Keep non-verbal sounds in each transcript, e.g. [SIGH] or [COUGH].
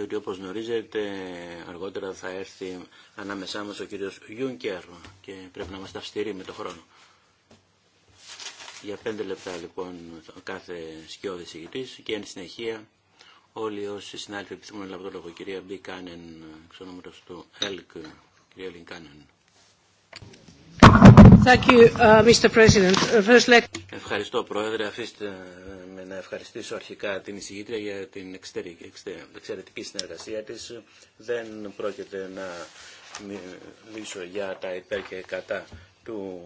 διότι όπως γνωρίζετε αργότερα θα έρθει ανάμεσά μας ο κύριος Γιούνκερ και πρέπει να είμαστε ταυστηρεί με το χρόνο. Για πέντε λεπτά λοιπόν κάθε σκιώδη ηγητής και εν συνεχεία όλοι όσοι συνάδελφοι επιθυμούν να λάβουν το λόγο. Κυρία Μπι Κάνεν, εξ του ΕΛΚ, κυρία Λιν Uh, Ευχαριστώ Πρόεδρε. Αφήστε με να ευχαριστήσω αρχικά την εισηγήτρια για την εξαιρετική συνεργασία της. Δεν πρόκειται να μιλήσω για τα υπέρ και κατά του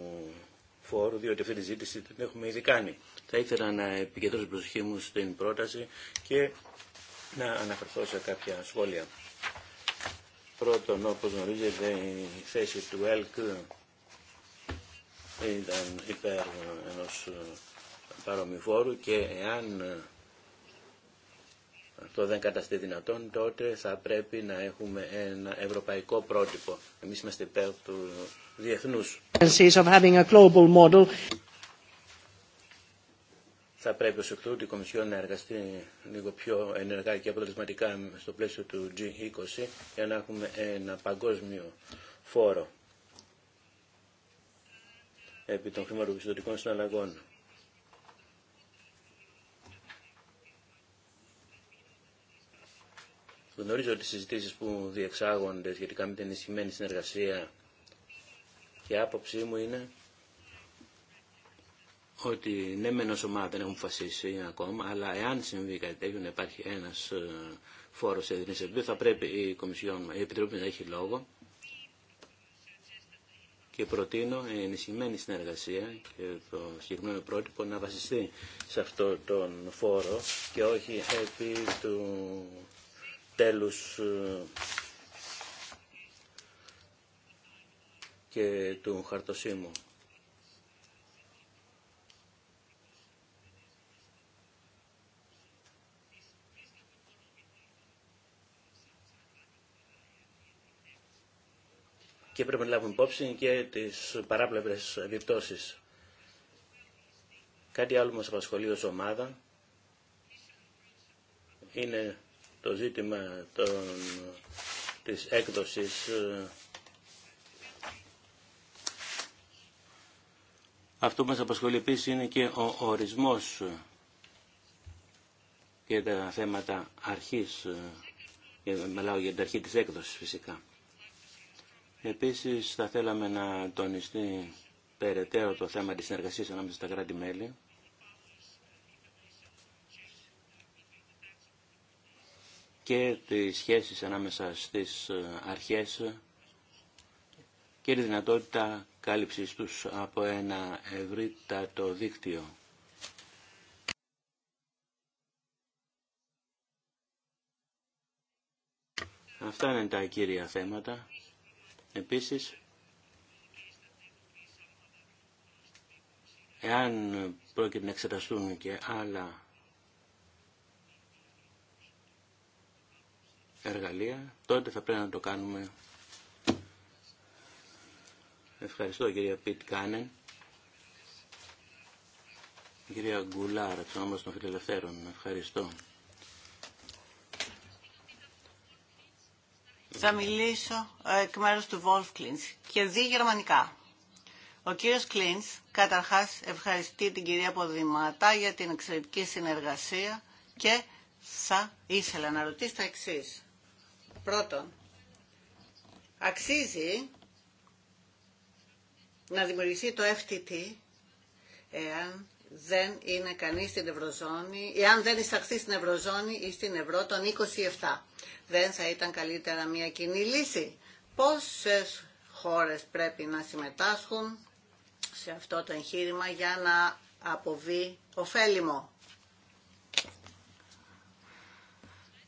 φόρου, διότι αυτή τη ζήτηση την έχουμε ήδη κάνει. Θα ήθελα να επικεντρώσω την προσοχή μου στην πρόταση και να αναφερθώ σε κάποια σχόλια. Πρώτον, όπως γνωρίζετε, η θέση του ΕΛΚ ήταν υπέρ ενός ε, παρομοιφόρου και εάν ε, αυτό δεν καταστεί δυνατόν, τότε θα πρέπει να έχουμε ένα ευρωπαϊκό πρότυπο. Εμείς είμαστε υπέρ του διεθνούς. Θα πρέπει ως εκ τούτου η Κομισιόν να εργαστεί λίγο πιο ενεργά και αποτελεσματικά στο πλαίσιο του G20 για να έχουμε ένα παγκόσμιο φόρο επί των χρηματοπιστωτικών συναλλαγών. Γνωρίζω ότι οι συζητήσει που διεξάγονται σχετικά με την ενισχυμένη συνεργασία και άποψή μου είναι ότι ναι μεν ως ομάδα δεν έχουν φασίσει ακόμα, αλλά εάν συμβεί κάτι τέτοιο να υπάρχει ένας ε, φόρος σε θα πρέπει η, Κομισιόν, η Επιτροπή να έχει λόγο και προτείνω ενισχυμένη συνεργασία και το συγκεκριμένο πρότυπο να βασιστεί σε αυτό τον φόρο και όχι επί του τέλους ε, και του χαρτοσύμου. και πρέπει να λάβουμε υπόψη και τις παράπλευρες επιπτώσεις. Κάτι άλλο μας απασχολεί ως ομάδα είναι το ζήτημα των, της έκδοσης ε, Αυτό που μας απασχολεί επίσης είναι και ο ορισμός και τα θέματα αρχής, ε, μιλάω για την αρχή της έκδοσης φυσικά. Επίσης θα θέλαμε να τονιστεί περαιτέρω το θέμα της συνεργασίας ανάμεσα στα κράτη-μέλη. και τις σχέσεις ανάμεσα στις ε, αρχές και τη δυνατότητα κάλυψης τους από ένα ευρύτατο δίκτυο. Αυτά είναι τα κύρια θέματα Επίσης, εάν πρόκειται να εξεταστούν και άλλα εργαλεία, τότε θα πρέπει να το κάνουμε. Ευχαριστώ κυρία Πιτ Κάνεν. Κυρία Γκουλάρα, εξ τον των φιλελευθέρων. Ευχαριστώ. Θα μιλήσω ε, εκ μέρους του Wolf Klins και δι γερμανικά. Ο κύριος Klins καταρχάς ευχαριστεί την κυρία Ποδηματά για την εξαιρετική συνεργασία και θα ήθελα να ρωτήσει τα εξή. Πρώτον, αξίζει να δημιουργηθεί το FTT εάν δεν είναι κανείς στην Ευρωζώνη, εάν δεν εισαχθεί στην Ευρωζώνη ή στην Ευρώ των 27. Δεν θα ήταν καλύτερα μια κοινή λύση. Πόσες χώρες πρέπει να συμμετάσχουν σε αυτό το εγχείρημα για να αποβεί ωφέλιμο.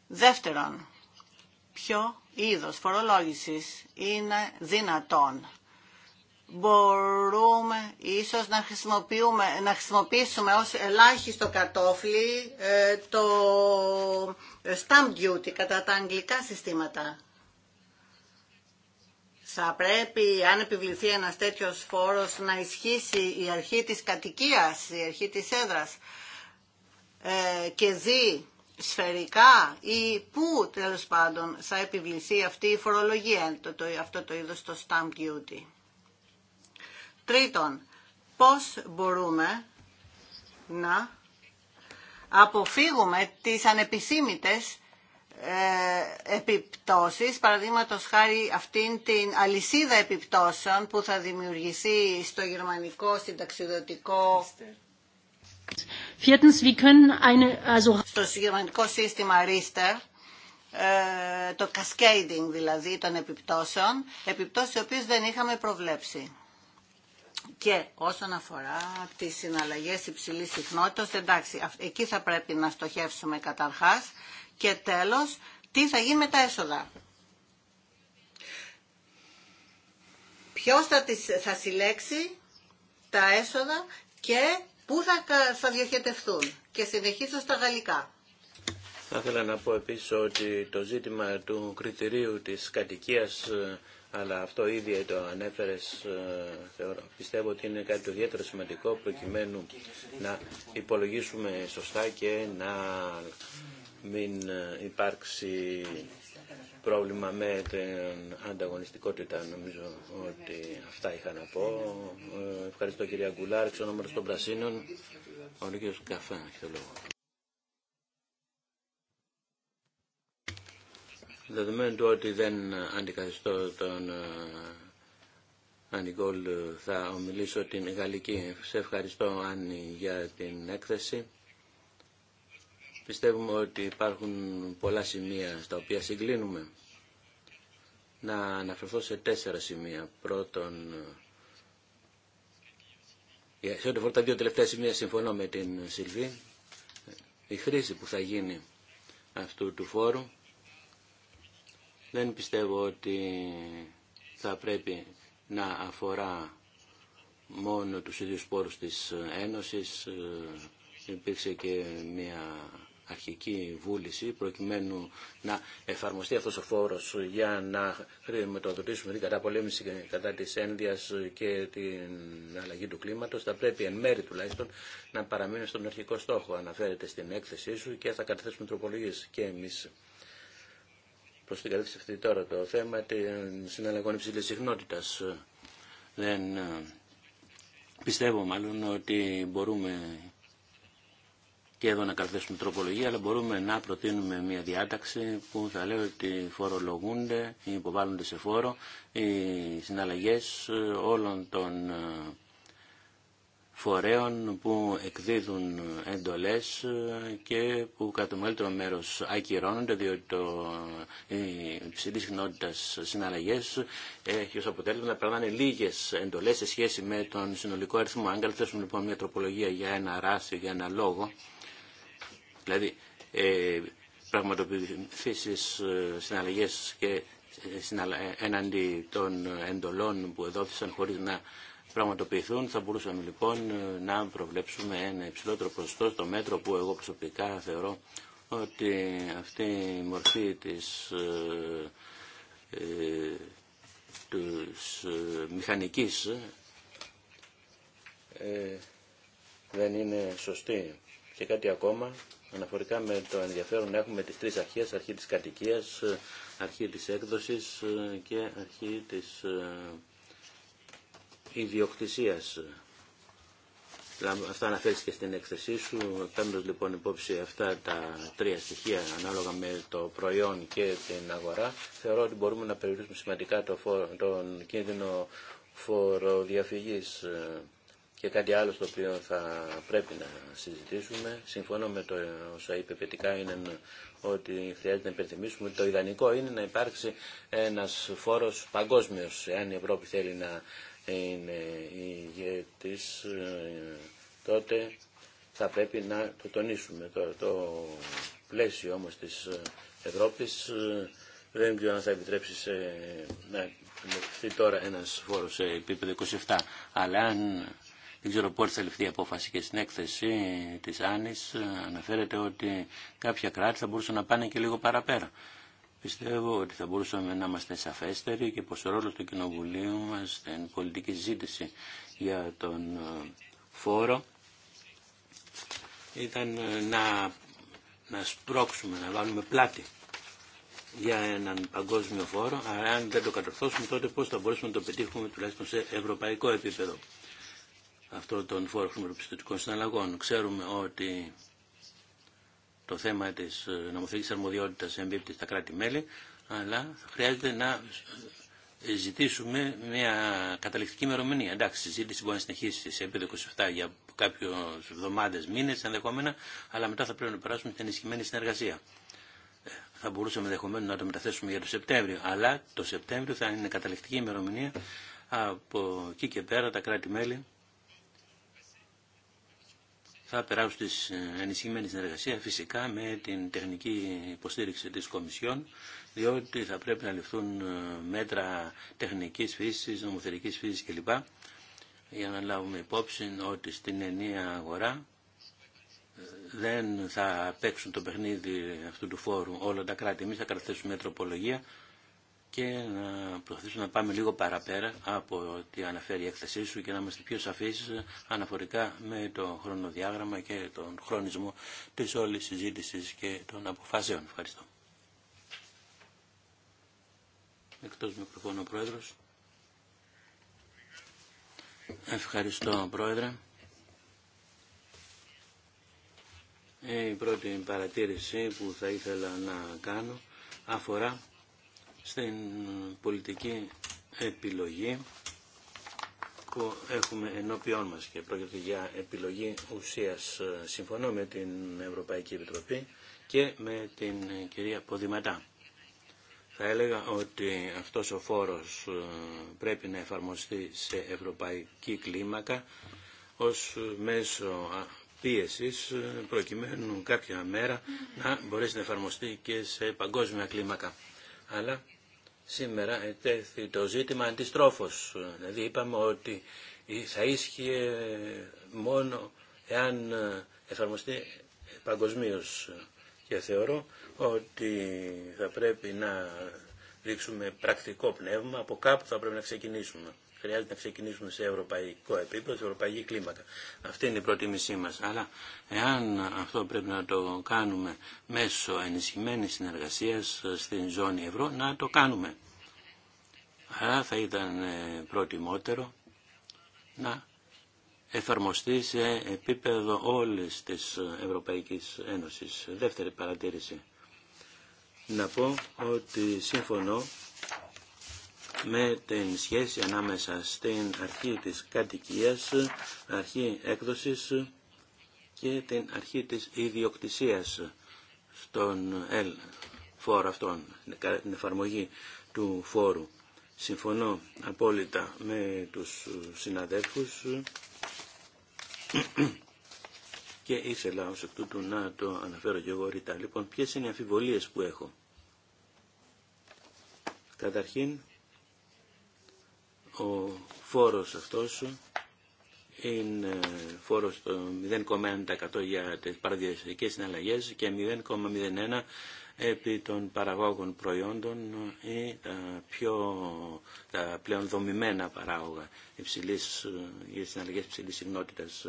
Δεύτερον, ποιο είδος φορολόγησης είναι δυνατόν μπορούμε ίσως να, να χρησιμοποιήσουμε ως ελάχιστο κατόφλι ε, το stamp duty κατά τα αγγλικά συστήματα. Θα πρέπει, αν επιβληθεί ένας τέτοιος φόρος, να ισχύσει η αρχή της κατοικίας, η αρχή της έδρας ε, και δει σφαιρικά ή πού τέλος πάντων θα επιβληθεί αυτή η φορολογία, αυτό το είδος το stamp duty. Τρίτον, πώς μπορούμε να αποφύγουμε τις ανεπισήμητες ε, επιπτώσεις, παραδείγματος χάρη αυτήν την αλυσίδα επιπτώσεων που θα δημιουργηθεί στο γερμανικό συνταξιδοτικό στο γερμανικό σύστημα Richter ε, το cascading δηλαδή των επιπτώσεων, επιπτώσεις οι οποίες δεν είχαμε προβλέψει. Και όσον αφορά τις συναλλαγές υψηλής συχνότητας, εντάξει, εκεί θα πρέπει να στοχεύσουμε καταρχάς. Και τέλος, τι θα γίνει με τα έσοδα. Ποιος θα, τις, θα συλλέξει τα έσοδα και πού θα, θα διοχετευτούν. Και συνεχίζω στα γαλλικά. Θα ήθελα να πω επίσης ότι το ζήτημα του κριτηρίου της κατοικίας ε, αλλά αυτό ήδη το ανέφερες, ε, πιστεύω ότι είναι κάτι το ιδιαίτερα σημαντικό προκειμένου να υπολογίσουμε σωστά και να μην ε, υπάρξει πρόβλημα με την ανταγωνιστικότητα. Νομίζω ότι αυτά είχα να πω. Ε, ευχαριστώ κυρία Γκουλάρ, εξ των Πρασίνων. Ο Λίγιος Καφέ το Δεδομένου του ότι δεν αντικαθιστώ τον ε, Ανιγκόλ, ε, θα ομιλήσω την γαλλική. Σε ευχαριστώ Άννη για την έκθεση. Πιστεύουμε ότι υπάρχουν πολλά σημεία στα οποία συγκλίνουμε. Να αναφερθώ σε τέσσερα σημεία. Πρώτον, ε, σε ό,τι τα δύο τελευταία σημεία συμφωνώ με την Σιλβή. Η χρήση που θα γίνει αυτού του φόρου δεν πιστεύω ότι θα πρέπει να αφορά μόνο τους ίδιους πόρους της Ένωσης. Ε, υπήρξε και μια αρχική βούληση προκειμένου να εφαρμοστεί αυτός ο φόρος για να χρηματοδοτήσουμε την καταπολέμηση κατά της ένδυας και την αλλαγή του κλίματος θα πρέπει εν μέρη τουλάχιστον να παραμείνει στον αρχικό στόχο αναφέρεται στην έκθεσή σου και θα καταθέσουμε τροπολογίες και εμείς προς την κατεύθυνση αυτή τώρα το θέμα των συναλλαγών υψηλής συχνότητα. Δεν ε, πιστεύω μάλλον ότι μπορούμε και εδώ να καλθέσουμε τροπολογία, αλλά μπορούμε να προτείνουμε μια διάταξη που θα λέω ότι φορολογούνται ή υποβάλλονται σε φόρο οι συναλλαγές ε, όλων των ε, φορέων που εκδίδουν εντολές και που κατά το μεγαλύτερο μέρος ακυρώνονται διότι το, η ψηλή συχνότητα συναλλαγές έχει ως αποτέλεσμα να περνάνε λίγες εντολές σε σχέση με τον συνολικό αριθμό. Αν καλυφθέσουμε λοιπόν μια τροπολογία για ένα ράσιο, για ένα λόγο, δηλαδή ε, πραγματοποιήσεις ε, συναλλαγές και εναντί ε, των εντολών που εδόθησαν χωρίς να πραγματοποιηθούν θα μπορούσαμε λοιπόν να προβλέψουμε ένα υψηλότερο ποσοστό στο μέτρο που εγώ προσωπικά θεωρώ ότι αυτή η μορφή της, ε, ε, ε μηχανικής ε, δεν είναι σωστή. Και κάτι ακόμα αναφορικά με το ενδιαφέρον έχουμε τις τρεις αρχές, αρχή της κατοικίας, αρχή της έκδοσης και αρχή της ιδιοκτησίας. Αυτά αναφέρθηκε στην έκθεσή σου, παίρνοντας λοιπόν υπόψη αυτά τα τρία στοιχεία ανάλογα με το προϊόν και την αγορά, θεωρώ ότι μπορούμε να περιορίσουμε σημαντικά το φόρο, τον κίνδυνο φοροδιαφυγής και κάτι άλλο στο οποίο θα πρέπει να συζητήσουμε. Συμφωνώ με το όσα είπε παιδικά είναι ότι χρειάζεται να υπενθυμίσουμε ότι το ιδανικό είναι να υπάρξει ένας φόρος παγκόσμιος εάν η Ευρώπη θέλει να είναι ηγέτης ε, τότε θα πρέπει να το τονίσουμε. Το, το πλαίσιο όμως της ε, Ευρώπης ε, δεν ξέρω αν θα επιτρέψει σε, να ληφθεί τώρα ένας φόρος σε επίπεδο 27. Αλλά αν δεν ξέρω πότε θα ληφθεί η απόφαση και στην έκθεση της Άνης αναφέρεται ότι κάποια κράτη θα μπορούσαν να πάνε και λίγο παραπέρα. Πιστεύω ότι θα μπορούσαμε να είμαστε σαφέστεροι και πως ο ρόλος του Κοινοβουλίου μας στην πολιτική ζήτηση για τον ε, φόρο ήταν ε, να, να σπρώξουμε, να βάλουμε πλάτη για έναν παγκόσμιο φόρο, αλλά αν δεν το κατορθώσουμε τότε πώς θα μπορούσαμε να το πετύχουμε τουλάχιστον σε ευρωπαϊκό επίπεδο αυτό τον φόρο χρηματοπιστωτικών συναλλαγών. Ξέρουμε ότι το θέμα της ε, νομοθετικής αρμοδιότητας εμπίπτει στα κράτη-μέλη, αλλά χρειάζεται να ζητήσουμε μια καταληκτική ημερομηνία. Εντάξει, η συζήτηση μπορεί να συνεχίσει σε επίπεδο 27 για κάποιε εβδομάδε, μήνε ενδεχόμενα, αλλά μετά θα πρέπει να περάσουμε στην ενισχυμένη συνεργασία. Ε, θα μπορούσαμε ενδεχομένω να το μεταθέσουμε για το Σεπτέμβριο, αλλά το Σεπτέμβριο θα είναι καταληκτική ημερομηνία. Από εκεί και πέρα τα κράτη-μέλη θα περάσουν στις ε, ενισχυμένη συνεργασία φυσικά με την τεχνική υποστήριξη της Κομισιόν διότι θα πρέπει να ληφθούν ε, μέτρα τεχνικής φύσης, νομοθετικής φύσης κλπ. για να λάβουμε υπόψη ότι στην ενία αγορά ε, δεν θα παίξουν το παιχνίδι αυτού του φόρου όλα τα κράτη. Εμείς θα κρατήσουμε τροπολογία και να προσπαθήσουμε να πάμε λίγο παραπέρα από ό,τι αναφέρει η έκθεσή σου και να είμαστε πιο σαφείς αναφορικά με το χρονοδιάγραμμα και τον χρονισμό της όλης συζήτησης και των αποφάσεων. Ευχαριστώ. Εκτός μικροφώνου ο Πρόεδρος. Ευχαριστώ Πρόεδρε. Η πρώτη παρατήρηση που θα ήθελα να κάνω αφορά στην πολιτική επιλογή που έχουμε ενώπιόν μας και πρόκειται για επιλογή ουσίας. Συμφωνώ με την Ευρωπαϊκή Επιτροπή και με την κυρία Ποδηματά. Θα έλεγα ότι αυτός ο φόρος ε, πρέπει να εφαρμοστεί σε ευρωπαϊκή κλίμακα ως μέσο πίεσης ε, προκειμένου κάποια μέρα να μπορέσει να εφαρμοστεί και σε παγκόσμια κλίμακα. Αλλά Σήμερα ετέθη το ζήτημα αντιστρόφως. Δηλαδή είπαμε ότι θα ίσχυε μόνο εάν εφαρμοστεί παγκοσμίω. Και θεωρώ ότι θα πρέπει να δείξουμε πρακτικό πνεύμα, από κάπου θα πρέπει να ξεκινήσουμε χρειάζεται να ξεκινήσουμε σε ευρωπαϊκό επίπεδο, σε ευρωπαϊκή κλίμακα. Αυτή είναι η προτίμησή μα. Αλλά εάν αυτό πρέπει να το κάνουμε μέσω ενισχυμένη συνεργασία στην ζώνη ευρώ, να το κάνουμε. Αλλά θα ήταν ε, προτιμότερο να εφαρμοστεί σε επίπεδο όλης της Ευρωπαϊκής Ένωσης. Δεύτερη παρατήρηση. Να πω ότι συμφωνώ με την σχέση ανάμεσα στην αρχή της κατοικίας, αρχή έκδοσης και την αρχή της ιδιοκτησίας στον ΕΛ φόρο αυτόν, την εφαρμογή του φόρου. Συμφωνώ απόλυτα με τους συναδέλφους και ήθελα ως εκ τούτου να το αναφέρω και εγώ ρητά. Λοιπόν, ποιες είναι οι αμφιβολίες που έχω. Καταρχήν, ο φόρος αυτός είναι φόρος 0,1% για τις παραδιαστικές συναλλαγές και 0,01% επί των παραγόγων προϊόντων ή τα, πιο, τα πλέον δομημένα παράγωγα υψηλής, για συναλλαγές υψηλής συγνότητας.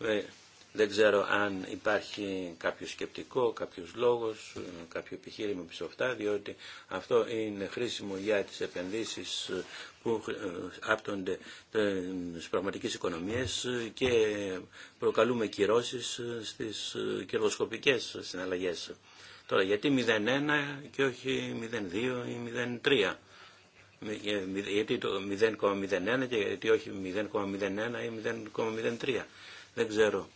Ε, δεν ξέρω αν υπάρχει κάποιο σκεπτικό, κάποιος λόγος, κάποιο επιχείρημα πίσω αυτά, διότι αυτό είναι χρήσιμο για τις επενδύσεις που ε, άπτονται στις πραγματικές οικονομίες και προκαλούμε κυρώσεις στις κερδοσκοπικές συναλλαγές. Τώρα, γιατί 0,1 και όχι 0,2 ή 0,3 ε, γιατί το 0,01 και γιατί όχι 0,01 ή 0,03. Δεν ξέρω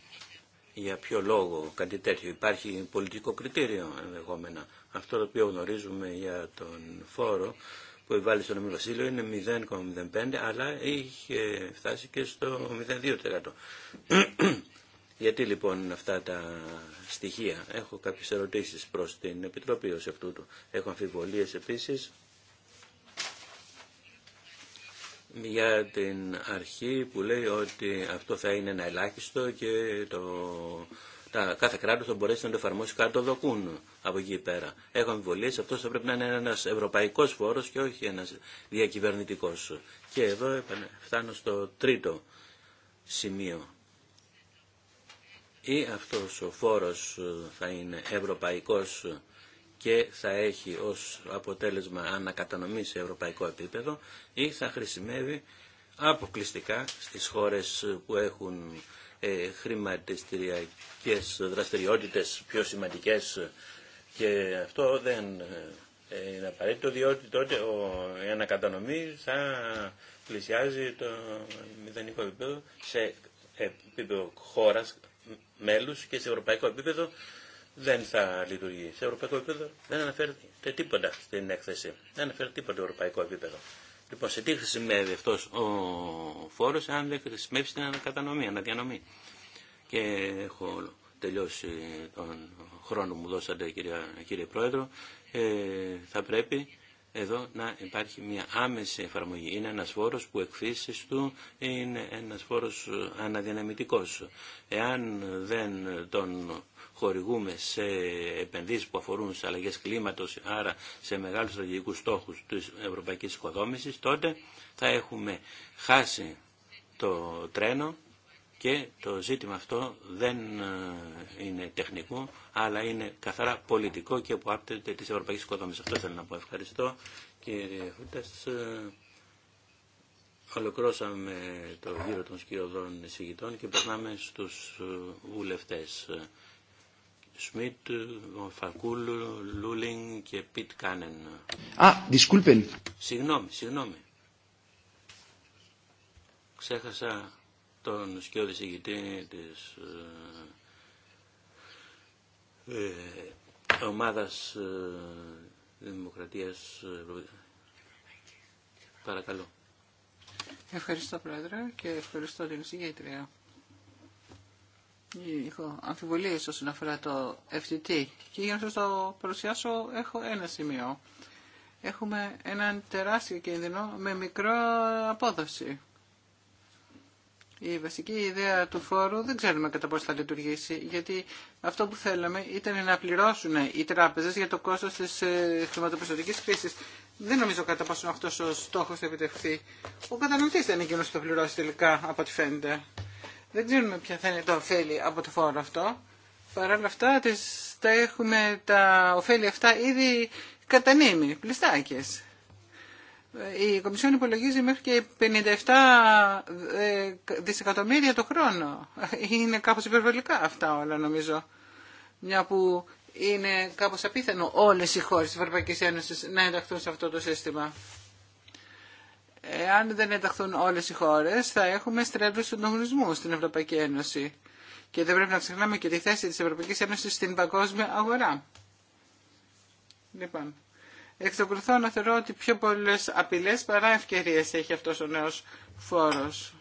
για ποιο λόγο κάτι τέτοιο. Υπάρχει πολιτικό κριτήριο ενδεχόμενα. Αυτό το οποίο γνωρίζουμε για τον φόρο που επιβάλλει στο νομικό Βασίλειο είναι 0,05 αλλά είχε φτάσει και στο 0,2%. [CLEARS THROAT] Γιατί λοιπόν αυτά τα στοιχεία. Έχω κάποιες ερωτήσεις προς την Επιτροπή ως αυτού του. Έχω αμφιβολίες επίσης για την αρχή που λέει ότι αυτό θα είναι ένα ελάχιστο και το, τα, κάθε κράτο θα μπορέσει να το εφαρμόσει κάτω δοκούν από εκεί πέρα. Έχω αμφιβολίε, αυτό θα πρέπει να είναι ένα ευρωπαϊκό φόρος και όχι ένα διακυβερνητικό. Και εδώ φτάνω στο τρίτο σημείο. Ή αυτός ο φόρος θα είναι ευρωπαϊκός και θα έχει ως αποτέλεσμα ανακατανομή σε ευρωπαϊκό επίπεδο ή θα χρησιμεύει αποκλειστικά στις χώρες που έχουν ε, χρηματιστηριακές δραστηριότητες πιο σημαντικές και αυτό δεν ε, είναι απαραίτητο διότι τότε ο, η ανακατανομή θα πλησιάζει το μηδενικό επίπεδο σε επίπεδο χώρας μέλους και σε ευρωπαϊκό επίπεδο δεν θα λειτουργεί. Σε ευρωπαϊκό επίπεδο δεν αναφέρεται τίποτα στην έκθεση. Δεν αναφέρεται τίποτα σε ευρωπαϊκό επίπεδο. Λοιπόν, σε τι χρησιμεύει αυτό ο φόρο, αν δεν χρησιμεύσει την ανακατανομή, αναδιανομή. Και έχω τελειώσει τον χρόνο που μου δώσατε, κυρία, κύριε Πρόεδρο. Ε, θα πρέπει εδώ να υπάρχει μια άμεση εφαρμογή. Είναι ένας φόρος που εκφύσεις του είναι ένας φόρος αναδυναμητικός. Εάν δεν τον χορηγούμε σε επενδύσεις που αφορούν σε αλλαγές κλίματος, άρα σε μεγάλους στρατηγικούς στόχους της ευρωπαϊκής οικοδόμησης, τότε θα έχουμε χάσει το τρένο και το ζήτημα αυτό δεν ε, είναι τεχνικό, αλλά είναι καθαρά πολιτικό και που άπτεται της ευρωπαϊκής οικοδόμησης. Αυτό θέλω να πω. Ευχαριστώ κύριε Φούτας. Ε, το γύρο των σκυροδών εισηγητών και περνάμε στους ε, βουλευτές. Σμιτ, Φακούλ, Λούλινγκ και Πιτ Κάνεν. Α, δυσκούλπεν. Συγγνώμη, συγγνώμη. Ξέχασα τον σκιώδη συγκητή της ε, ε, ομάδας ε, Δημοκρατίας. Ε, παρακαλώ. Ευχαριστώ Πρόεδρε και ευχαριστώ την συγκέντρια. Έχω αμφιβολίες όσον αφορά το FTT και για να σας το παρουσιάσω έχω ένα σημείο. Έχουμε έναν τεράστιο κίνδυνο με μικρό απόδοση. Η βασική ιδέα του φόρου δεν ξέρουμε κατά πώς θα λειτουργήσει, γιατί αυτό που θέλαμε ήταν να πληρώσουν οι τράπεζες για το κόστος της ε, χρηματοπιστωτικής κρίσης. Δεν νομίζω κατά πόσο αυτός ο στόχος θα επιτευχθεί. Ο καταναλωτής δεν είναι εκείνος που θα πληρώσει τελικά, από ό,τι φαίνεται. Δεν ξέρουμε ποια θα είναι τα ωφέλη από το φόρο αυτό. Παρ' όλα αυτά τα έχουμε τα ωφέλη αυτά ήδη κατά νήμη, ε, Η Κομισιόν υπολογίζει μέχρι και 57 ε, δισεκατομμύρια το χρόνο. Είναι κάπως υπερβολικά αυτά όλα νομίζω. Μια που είναι κάπως απίθανο όλες οι χώρες της Ευρωπαϊκής Ένωσης να ενταχθούν σε αυτό το σύστημα. Εάν δεν ενταχθούν όλε οι χώρε θα έχουμε στρέβλου συντονισμού στην Ευρωπαϊκή Ένωση. Και δεν πρέπει να ξεχνάμε και τη θέση τη Ευρωπαϊκή Ένωση στην παγκόσμια αγορά. Λοιπόν, εξακολουθώ να θεωρώ ότι πιο πολλέ απειλέ παρά ευκαιρίες έχει αυτό ο νέο φόρος.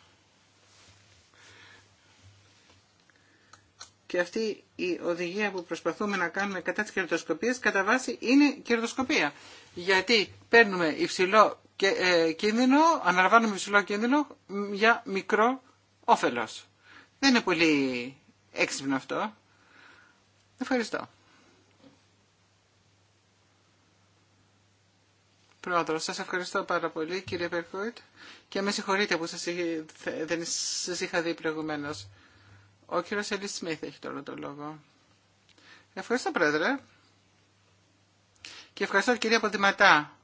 Και αυτή η οδηγία που προσπαθούμε να κάνουμε κατά τι κερδοσκοπίε κατά βάση είναι κερδοσκοπία. Γιατί παίρνουμε υψηλό και, ε, κίνδυνο, αναλαμβάνουμε υψηλό κίνδυνο για μικρό όφελος. Δεν είναι πολύ έξυπνο αυτό. Ευχαριστώ. Πρόεδρο, σας ευχαριστώ πάρα πολύ κύριε Περκούιτ και με συγχωρείτε που σας, δεν σας είχα δει προηγουμένω. Ο κύριος Ελισσμίθ Σμίθ έχει τώρα το λόγο. Ευχαριστώ πρόεδρε και ευχαριστώ κυρία Ποδηματά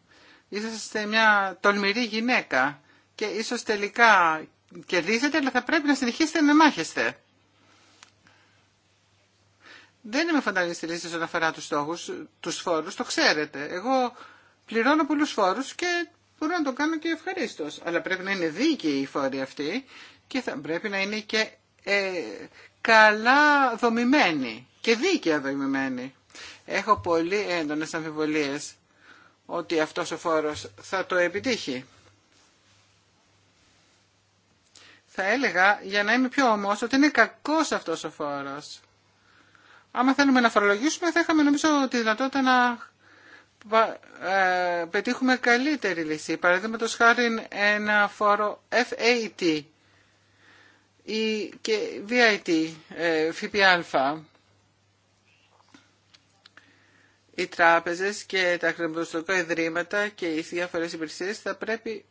είσαστε μια τολμηρή γυναίκα και ίσως τελικά κερδίζετε, αλλά θα πρέπει να συνεχίσετε να μάχεστε. Δεν είμαι λύση όσον αφορά τους στόχους, τους φόρους, το ξέρετε. Εγώ πληρώνω πολλούς φόρους και μπορώ να το κάνω και ευχαρίστω. Αλλά πρέπει να είναι δίκαιοι οι φόροι αυτοί και θα πρέπει να είναι και ε, καλά δομημένοι και δίκαια δομημένοι. Έχω πολύ έντονες αμφιβολίες ότι αυτός ο φόρος θα το επιτύχει. Θα έλεγα, για να είμαι πιο όμως, ότι είναι κακός αυτός ο φόρος. Άμα θέλουμε να φορολογήσουμε, θα είχαμε νομίζω τη δυνατότητα να ε, πετύχουμε καλύτερη λύση. Παραδείγματο χάρη ένα φόρο FAT ή και VIT, ΦΠΑ. Ε, οι τράπεζες και τα χρηματοδοτικά ιδρύματα και οι διάφορε υπηρεσίε θα πρέπει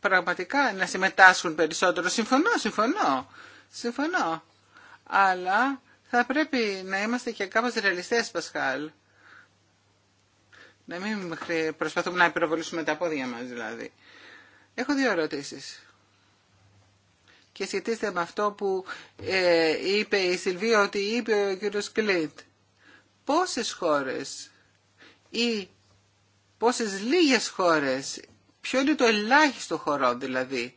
πραγματικά να συμμετάσχουν περισσότερο. Συμφωνώ, συμφωνώ, συμφωνώ. Αλλά θα πρέπει να είμαστε και κάπως ρεαλιστές, Πασχάλ. Να μην προσπαθούμε να υπεροβολήσουμε τα πόδια μας, δηλαδή. Έχω δύο ερωτήσεις. Και σχετίστε με αυτό που ε, είπε η Σιλβία ότι είπε ο κύριο Κλίντ πόσες χώρες ή πόσες λίγες χώρες, ποιο είναι το ελάχιστο χωρό δηλαδή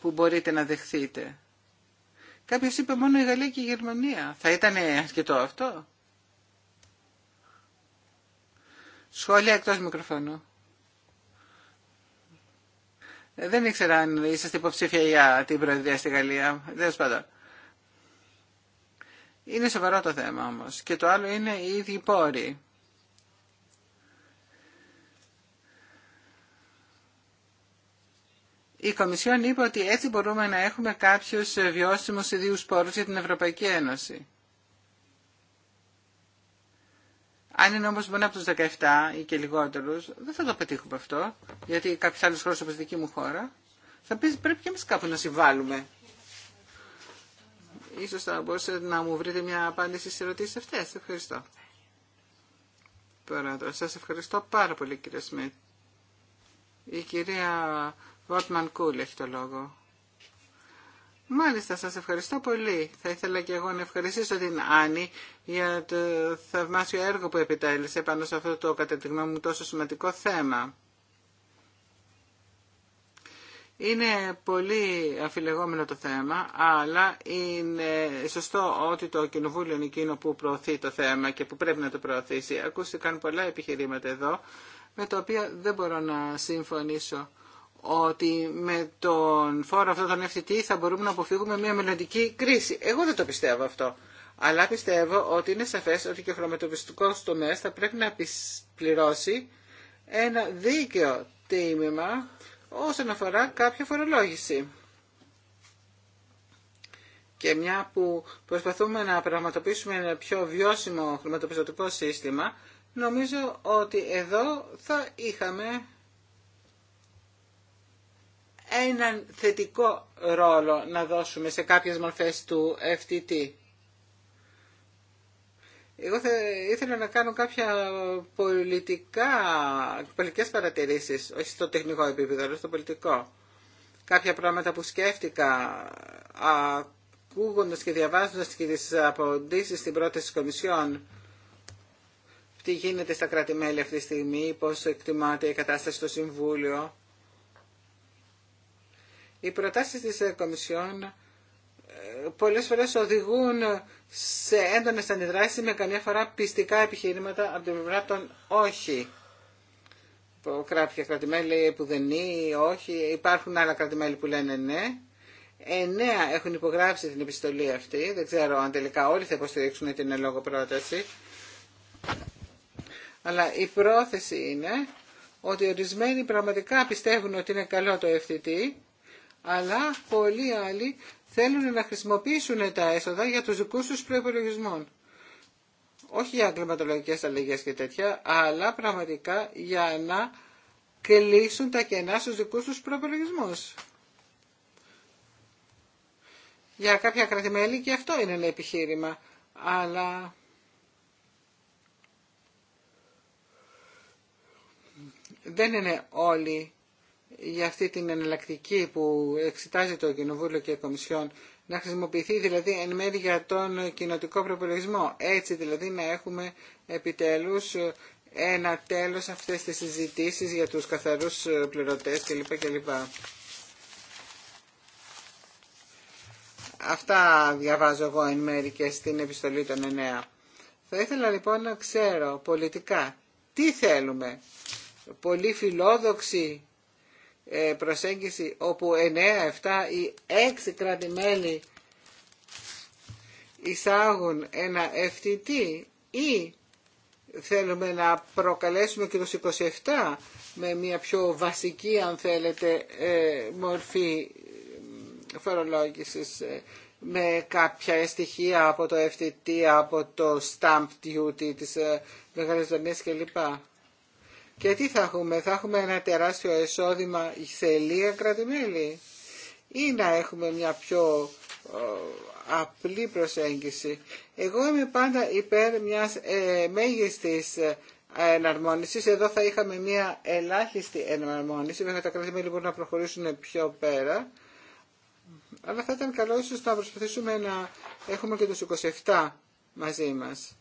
που μπορείτε να δεχθείτε. Κάποιος είπε μόνο η Γαλλία και η Γερμανία. Θα ήταν αρκετό αυτό. Σχόλια εκτός μικροφώνου. Ε, δεν ήξερα αν είσαστε υποψήφια για την προεδρία στη Γαλλία. Δεν πάντων. Είναι σοβαρό το θέμα όμως. Και το άλλο είναι οι ίδιοι πόροι. Η Κομισιόν είπε ότι έτσι μπορούμε να έχουμε κάποιους βιώσιμους ιδίους πόρους για την Ευρωπαϊκή Ένωση. Αν είναι όμως μόνο από τους 17 ή και λιγότερους, δεν θα το πετύχουμε αυτό, γιατί κάποιες άλλες χώρες όπως δική μου χώρα, θα πει πρέπει και εμείς κάπου να συμβάλλουμε. Ίσως θα μπορούσατε να μου βρείτε μια απάντηση στις ερωτήσεις αυτές. Ευχαριστώ. Σα σας ευχαριστώ πάρα πολύ κύριε Σμιτ. Η κυρία Βόρτμαν Κούλ έχει το λόγο. Μάλιστα, σας ευχαριστώ πολύ. Θα ήθελα και εγώ να ευχαριστήσω την Άννη για το θαυμάσιο έργο που επιτέλεσε πάνω σε αυτό το γνώμη μου τόσο σημαντικό θέμα. Είναι πολύ αφιλεγόμενο το θέμα, αλλά είναι σωστό ότι το Κοινοβούλιο είναι εκείνο που προωθεί το θέμα και που πρέπει να το προωθήσει. Ακούστηκαν πολλά επιχειρήματα εδώ, με τα οποία δεν μπορώ να συμφωνήσω ότι με τον φόρο αυτό τον FTT θα μπορούμε να αποφύγουμε μια μελλοντική κρίση. Εγώ δεν το πιστεύω αυτό. Αλλά πιστεύω ότι είναι σαφές ότι και ο χρωματοπιστικός τομέας θα πρέπει να πληρώσει ένα δίκαιο τίμημα όσον αφορά κάποια φορολόγηση. Και μια που προσπαθούμε να πραγματοποιήσουμε ένα πιο βιώσιμο χρηματοπιστωτικό σύστημα, νομίζω ότι εδώ θα είχαμε έναν θετικό ρόλο να δώσουμε σε κάποιες μορφές του FTT. Εγώ θα ήθελα να κάνω κάποια πολιτικά, πολιτικές παρατηρήσεις, όχι στο τεχνικό επίπεδο, αλλά στο πολιτικό. Κάποια πράγματα που σκέφτηκα ακούγοντα και διαβάζοντα και τι απαντήσει στην πρόταση τη Κομισιόν, τι γίνεται στα κράτη-μέλη αυτή τη στιγμή, πώ εκτιμάται η κατάσταση στο Συμβούλιο. Οι προτάσει τη Κομισιόν ε, πολλές φορές οδηγούν σε έντονες αντιδράσεις με καμιά φορά πιστικά επιχειρήματα από την πλευρά των όχι. Κάποια κρατημέλη που δεν είναι, όχι. Υπάρχουν άλλα κρατημέλη που λένε ναι. Εννέα έχουν υπογράψει την επιστολή αυτή. Δεν ξέρω αν τελικά όλοι θα υποστηρίξουν την λόγο πρόταση. Αλλά η πρόθεση είναι ότι ορισμένοι πραγματικά πιστεύουν ότι είναι καλό το FTT, αλλά πολλοί άλλοι θέλουν να χρησιμοποιήσουν τα έσοδα για τους δικούς τους προϋπολογισμών. Όχι για κλιματολογικές αλληλεγγύες και τέτοια, αλλά πραγματικά για να κλείσουν τα κενά στους δικούς τους προϋπολογισμούς. Για κάποια κρατημέλη και αυτό είναι ένα επιχείρημα, αλλά... Δεν είναι όλοι για αυτή την εναλλακτική που εξετάζει το Κοινοβούλιο και η Κομισιόν να χρησιμοποιηθεί δηλαδή εν μέρη για τον κοινοτικό προπολογισμό. Έτσι δηλαδή να έχουμε επιτέλους ένα τέλος αυτές τις συζητήσει για τους καθαρούς πληρωτές κλπ. κλπ. Αυτά διαβάζω εγώ εν μέρη και στην επιστολή των εννέα. Θα ήθελα λοιπόν να ξέρω πολιτικά τι θέλουμε. Πολύ φιλόδοξη ε, προσέγγιση όπου 9, 7 ή 6 κρατημένοι εισάγουν ένα FTT ή θέλουμε να προκαλέσουμε και τους 27 με μια πιο βασική αν θέλετε ε, μορφή ε, φορολόγησης με κάποια στοιχεία από το FTT, από το stamp duty της Μεγάλης Δανίας κλπ. Και τι θα έχουμε, θα έχουμε ένα τεράστιο εισόδημα σε λίγα κρατημέλη ή να έχουμε μια πιο ε, απλή προσέγγιση. Εγώ είμαι πάντα υπέρ μιας ε, μέγιστης ε, εναρμόνισης. Εδώ θα είχαμε μια ελάχιστη εναρμόνιση, βέβαια τα κρατημέλη μπορούν να προχωρήσουν πιο πέρα. Αλλά θα ήταν καλό ίσως να προσπαθήσουμε να έχουμε και τους 27 μαζί μας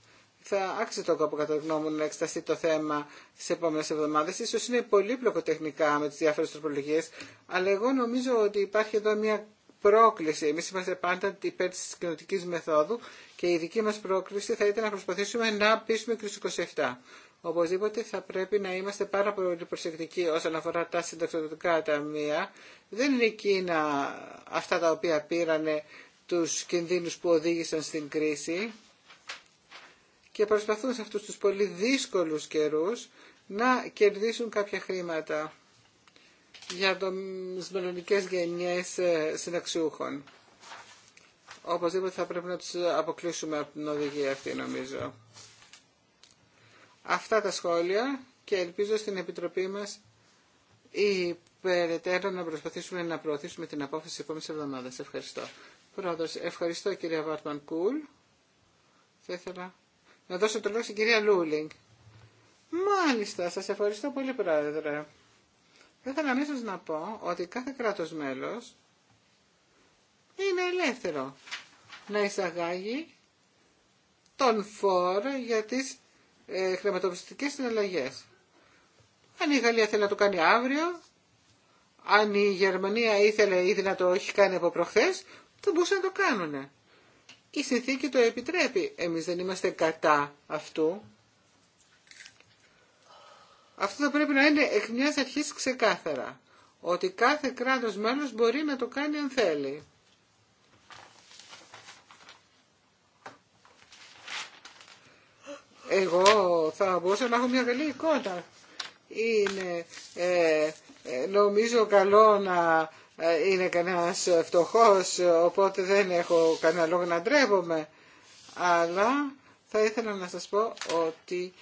θα άξιζε το κόπο κατά γνώμη μου να εξεταστεί το θέμα στι επόμενε εβδομάδε. σω είναι πολύπλοκο τεχνικά με τι διάφορε τροπολογίε, αλλά εγώ νομίζω ότι υπάρχει εδώ μια πρόκληση. Εμεί είμαστε πάντα υπέρ τη κοινωτική μεθόδου και η δική μα πρόκληση θα ήταν να προσπαθήσουμε να πείσουμε και 27. Οπωσδήποτε θα πρέπει να είμαστε πάρα πολύ προσεκτικοί όσον αφορά τα συνταξιδοτικά ταμεία. Δεν είναι εκείνα αυτά τα οποία πήρανε τους κινδύνους που οδήγησαν στην κρίση και προσπαθούν σε αυτούς τους πολύ δύσκολους καιρούς να κερδίσουν κάποια χρήματα για τις μελλονικές γενιές ε, συναξιούχων. Οπωσδήποτε θα πρέπει να τους αποκλείσουμε από την οδηγία αυτή νομίζω. Αυτά τα σχόλια και ελπίζω στην Επιτροπή μας ή περαιτέρω να προσπαθήσουμε να προωθήσουμε την απόφαση της επόμενης εβδομάδας. Ευχαριστώ. Πρόεδρος, ευχαριστώ κυρία Βάρτμαν Κούλ. Θα ήθελα να δώσω το λόγο στην κυρία Λούλινγκ. Μάλιστα, σας ευχαριστώ πολύ πρόεδρε. Θα ήθελα να πω ότι κάθε κράτος μέλος είναι ελεύθερο να εισαγάγει τον φόρο για τις ε, χρηματοπιστικές συναλλαγές. Αν η Γαλλία θέλει να το κάνει αύριο, αν η Γερμανία ήθελε ήδη να το έχει κάνει από προχθές, θα μπορούσαν να το κάνουνε η συνθήκη το επιτρέπει. Εμείς δεν είμαστε κατά αυτού. Αυτό θα πρέπει να είναι εκ μιας αρχής ξεκάθαρα. Ότι κάθε κράτος μέλος μπορεί να το κάνει αν θέλει. Εγώ θα μπορούσα να έχω μια καλή εικόνα. Είναι ε, ε νομίζω καλό να ε, είναι κανένας ε, φτωχός, ε, οπότε δεν έχω κανένα λόγο να ντρέπομαι. Αλλά θα ήθελα να σας πω ότι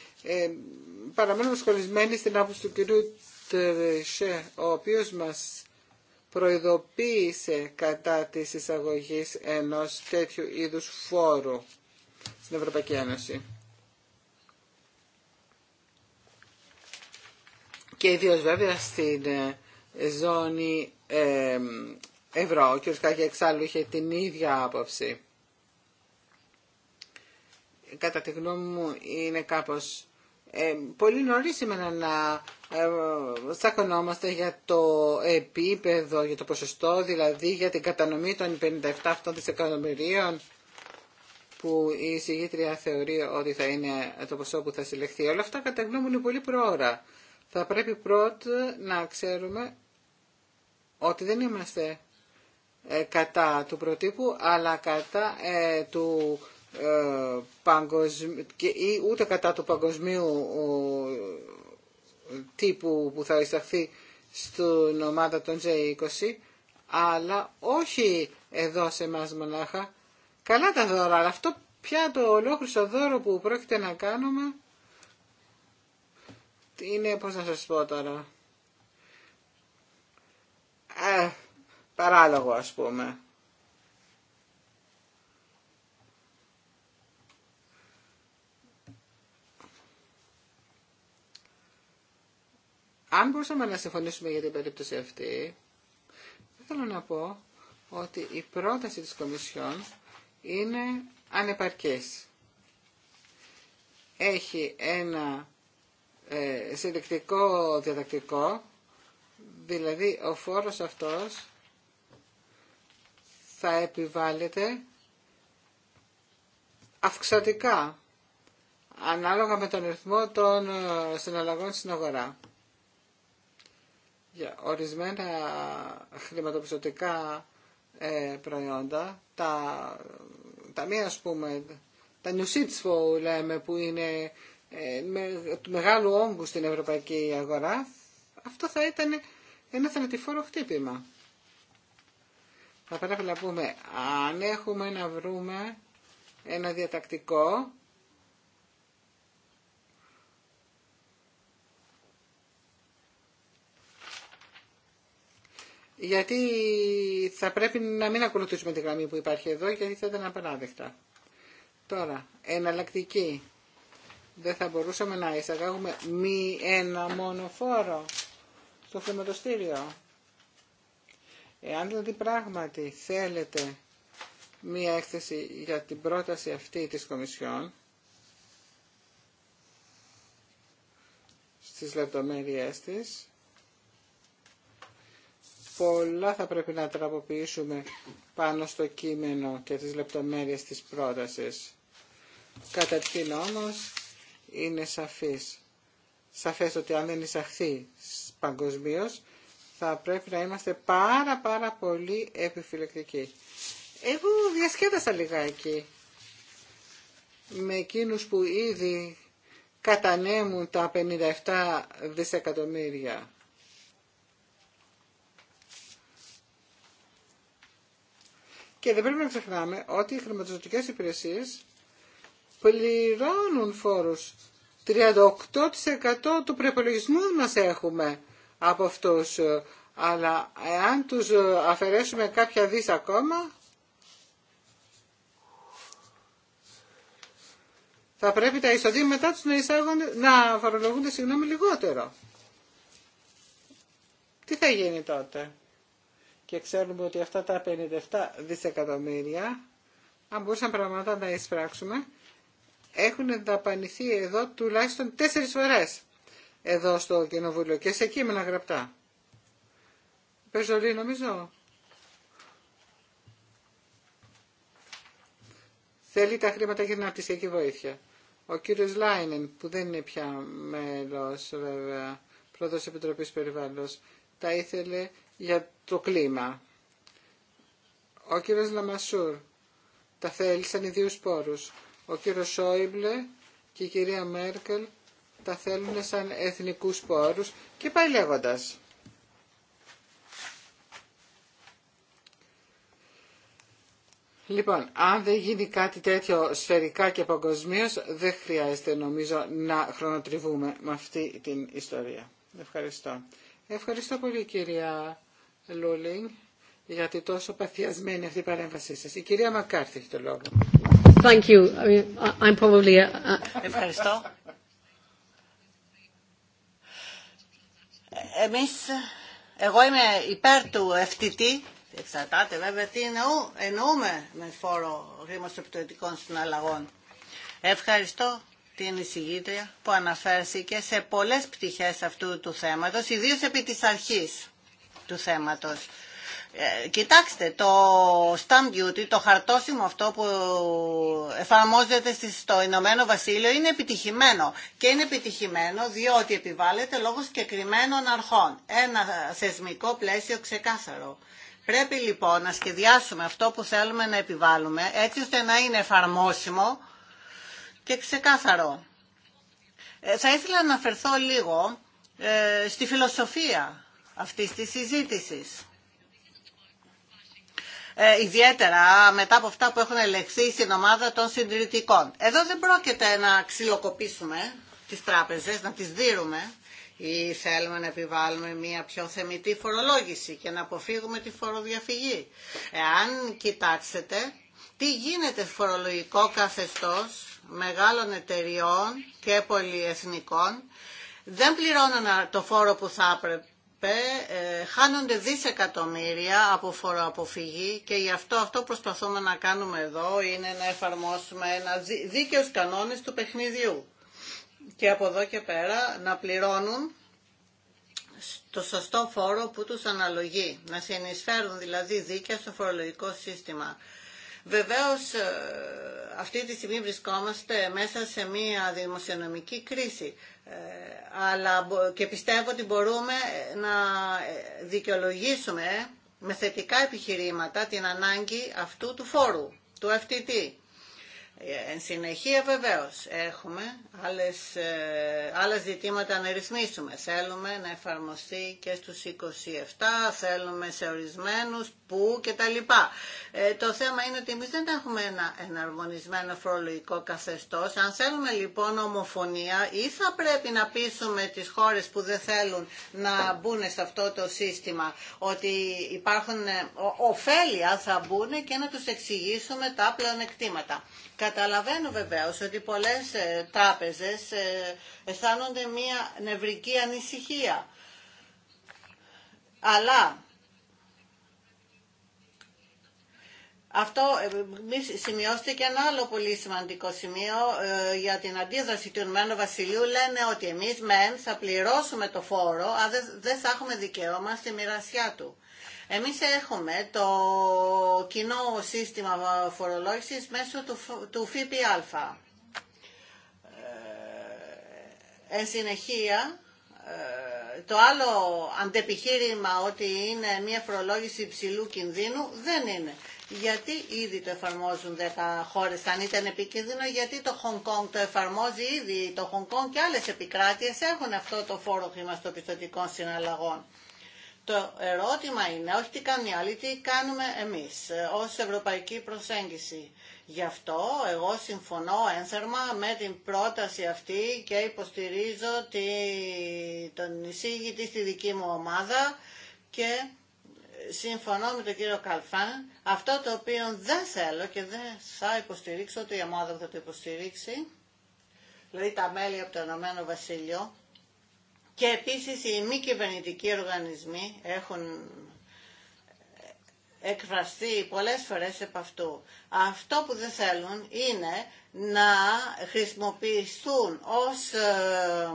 παραμένουμε σχολισμένοι στην άποψη του κυρίου Τερεσέ ο οποίος μας προειδοποίησε κατά της εισαγωγής ενός τέτοιου είδους φόρου στην Ευρωπαϊκή Ένωση. Και ιδίω βέβαια στην ζώνη ε, ευρώ. Ο κ. Κάκη εξάλλου είχε την ίδια άποψη. Κατά τη γνώμη μου είναι κάπως ε, πολύ νωρίς σήμερα να ε, για το επίπεδο, για το ποσοστό, δηλαδή για την κατανομή των 57 αυτών δισεκατομμυρίων που η συγγήτρια θεωρεί ότι θα είναι το ποσό που θα συλλεχθεί. Όλα αυτά κατά γνώμη μου είναι πολύ πρόωρα. Θα πρέπει πρώτα να ξέρουμε ότι δεν είμαστε ε, κατά του προτύπου, αλλά κατά ε, του ε, παγκοσμίου, ούτε κατά του παγκοσμίου τύπου που θα εισαχθεί στην ομάδα των J20, αλλά όχι εδώ σε μας μονάχα. Καλά τα δώρα, αλλά αυτό πια το ολόκληρο δώρο που πρόκειται να κάνουμε είναι, πώς να σας πω τώρα, ε, παράλογο ας πούμε. Αν μπορούσαμε να συμφωνήσουμε για την περίπτωση αυτή, θέλω να πω ότι η πρόταση της Κομισιόν είναι ανεπαρκής. Έχει ένα ε, συλλεκτικό διατακτικό Δηλαδή ο φόρος αυτός θα επιβάλλεται αυξατικά ανάλογα με τον ρυθμό των ε, συναλλαγών στην αγορά. Για ορισμένα χρηματοπιστωτικά ε, προϊόντα, τα, τα μία ας πούμε, τα νιουσίτσφο λέμε που είναι ε, του μεγάλου όγκου στην ευρωπαϊκή αγορά, αυτό θα ήταν ένα θανατηφόρο χτύπημα. Θα πρέπει να πούμε, αν έχουμε να βρούμε ένα διατακτικό, γιατί θα πρέπει να μην ακολουθήσουμε τη γραμμή που υπάρχει εδώ, γιατί θα ήταν απαράδεκτα. Τώρα, εναλλακτική. Δεν θα μπορούσαμε να εισαγάγουμε μη ένα μόνο φόρο στο χρηματοστήριο. Εάν δηλαδή πράγματι θέλετε μία έκθεση για την πρόταση αυτή της Κομισιόν, στις λεπτομέρειές της, πολλά θα πρέπει να τραποποιήσουμε πάνω στο κείμενο και τις λεπτομέρειες της πρότασης. Καταρχήν όμως είναι σαφής. Σαφές ότι αν δεν εισαχθεί παγκοσμίω θα πρέπει να είμαστε πάρα πάρα πολύ επιφυλεκτικοί. Εγώ διασκέδασα λιγάκι με εκείνους που ήδη κατανέμουν τα 57 δισεκατομμύρια. Και δεν πρέπει να ξεχνάμε ότι οι χρηματοδοτικές υπηρεσίες πληρώνουν φόρους 38% του προπολογισμού μας έχουμε από αυτούς. Αλλά εάν τους αφαιρέσουμε κάποια δις ακόμα, θα πρέπει τα εισοδήματά τους να, να φορολογούνται συγγνώμη, λιγότερο. Τι θα γίνει τότε. Και ξέρουμε ότι αυτά τα 57 δισεκατομμύρια, αν μπορούσαν πραγματικά να εισπράξουμε, έχουν δαπανηθεί εδώ τουλάχιστον τέσσερις φορές εδώ στο Κοινοβούλιο και σε κείμενα γραπτά. Πεζολή νομίζω. Θέλει τα χρήματα για την αρτησιακή βοήθεια. Ο κύριος Λάινεν που δεν είναι πια μέλος βέβαια πρόεδρος Επιτροπής Περιβάλλοντος τα ήθελε για το κλίμα. Ο κύριος Λαμασούρ τα θέλει σαν ιδίους πόρους. Ο κύριος Σόιμπλε και η κυρία Μέρκελ τα θέλουν σαν εθνικούς πόρους και πάει λέγοντας. Λοιπόν, αν δεν γίνει κάτι τέτοιο σφαιρικά και παγκοσμίω, δεν χρειάζεται νομίζω να χρονοτριβούμε με αυτή την ιστορία. Ευχαριστώ. Ευχαριστώ πολύ κυρία Λούλινγκ για τη τόσο παθιασμένη αυτή η παρέμβασή σας. Η κυρία Μακάρθη έχει το λόγο. Thank you. I mean, I'm probably Ευχαριστώ. Εμείς, εγώ είμαι υπέρ του FTT, εξαρτάται βέβαια τι εννοού, εννοούμε με φόρο στην συναλλαγών. Ευχαριστώ την εισηγήτρια που αναφέρθηκε σε πολλές πτυχές αυτού του θέματος, ιδίως επί της αρχής του θέματος. Ε, κοιτάξτε, το stamp duty, το χαρτόσημο αυτό που εφαρμόζεται στο Ηνωμένο Βασίλειο είναι επιτυχημένο. Και είναι επιτυχημένο διότι επιβάλλεται λόγω συγκεκριμένων αρχών. Ένα θεσμικό πλαίσιο ξεκάθαρο. Πρέπει λοιπόν να σχεδιάσουμε αυτό που θέλουμε να επιβάλλουμε έτσι ώστε να είναι εφαρμόσιμο και ξεκάθαρο. Ε, θα ήθελα να αναφερθώ λίγο ε, στη φιλοσοφία αυτής της συζήτησης. Ε, ιδιαίτερα μετά από αυτά που έχουν ελεγχθεί στην ομάδα των συντηρητικών. Εδώ δεν πρόκειται να ξυλοκοπήσουμε τις τράπεζες, να τις δίρουμε. ή θέλουμε να επιβάλλουμε μια πιο θεμητή φορολόγηση και να αποφύγουμε τη φοροδιαφυγή. Εάν κοιτάξετε τι γίνεται φορολογικό καθεστώς μεγάλων εταιριών και πολυεθνικών, δεν πληρώνουν το φόρο που θα έπρεπε ε, χάνονται δισεκατομμύρια από φοροαποφυγή και γι' αυτό αυτό προσπαθούμε να κάνουμε εδώ είναι να εφαρμόσουμε ένα δίκαιο κανόνες του παιχνιδιού και από εδώ και πέρα να πληρώνουν το σωστό φόρο που τους αναλογεί, να συνεισφέρουν δηλαδή δίκαια στο φορολογικό σύστημα. Βεβαίως ε, αυτή τη στιγμή βρισκόμαστε μέσα σε μια δημοσιονομική κρίση. Ε, αλλά και πιστεύω ότι μπορούμε να ε, δικαιολογήσουμε με θετικά επιχειρήματα την ανάγκη αυτού του φόρου, του FTT. Ε, εν συνεχεία βεβαίως έχουμε άλλες, ε, άλλες ζητήματα να ρυθμίσουμε. Θέλουμε να εφαρμοστεί και στους 27, θέλουμε σε ορισμένους, που και τα λοιπά. Ε, το θέμα είναι ότι εμείς δεν έχουμε ένα εναρμονισμένο φορολογικό καθεστώς. Αν θέλουμε λοιπόν ομοφωνία ή θα πρέπει να πείσουμε τις χώρες που δεν θέλουν να μπουν σε αυτό το σύστημα ότι υπάρχουν ωφέλεια θα μπουν και να τους εξηγήσουμε τα πλεονεκτήματα. Καταλαβαίνω βεβαίως ότι πολλές ε, τράπεζε ε, αισθάνονται μία νευρική ανησυχία. Αλλά Αυτό ε, σημειώστε και ένα άλλο πολύ σημαντικό σημείο για την αντίδραση του Ηνωμένου Βασιλείου. Λένε ότι εμείς μεν θα πληρώσουμε το φόρο, αλλά δεν θα έχουμε δικαίωμα στη μοιρασιά του. Εμείς έχουμε το κοινό σύστημα φορολόγησης μέσω του ΦΠΑ. Ε, εν συνεχεία, ε, το άλλο αντεπιχείρημα ότι είναι μια φορολόγηση υψηλού κινδύνου δεν είναι. Γιατί ήδη το εφαρμόζουν 10 χώρες, αν ήταν επικίνδυνο, γιατί το Χονγκ Κόνγκ το εφαρμόζει ήδη. Το Χονγκ Κόνγκ και άλλες επικράτειες έχουν αυτό το φόρο χρηματοπιστωτικών συναλλαγών. Το ερώτημα είναι όχι τι κάνει άλλη τι κάνουμε εμείς ε, ως ευρωπαϊκή προσέγγιση. Γι' αυτό εγώ συμφωνώ ένθερμα με την πρόταση αυτή και υποστηρίζω τη, τον εισήγητη στη δική μου ομάδα και ε, συμφωνώ με τον κύριο Καλφάν. Αυτό το οποίο δεν θέλω και δεν θα υποστηρίξω, ότι η ομάδα θα το υποστηρίξει, δηλαδή τα μέλη από το Ενωμένο Βασίλειο, και επίσης οι μη κυβερνητικοί οργανισμοί έχουν εκφραστεί πολλές φορές επ' αυτού. Αυτό που δεν θέλουν είναι να χρησιμοποιηθούν ως ε,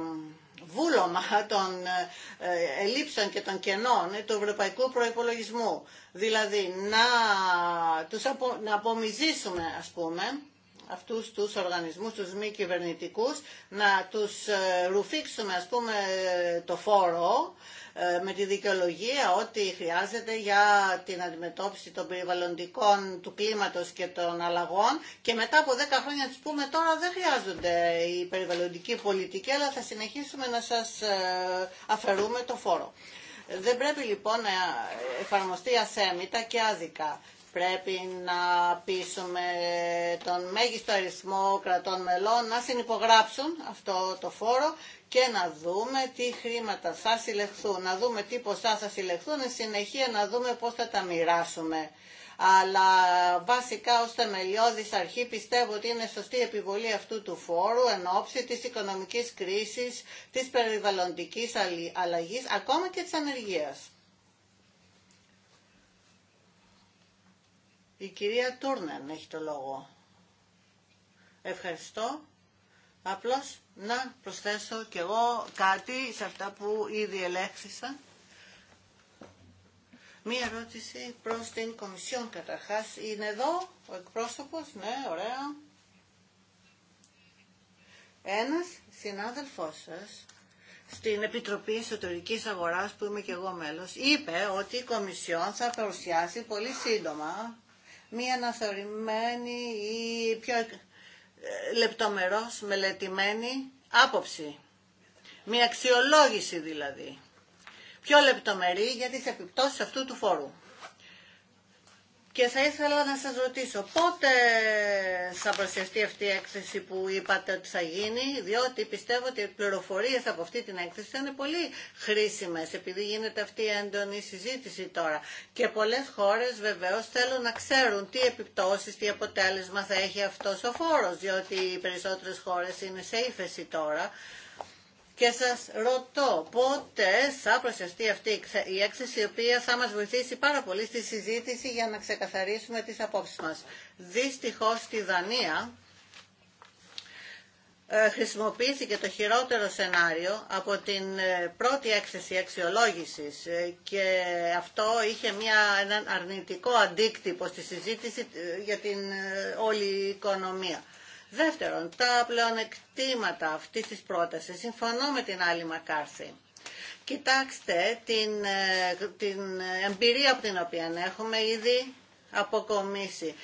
βούλωμα των ε, ελλείψεων και των κενών του ευρωπαϊκού προϋπολογισμού. Δηλαδή να, τους απο, να απομυζήσουμε ας πούμε αυτούς τους οργανισμούς, τους μη κυβερνητικούς, να τους ε, ρουφήξουμε ας πούμε το φόρο ε, με τη δικαιολογία ότι χρειάζεται για την αντιμετώπιση των περιβαλλοντικών του κλίματος και των αλλαγών και μετά από 10 χρόνια του πούμε τώρα δεν χρειάζονται η περιβαλλοντική πολιτική αλλά θα συνεχίσουμε να σας ε, αφαιρούμε το φόρο. Δεν πρέπει λοιπόν να εφαρμοστεί ασέμητα και άδικα πρέπει να πείσουμε τον μέγιστο αριθμό κρατών μελών να συνυπογράψουν αυτό το φόρο και να δούμε τι χρήματα θα συλλεχθούν, να δούμε τι ποσά θα συλλεχθούν, εν συνεχεία να δούμε πώς θα τα μοιράσουμε. Αλλά βασικά ως θεμελιώδης αρχή πιστεύω ότι είναι σωστή επιβολή αυτού του φόρου εν ώψη της οικονομικής κρίσης, της περιβαλλοντικής αλλαγής, ακόμα και της ανεργίας. Η κυρία Τούρνεν έχει το λόγο. Ευχαριστώ. Απλώς να προσθέσω κι εγώ κάτι σε αυτά που ήδη ελέγχθησαν. Μία ερώτηση προς την Κομισιόν καταρχάς. Είναι εδώ ο εκπρόσωπος, ναι, ωραία. Ένας συνάδελφός σας στην Επιτροπή Εσωτερικής Αγοράς που είμαι και εγώ μέλος είπε ότι η Κομισιόν θα παρουσιάσει πολύ σύντομα μία αναθεωρημένη ή πιο ε, λεπτομερώς μελετημένη άποψη. Μία αξιολόγηση δηλαδή. Πιο λεπτομερή για τις επιπτώσεις αυτού του φόρου. Και θα ήθελα να σας ρωτήσω πότε θα προσευτεί αυτή η έκθεση που είπατε ότι θα γίνει, διότι πιστεύω ότι οι πληροφορίες από αυτή την έκθεση θα είναι πολύ χρήσιμες, επειδή γίνεται αυτή η έντονη συζήτηση τώρα. Και πολλές χώρες βεβαίως θέλουν να ξέρουν τι επιπτώσεις, τι αποτέλεσμα θα έχει αυτός ο φόρος, διότι οι περισσότερες χώρες είναι σε ύφεση τώρα και σας ρωτώ πότε θα προσευτεί αυτή η έκθεση η οποία θα μας βοηθήσει πάρα πολύ στη συζήτηση για να ξεκαθαρίσουμε τις απόψεις μας. Δυστυχώς στη Δανία ε, χρησιμοποιήθηκε το χειρότερο σενάριο από την ε, πρώτη έκθεση αξιολόγησης ε, και αυτό είχε μια, έναν αρνητικό αντίκτυπο στη συζήτηση για την όλη οικονομία. Δεύτερον, τα πλεονεκτήματα αυτής της πρότασης. Συμφωνώ με την άλλη Μακάρθη. Κοιτάξτε την, ε, την εμπειρία από την οποία έχουμε ήδη αποκομίσει.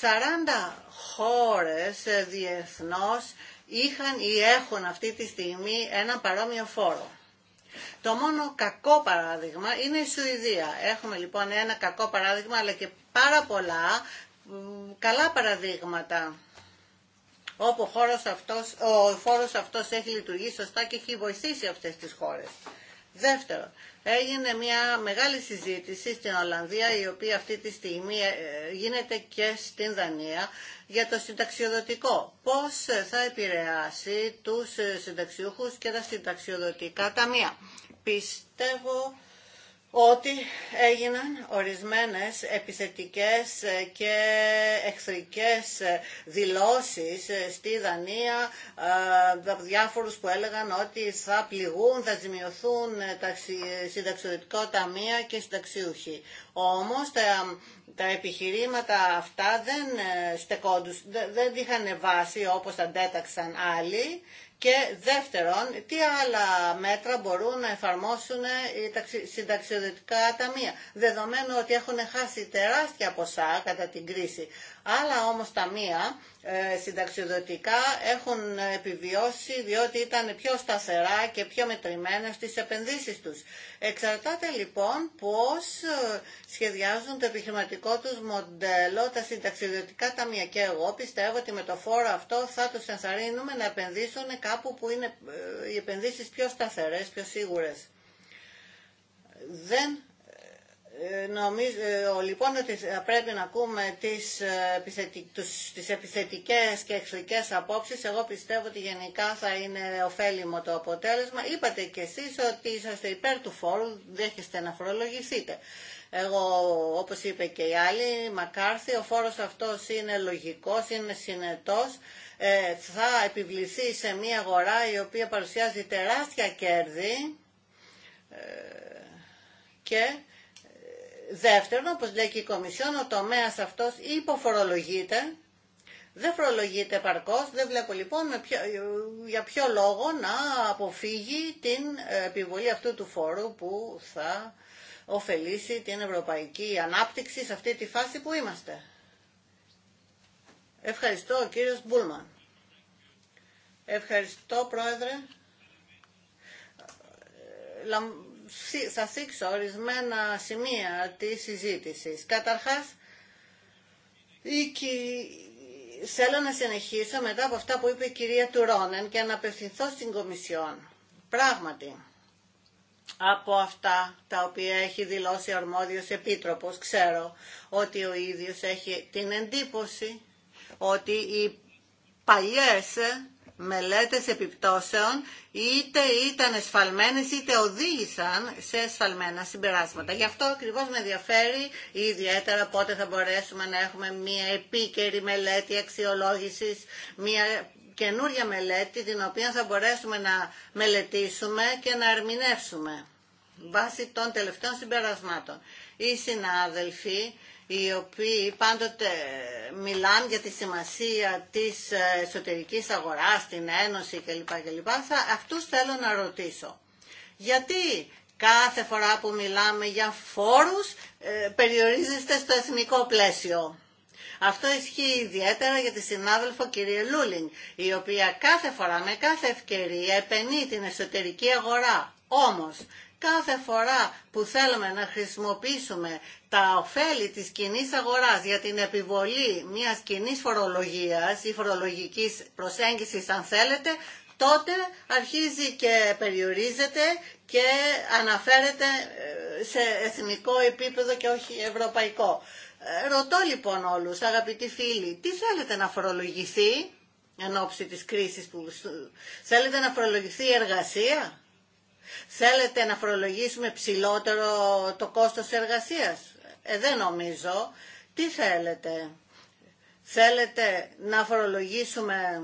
40 χώρες ε, διεθνώς είχαν ή έχουν αυτή τη στιγμή ένα παρόμοιο φόρο. Το μόνο κακό παράδειγμα είναι η Σουηδία. Έχουμε λοιπόν ένα κακό παράδειγμα αλλά και πάρα πολλά καλά παραδείγματα όπου ο, χώρος αυτός, ο φόρος αυτός έχει λειτουργήσει σωστά και έχει βοηθήσει αυτές τις χώρες. Δεύτερον, έγινε μια μεγάλη συζήτηση στην Ολλανδία, η οποία αυτή τη στιγμή ε, γίνεται και στην Δανία, για το συνταξιοδοτικό. Πώς θα επηρεάσει τους συνταξιούχους και τα συνταξιοδοτικά ταμεία. Πιστεύω ότι έγιναν ορισμένες επιθετικές και εχθρικές δηλώσεις στη Δανία ε, από διάφορους που έλεγαν ότι θα πληγούν, θα ζημιωθούν τα συνταξιδετικό ταμεία και συνταξιούχοι. Όμως τα, τα επιχειρήματα αυτά δεν ε, δεν είχαν βάση όπως αντέταξαν άλλοι και δεύτερον, τι άλλα μέτρα μπορούν να εφαρμόσουν οι συνταξιοδοτικά ταμεία, δεδομένου ότι έχουν χάσει τεράστια ποσά κατά την κρίση. Άλλα όμως ταμεία ε, συνταξιοδοτικά έχουν επιβιώσει διότι ήταν πιο σταθερά και πιο μετρημένα στις επενδύσεις τους. Εξαρτάται λοιπόν πώς ε, σχεδιάζουν το επιχειρηματικό τους μοντέλο τα συνταξιοδοτικά ταμεία και εγώ πιστεύω ότι με το φόρο αυτό θα τους ενθαρρύνουμε να επενδύσουν κάπου που είναι ε, οι επενδύσεις πιο σταθερές, πιο σίγουρες. Δεν ε, Νομίζω ε, λοιπόν ότι πρέπει να ακούμε ε, τις, επιθετικές, και εχθρικές απόψεις. Εγώ πιστεύω ότι γενικά θα είναι ωφέλιμο το αποτέλεσμα. Είπατε και εσείς ότι είσαστε υπέρ του φόρου, δέχεστε να φορολογηθείτε. Εγώ, όπως είπε και η άλλη Μακάρθη, ο φόρος αυτός είναι λογικός, είναι συνετός, θα επιβληθεί σε μια αγορά η οποία παρουσιάζει τεράστια κέρδη και Δεύτερον, όπως λέει και η Κομισιόν, ο τομέας αυτός υποφορολογείται, δεν φορολογείται παρκώς, δεν βλέπω λοιπόν για ποιο λόγο να αποφύγει την επιβολή αυτού του φόρου που θα ωφελήσει την ευρωπαϊκή ανάπτυξη σε αυτή τη φάση που είμαστε. Ευχαριστώ κύριος Μπούλμαν. Ευχαριστώ πρόεδρε θα δείξω ορισμένα σημεία της συζήτησης. Καταρχάς, η, θέλω να συνεχίσω μετά από αυτά που είπε η κυρία Τουρόνεν και να απευθυνθώ στην Κομισιόν. Πράγματι, από αυτά τα οποία έχει δηλώσει ο αρμόδιος επίτροπος, ξέρω ότι ο ίδιος έχει την εντύπωση ότι οι παλιές μελέτες επιπτώσεων είτε ήταν εσφαλμένες είτε οδήγησαν σε εσφαλμένα συμπεράσματα. Γι' αυτό ακριβώς με ενδιαφέρει ιδιαίτερα πότε θα μπορέσουμε να έχουμε μια επίκαιρη μελέτη αξιολόγησης, μια καινούρια μελέτη την οποία θα μπορέσουμε να μελετήσουμε και να ερμηνεύσουμε βάσει των τελευταίων συμπερασμάτων. Οι συνάδελφοι οι οποίοι πάντοτε μιλάνε για τη σημασία της εσωτερικής αγοράς, την Ένωση κλπ. κλπ. Αυτούς θέλω να ρωτήσω. Γιατί κάθε φορά που μιλάμε για φόρους ε, περιορίζεστε στο εθνικό πλαίσιο. Αυτό ισχύει ιδιαίτερα για τη συνάδελφο κυρία Λούλινγκ, η οποία κάθε φορά με κάθε ευκαιρία επενεί την εσωτερική αγορά. Όμως, κάθε φορά που θέλουμε να χρησιμοποιήσουμε τα ωφέλη της κοινή αγοράς για την επιβολή μιας κοινή φορολογίας ή φορολογικής προσέγγισης αν θέλετε, τότε αρχίζει και περιορίζεται και αναφέρεται ε, σε εθνικό επίπεδο και όχι ευρωπαϊκό. Ε, ρωτώ λοιπόν όλους, αγαπητοί φίλοι, τι θέλετε να φορολογηθεί εν ώψη της κρίσης που... Θέλετε να φορολογηθεί η εργασία? Θέλετε να φορολογήσουμε ψηλότερο το κόστος εργασίας? Ε, δεν νομίζω. Τι θέλετε. Θέλετε να φορολογήσουμε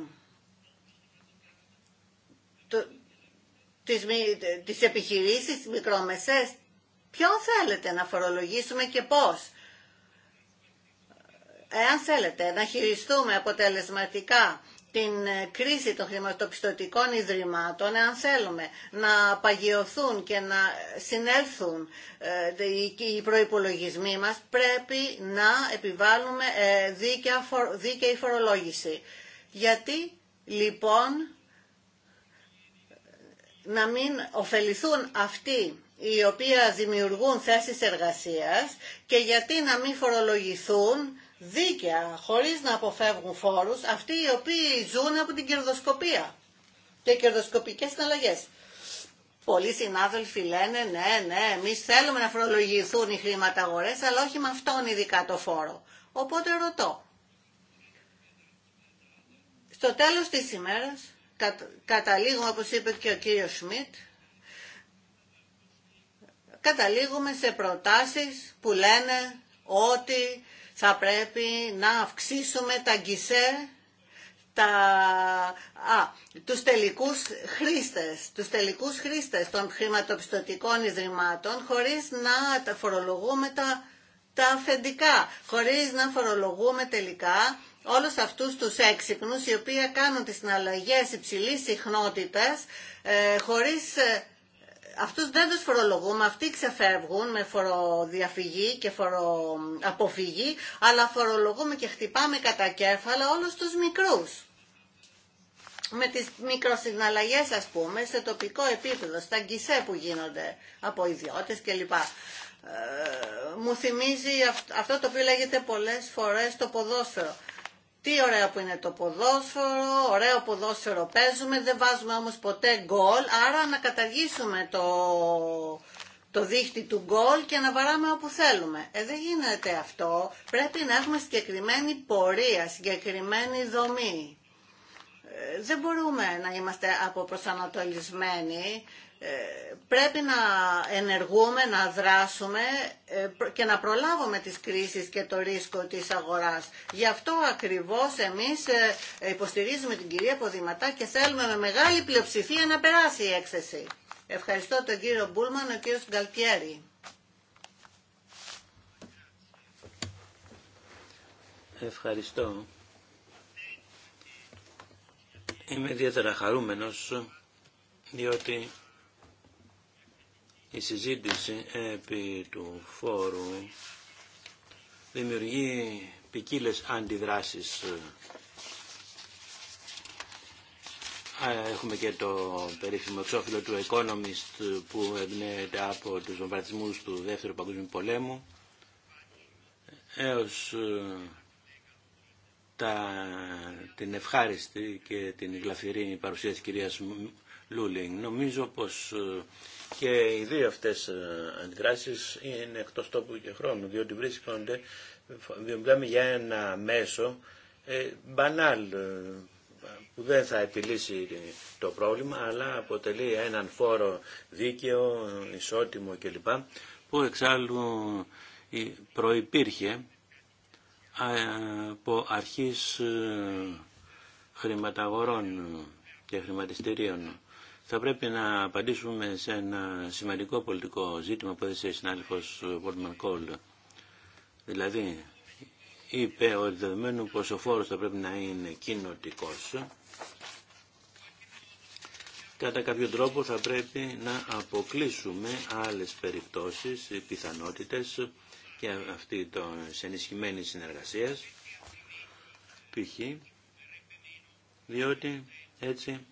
το, τις, τις επιχειρήσεις, μικρομεσές. Ποιον θέλετε να φορολογήσουμε και πώς. Εάν θέλετε να χειριστούμε αποτελεσματικά την ε, κρίση των χρηματοπιστωτικών ιδρυμάτων, αν θέλουμε να παγιωθούν και να συνέλθουν ε, οι προϋπολογισμοί μας, πρέπει να επιβάλλουμε ε, δίκαιη φορολόγηση. Γιατί λοιπόν να μην ωφεληθούν αυτοί οι οποίοι δημιουργούν θέσεις εργασίας και γιατί να μην φορολογηθούν δίκαια, χωρίς να αποφεύγουν φόρους, αυτοί οι οποίοι ζουν από την κερδοσκοπία και κερδοσκοπικές συναλλαγές. Πολλοί συνάδελφοι λένε, ναι, ναι, εμεί θέλουμε να φορολογηθούν οι χρηματαγορές, αλλά όχι με αυτόν ειδικά το φόρο. Οπότε ρωτώ, στο τέλος της ημέρας, κα, καταλήγουμε, όπως είπε και ο κύριος Σμιτ, καταλήγουμε σε προτάσεις που λένε ότι θα πρέπει να αυξήσουμε τα γκισέ τα, α, τους τελικούς χρήστες, τους τελικούς χρήστες των χρηματοπιστωτικών ιδρυμάτων χωρίς να τα φορολογούμε τα, τα αφεντικά, χωρίς να φορολογούμε τελικά όλους αυτούς τους έξυπνους οι οποίοι κάνουν τις συναλλαγές υψηλής συχνότητας ε, χωρίς ε, αυτούς δεν τους φορολογούμε, αυτοί ξεφεύγουν με φοροδιαφυγή και φοροαποφυγή, αλλά φορολογούμε και χτυπάμε κατά κέφαλα όλους τους μικρούς. Με τις μικροσυναλλαγέ, ας πούμε, σε τοπικό επίπεδο, στα γκισέ που γίνονται από ιδιώτες κλπ. Ε, μου θυμίζει αυτό το οποίο λέγεται πολλές φορές το ποδόσφαιρο. Τι ωραίο που είναι το ποδόσφαιρο, ωραίο ποδόσφαιρο παίζουμε, δεν βάζουμε όμως ποτέ γκολ, άρα να καταργήσουμε το, το δίχτυ του γκολ και να βαράμε όπου θέλουμε. Ε, δεν γίνεται αυτό. Πρέπει να έχουμε συγκεκριμένη πορεία, συγκεκριμένη δομή. Ε, δεν μπορούμε να είμαστε αποπροσανατολισμένοι. Ε, πρέπει να ενεργούμε, να δράσουμε ε, και να προλάβουμε τις κρίσεις και το ρίσκο της αγοράς. Γι' αυτό ακριβώς εμείς ε, υποστηρίζουμε την κυρία Ποδηματά και θέλουμε με μεγάλη πλειοψηφία να περάσει η έκθεση. Ευχαριστώ τον κύριο Μπούλμαν, ο κύριο Γκαλτιέρη. Ευχαριστώ. Είμαι ιδιαίτερα χαρούμενος διότι η συζήτηση επί του φόρου δημιουργεί ποικίλε αντιδράσεις. Έχουμε και το περίφημο εξώφυλλο του Economist που εμπνέεται από τους βομβαρδισμούς του Δεύτερου Παγκόσμιου Πολέμου έως ε, τα, την ευχάριστη και την γλαφυρή παρουσία της κυρίας Λούλινγκ. Νομίζω πως ε, και οι δύο αυτές ε, αντιδράσεις είναι εκτός τόπου και χρόνου, διότι βρίσκονται, μιλάμε για ένα μέσο ε, μπανάλ ε, που δεν θα επιλύσει το πρόβλημα, αλλά αποτελεί έναν φόρο δίκαιο, ισότιμο κλπ. που εξάλλου προϋπήρχε από αρχής χρηματαγορών και χρηματιστηρίων θα πρέπει να απαντήσουμε σε ένα σημαντικό πολιτικό ζήτημα που έδεσε η συνάδελφος Βόρτμαν Κόλ. Δηλαδή, είπε ο δεδομένου πως ο φόρος θα πρέπει να είναι κοινοτικός, κατά κάποιο τρόπο θα πρέπει να αποκλείσουμε άλλες περιπτώσεις, πιθανότητες και αυτή των ενισχυμένη συνεργασίας, π.χ. διότι έτσι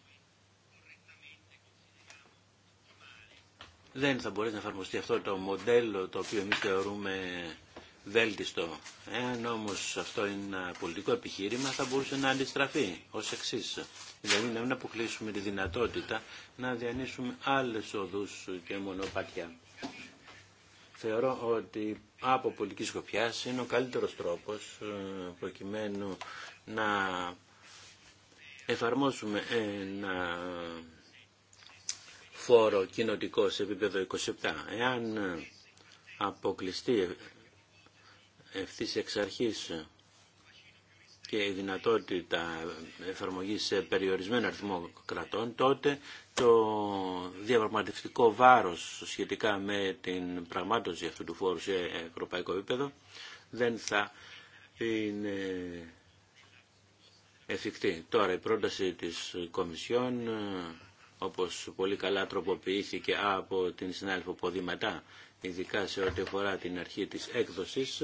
δεν θα μπορέσει να εφαρμοστεί αυτό το μοντέλο το οποίο εμείς θεωρούμε βέλτιστο. Εάν όμως αυτό είναι ένα πολιτικό επιχείρημα θα μπορούσε να αντιστραφεί ως εξή. Δηλαδή να μην αποκλείσουμε τη δυνατότητα να διανύσουμε άλλες οδούς και μονοπάτια. Θεωρώ ότι από πολιτική σκοπιά είναι ο καλύτερος τρόπος ε, προκειμένου να εφαρμόσουμε ένα φόρο κοινοτικό σε επίπεδο 27. Εάν ε, αποκλειστεί ευθύ εξ αρχή και η δυνατότητα εφαρμογή σε περιορισμένο αριθμό κρατών, τότε το διαπραγματευτικό βάρο σχετικά με την πραγμάτωση αυτού του φόρου σε ευρωπαϊκό επίπεδο δεν θα είναι εφικτή. Τώρα η πρόταση της Κομισιόν ε, όπως πολύ καλά τροποποιήθηκε από την συνάδελφο Ποδηματά, ειδικά σε ό,τι αφορά την αρχή της έκδοσης,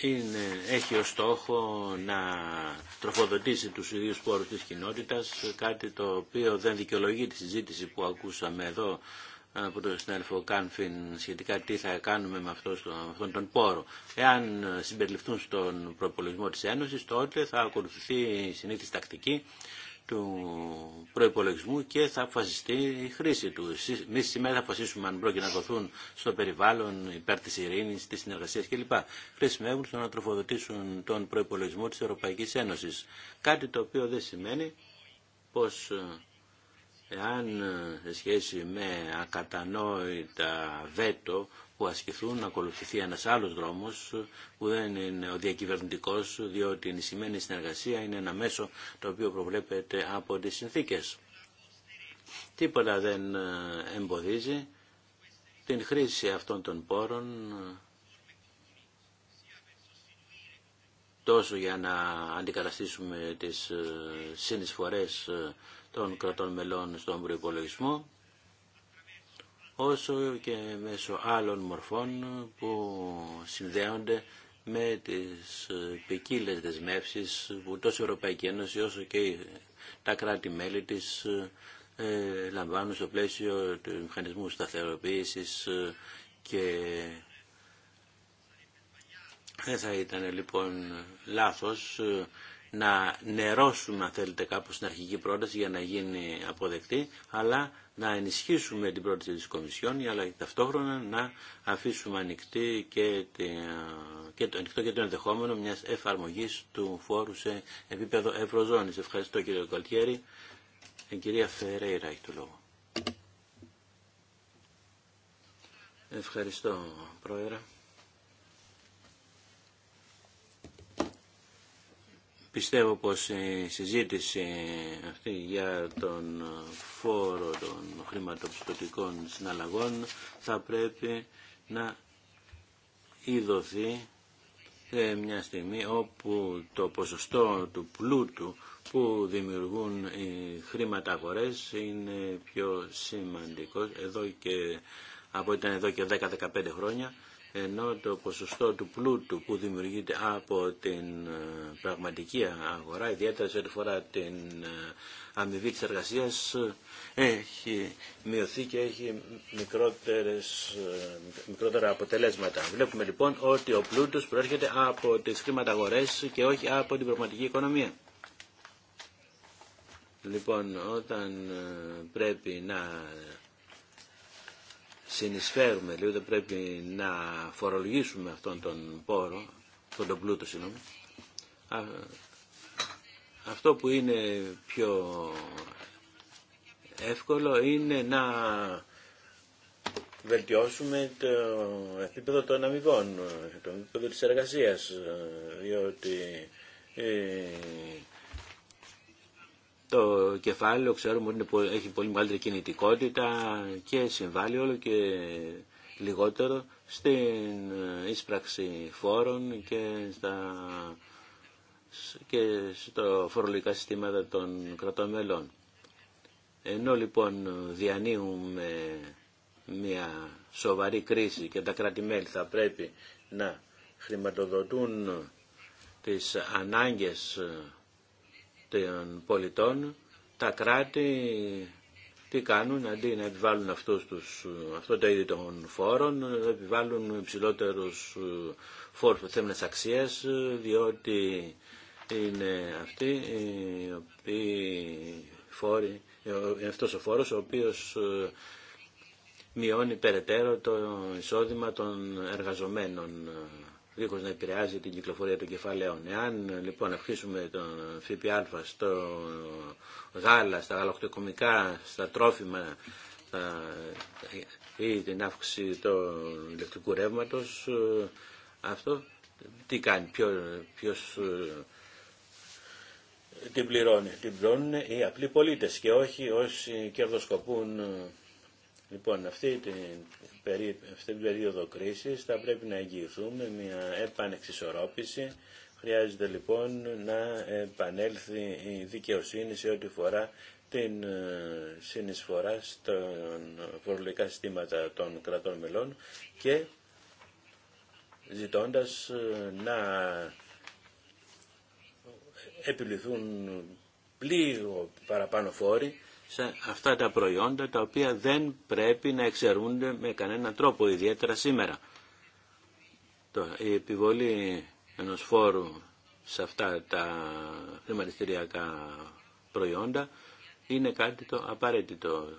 είναι, έχει ως στόχο να τροφοδοτήσει τους ιδίους πόρους της κοινότητας, κάτι το οποίο δεν δικαιολογεί τη συζήτηση που ακούσαμε εδώ από τον συνάδελφο Κάνφιν σχετικά τι θα κάνουμε με, αυτό, με αυτόν τον πόρο. Εάν ε, συμπεριληφθούν στον προπολογισμό της Ένωσης, τότε θα ακολουθηθεί η συνήθις τακτική του προπολογισμού και θα αποφασιστεί η χρήση του. Εμεί σήμερα θα αποφασίσουμε αν πρόκειται να δοθούν στο περιβάλλον, υπέρ τη ειρήνη, τη συνεργασία κλπ. Χρησιμεύουν στο να τροφοδοτήσουν τον προπολογισμό τη Ευρωπαϊκή Ένωση. Κάτι το οποίο δεν σημαίνει πως... Ε, εάν ε, σε σχέση με ακατανόητα βέτο που ασκηθούν να ακολουθηθεί ένας άλλος δρόμος ε, που δεν είναι ο διακυβερνητικός διότι η ενισχυμένη συνεργασία είναι ένα μέσο το οποίο προβλέπεται από τις συνθήκες. Τίποτα δεν ε, εμποδίζει την χρήση αυτών των πόρων τόσο για να αντικαταστήσουμε τις συνεισφορές των κρατών μελών στον προπολογισμό, όσο και μέσω άλλων μορφών που συνδέονται με τις ποικίλε δεσμεύσει που τόσο η Ευρωπαϊκή Ένωση όσο και τα κράτη-μέλη της ε, λαμβάνουν στο πλαίσιο του μηχανισμού σταθεροποίησης ε, και δεν θα ήταν λοιπόν λάθος ε, να νερώσουμε αν θέλετε κάπως την αρχική πρόταση για να γίνει αποδεκτή, αλλά να ενισχύσουμε την πρόταση της Κομισιόν, αλλά ταυτόχρονα να αφήσουμε ανοιχτή και, και το, ανοιχτό και το ενδεχόμενο μιας εφαρμογής του φόρου σε επίπεδο ευρωζώνης. Ευχαριστώ κύριε Καλτιέρη. Η κυρία Φερέιρα έχει το λόγο. Ευχαριστώ, Πρόεδρε. Πιστεύω πως η συζήτηση αυτή για τον φόρο των χρηματοπιστωτικών συναλλαγών θα πρέπει να ειδωθεί σε μια στιγμή όπου το ποσοστό του πλούτου που δημιουργούν οι χρήματα αγορές είναι πιο σημαντικό εδώ και, από ήταν εδώ και 10-15 χρόνια ενώ το ποσοστό του πλούτου που δημιουργείται από την ε, πραγματική αγορά, ιδιαίτερα σε ό,τι φορά την ε, αμοιβή της εργασίας, έχει μειωθεί και έχει ε, μικρότερα αποτελέσματα. Βλέπουμε λοιπόν ότι ο πλούτος προέρχεται από τις χρηματαγορές και όχι από την πραγματική οικονομία. Λοιπόν, όταν πρέπει να συνεισφέρουμε, λέει, δεν πρέπει να φορολογήσουμε αυτόν τον πόρο, αυτόν τον πλούτο, συγγνώμη. Αυτό που είναι πιο εύκολο είναι να βελτιώσουμε το επίπεδο των αμοιβών, το επίπεδο της εργασίας, διότι ε, το κεφάλαιο ξέρουμε ότι έχει πολύ μεγαλύτερη κινητικότητα και συμβάλλει όλο και λιγότερο στην ε, ίσπραξη φόρων και, στα, και στο φορολογικά συστήματα των κρατών μελών. Ενώ λοιπόν διανύουμε μια σοβαρή κρίση και τα κρατη θα πρέπει να χρηματοδοτούν τις ανάγκες ε, των πολιτών, τα κράτη τι κάνουν αντί να επιβάλλουν αυτούς τους, αυτό το είδη των φόρων, επιβάλλουν υψηλότερους ε, φόρους θέμενες αξίες διότι είναι αυτοί οι ε, αυτός ο φόρος ο οποίος ε, μειώνει περαιτέρω το εισόδημα των εργαζομένων δίχως να επηρεάζει την κυκλοφορία των κεφαλαίων. Εάν λοιπόν αυξήσουμε τον ΦΠΑ στο γάλα, στα γαλακτοκομικά, στα τρόφιμα ή την αύξηση του ηλεκτρικού ρεύματο, ε, αυτό τι κάνει, ποιο, ποιος ε, την πληρώνει. Την πληρώνουν οι απλοί πολίτες και όχι όσοι κερδοσκοπούν ε, Λοιπόν, αυτή την, περί... αυτή την περίοδο κρίσης θα πρέπει να εγγυηθούμε μια επανεξισορρόπηση. Χρειάζεται λοιπόν να επανέλθει η δικαιοσύνη σε ό,τι φορά την ε, συνεισφορά στα φορολογικά συστήματα των κρατών μελών και ζητώντας ε, να επιληθούν πλήρω παραπάνω φόροι σε αυτά τα προϊόντα τα οποία δεν πρέπει να εξαιρούνται με κανέναν τρόπο, ιδιαίτερα σήμερα. Η επιβολή ενός φόρου σε αυτά τα χρηματιστηριακά προϊόντα είναι κάτι το απαραίτητο.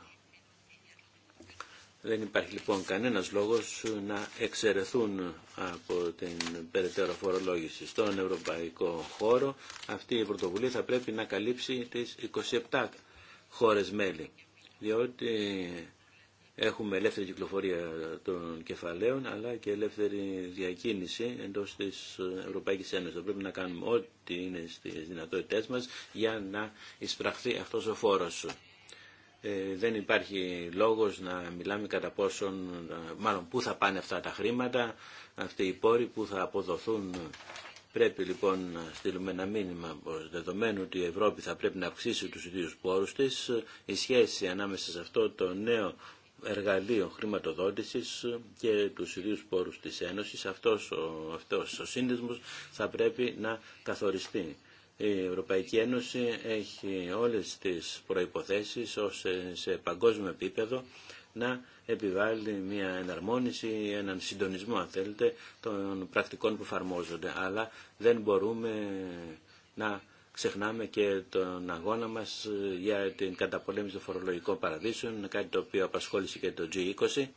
Δεν υπάρχει λοιπόν κανένας λόγος να εξαιρεθούν από την περαιτέρω φορολόγηση στον ευρωπαϊκό χώρο. Αυτή η πρωτοβουλία θα πρέπει να καλύψει τις 27 χώρες μέλη. Διότι έχουμε ελεύθερη κυκλοφορία των κεφαλαίων αλλά και ελεύθερη διακίνηση εντός της Ευρωπαϊκής Ένωσης. πρέπει να κάνουμε ό,τι είναι στις δυνατότητές μας για να εισπραχθεί αυτός ο φόρος. Ε, δεν υπάρχει λόγος να μιλάμε κατά πόσον, ε, μάλλον πού θα πάνε αυτά τα χρήματα, αυτοί οι πόροι που θα αποδοθούν Πρέπει λοιπόν να στείλουμε ένα μήνυμα δεδομένου ότι η Ευρώπη θα πρέπει να αυξήσει τους ίδιους πόρους της, η σχέση ανάμεσα σε αυτό το νέο εργαλείο χρηματοδότησης και τους ίδιους πόρους της Ένωσης, αυτός ο, αυτός ο σύνδεσμος θα πρέπει να καθοριστεί. Η Ευρωπαϊκή Ένωση έχει όλες τις προϋποθέσεις ώστε σε παγκόσμιο επίπεδο να επιβάλλει μια εναρμόνιση, έναν συντονισμό αν θέλετε των πρακτικών που εφαρμόζονται. Αλλά δεν μπορούμε να ξεχνάμε και τον αγώνα μας για την καταπολέμηση των φορολογικών παραδείσων, κάτι το οποίο απασχόλησε και το G20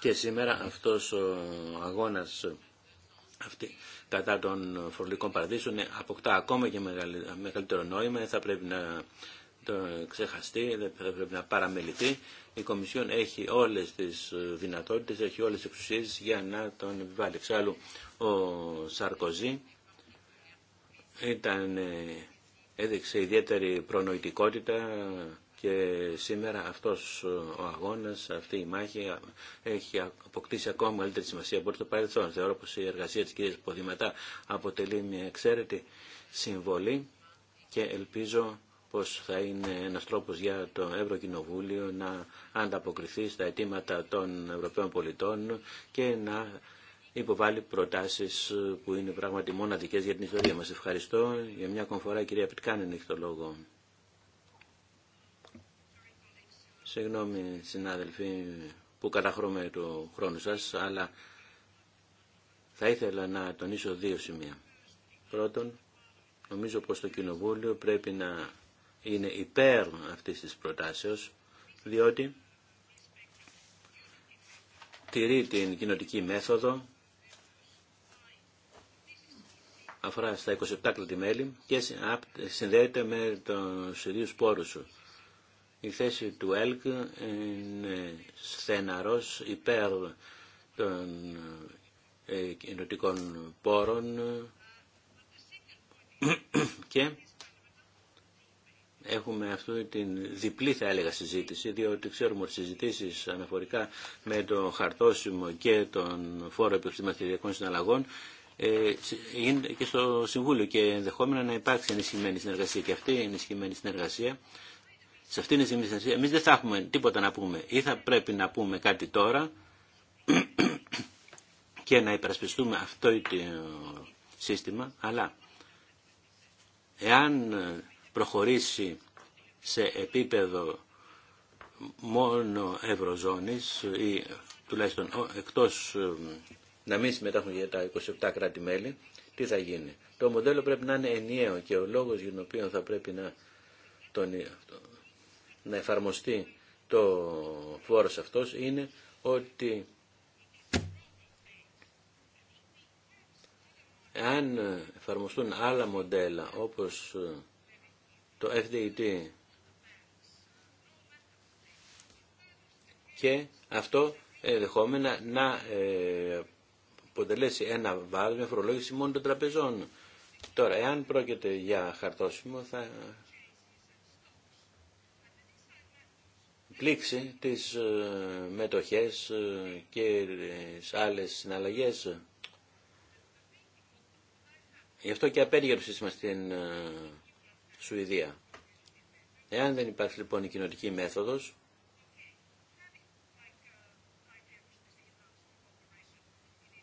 και σήμερα αυτός ο αγώνας αυτή, κατά των φορολογικών παραδείσων αποκτά ακόμα και μεγαλύτερο νόημα. Θα πρέπει να ξεχαστεί, δεν πρέπει να παραμεληθεί. Η Κομισιόν έχει όλες τις δυνατότητες, έχει όλες τις εξουσίες για να τον επιβάλλει. Εξάλλου ο Σαρκοζή ήταν, ε, έδειξε ιδιαίτερη προνοητικότητα και σήμερα αυτός ο αγώνας, αυτή η μάχη έχει αποκτήσει ακόμα μεγαλύτερη σημασία από το παρελθόν. Θεωρώ πως η εργασία της κυρίας Ποδηματά αποτελεί μια εξαίρετη συμβολή και ελπίζω πως θα είναι ένας τρόπος για το Ευρωκοινοβούλιο να ανταποκριθεί στα αιτήματα των Ευρωπαίων πολιτών και να υποβάλει προτάσεις που είναι πράγματι μοναδικές για την ιστορία μας. Ευχαριστώ. Για μια ακόμη φορά η κυρία Πιτκάνεν έχει το λόγο. Συγγνώμη συνάδελφοι που καταχρώμε το χρόνο σας, αλλά θα ήθελα να τονίσω δύο σημεία. Πρώτον, νομίζω πως το Κοινοβούλιο πρέπει να είναι υπέρ αυτής της προτάσεως, διότι τηρεί την κοινοτική μέθοδο, αφορά στα 27 μέλη και συνδέεται με τους ιδίους πόρους σου. Η θέση του ΕΛΚ είναι στεναρός υπέρ των ε, κοινωτικών πόρων και έχουμε αυτή την διπλή θα έλεγα συζήτηση, διότι ξέρουμε ότι συζητήσεις αναφορικά με το χαρτόσημο και τον φόρο επιστηματικών συναλλαγών γίνεται ε, και στο Συμβούλιο και ενδεχόμενα να υπάρξει ενισχυμένη συνεργασία και αυτή η ενισχυμένη συνεργασία σε αυτήν την συνεργασία εμείς δεν θα έχουμε τίποτα να πούμε ή θα πρέπει να πούμε κάτι τώρα [CLEARS THROAT] και να υπερασπιστούμε αυτό το σύστημα αλλά εάν προχωρήσει σε επίπεδο μόνο ευρωζώνης ή τουλάχιστον εκτός να μην συμμετάχουν για τα 27 κράτη-μέλη, τι θα γίνει. Το μοντέλο πρέπει να είναι ενιαίο και ο λόγος για τον οποίο θα πρέπει να, τον, να εφαρμοστεί το φόρος αυτός είναι ότι αν εφαρμοστούν άλλα μοντέλα όπως το FDT και αυτό ενδεχόμενα να ε, αποτελέσει ένα βάρος, με φορολόγηση μόνο των τραπεζών. Τώρα, εάν πρόκειται για χαρτόσημο, θα πλήξει τις ε, μετοχές ε, και τις άλλες συναλλαγές. Γι' αυτό και απέργευση μας στην Σουηδία. Εάν δεν υπάρχει λοιπόν η κοινωνική μέθοδος,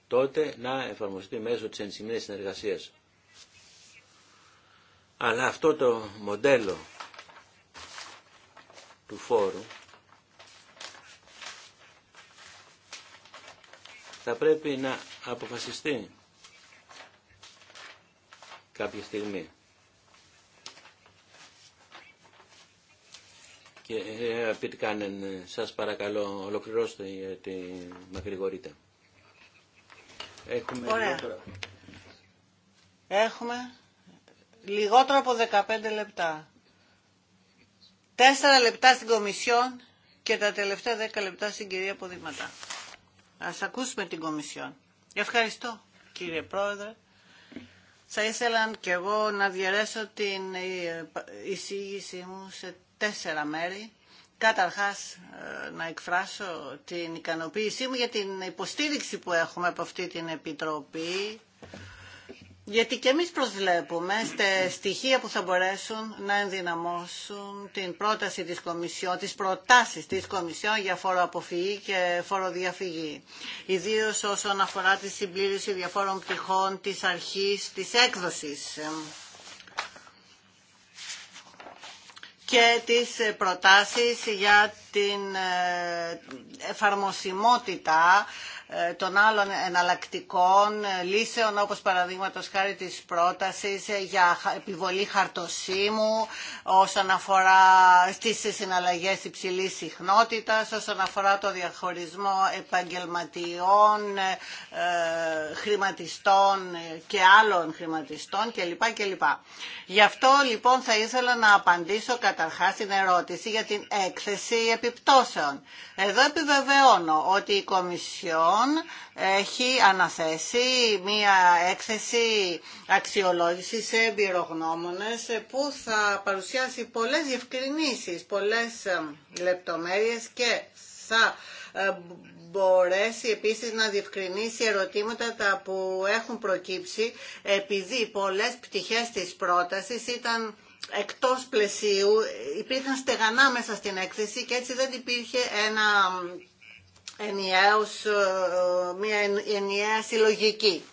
τότε να εφαρμοστεί μέσω της ενσημείας συνεργασίας. Αλλά αυτό το μοντέλο του φόρου θα πρέπει να αποφασιστεί κάποια στιγμή. Και ε, τι κάνουν, σας παρακαλώ, ολοκληρώστε γιατί μακρηγορείτε. Έχουμε Ωραία. λιγότερο. Έχουμε λιγότερο από 15 λεπτά. Τέσσερα λεπτά στην Κομισιόν και τα τελευταία 10 λεπτά στην κυρία Ποδήματα. Ας ακούσουμε την Κομισιόν. Ευχαριστώ κύριε Πρόεδρε. Θα ήθελα και εγώ να διαιρέσω την ε, εισήγησή μου σε τέσσερα μέρη. Καταρχάς ε, να εκφράσω την ικανοποίησή μου για την υποστήριξη που έχουμε από αυτή την Επιτροπή γιατί και εμείς προσβλέπουμε στα στοιχεία που θα μπορέσουν να ενδυναμώσουν την πρόταση της Κομισιόν, τις προτάσεις της Κομισιόν για φόρο φοροαποφυγή και φοροδιαφυγή. Ιδίως όσον αφορά τη συμπλήρωση διαφόρων πτυχών της αρχής της έκδοσης και τις ε, προτάσεις για την ε, εφαρμοσιμότητα ε, των άλλων εναλλακτικών ε, λύσεων όπως παραδείγματος χάρη της πρότασης ε, για επιβολή χαρτοσύμου όσον αφορά στις συναλλαγές υψηλής συχνότητας, όσον αφορά το διαχωρισμό επαγγελματιών, χρηματιστών και άλλων χρηματιστών κλπ. κλπ. Γι' αυτό λοιπόν θα ήθελα να απαντήσω καταρχάς την ερώτηση για την έκθεση επιπτώσεων. Εδώ επιβεβαιώνω ότι η Κομισιόν έχει αναθέσει μία έκθεση αξιολόγησης σε εμπειρογνώμονες που θα παρουσιάσει πολλές διευκρινήσεις, πολλές ε, λεπτομέρειες και θα ε, μπορέσει επίσης να διευκρινίσει ερωτήματα τα που έχουν προκύψει επειδή πολλές πτυχές της πρότασης ήταν εκτός πλαισίου, υπήρχαν στεγανά μέσα στην έκθεση και έτσι δεν υπήρχε ένα ενιαίος ε, μια ενιαία συλλογική.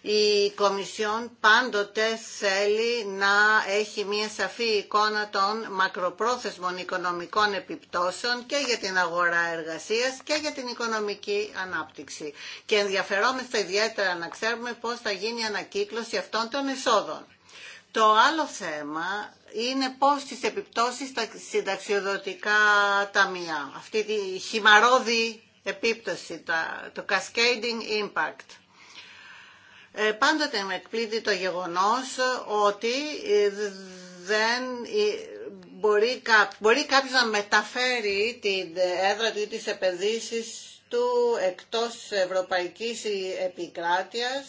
Η Κομισιόν πάντοτε θέλει να έχει μια σαφή εικόνα των μακροπρόθεσμων οικονομικών επιπτώσεων και για την αγορά εργασίας και για την οικονομική ανάπτυξη. Και ενδιαφερόμαστε ιδιαίτερα να ξέρουμε πώς θα γίνει η ανακύκλωση αυτών των εσόδων. Το άλλο θέμα είναι πώς τις επιπτώσεις στα συνταξιοδοτικά ταμεία. Αυτή τη χυμαρόδη επίπτωση, το cascading impact. Ε, πάντοτε με εκπλήττει το γεγονός ότι ε, δεν ε, μπορεί, μπορεί κάποιος να μεταφέρει την έδρα του ή τις επενδύσεις του εκτός ευρωπαϊκής επικράτειας,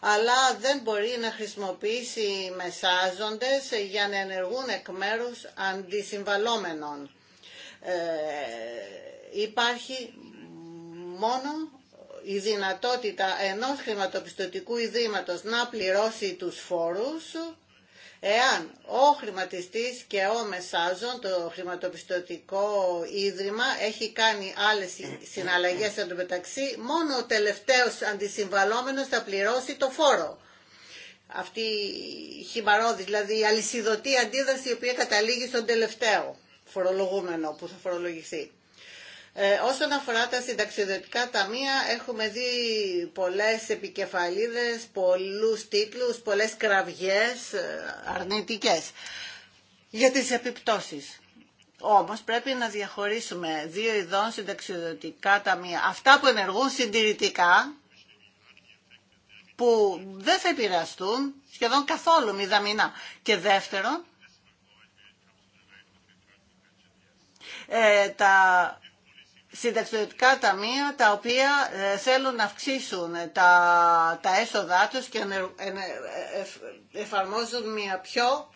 αλλά δεν μπορεί να χρησιμοποιήσει μεσάζοντες για να ενεργούν εκ μέρους αντισυμβαλόμενων. Ε, υπάρχει μόνο η δυνατότητα ενός χρηματοπιστωτικού ιδρύματος να πληρώσει τους φόρους Εάν ο χρηματιστής και ο μεσάζων, το χρηματοπιστωτικό ίδρυμα, έχει κάνει άλλες συναλλαγές μεταξύ, μόνο ο τελευταίος αντισυμβαλόμενος θα πληρώσει το φόρο. Αυτή η χυμαρόδη, δηλαδή η αλυσιδωτή αντίδραση η οποία καταλήγει στον τελευταίο φορολογούμενο που θα φορολογηθεί. Ε, όσον αφορά τα συνταξιδετικά ταμεία, έχουμε δει πολλές επικεφαλίδες, πολλούς τίτλους, πολλές κραυγές ε, αρνητικές για τις επιπτώσεις. Όμως πρέπει να διαχωρίσουμε δύο ειδών συνταξιδοτικά ταμεία. Αυτά που ενεργούν συντηρητικά, που δεν θα επηρεαστούν σχεδόν καθόλου μηδαμινά. Και δεύτερον, ε, τα συνταξιδοτικά ταμεία τα οποία ε, θέλουν να αυξήσουν τα, τα έσοδά τους και ε, ε, εφαρμόζουν μια πιο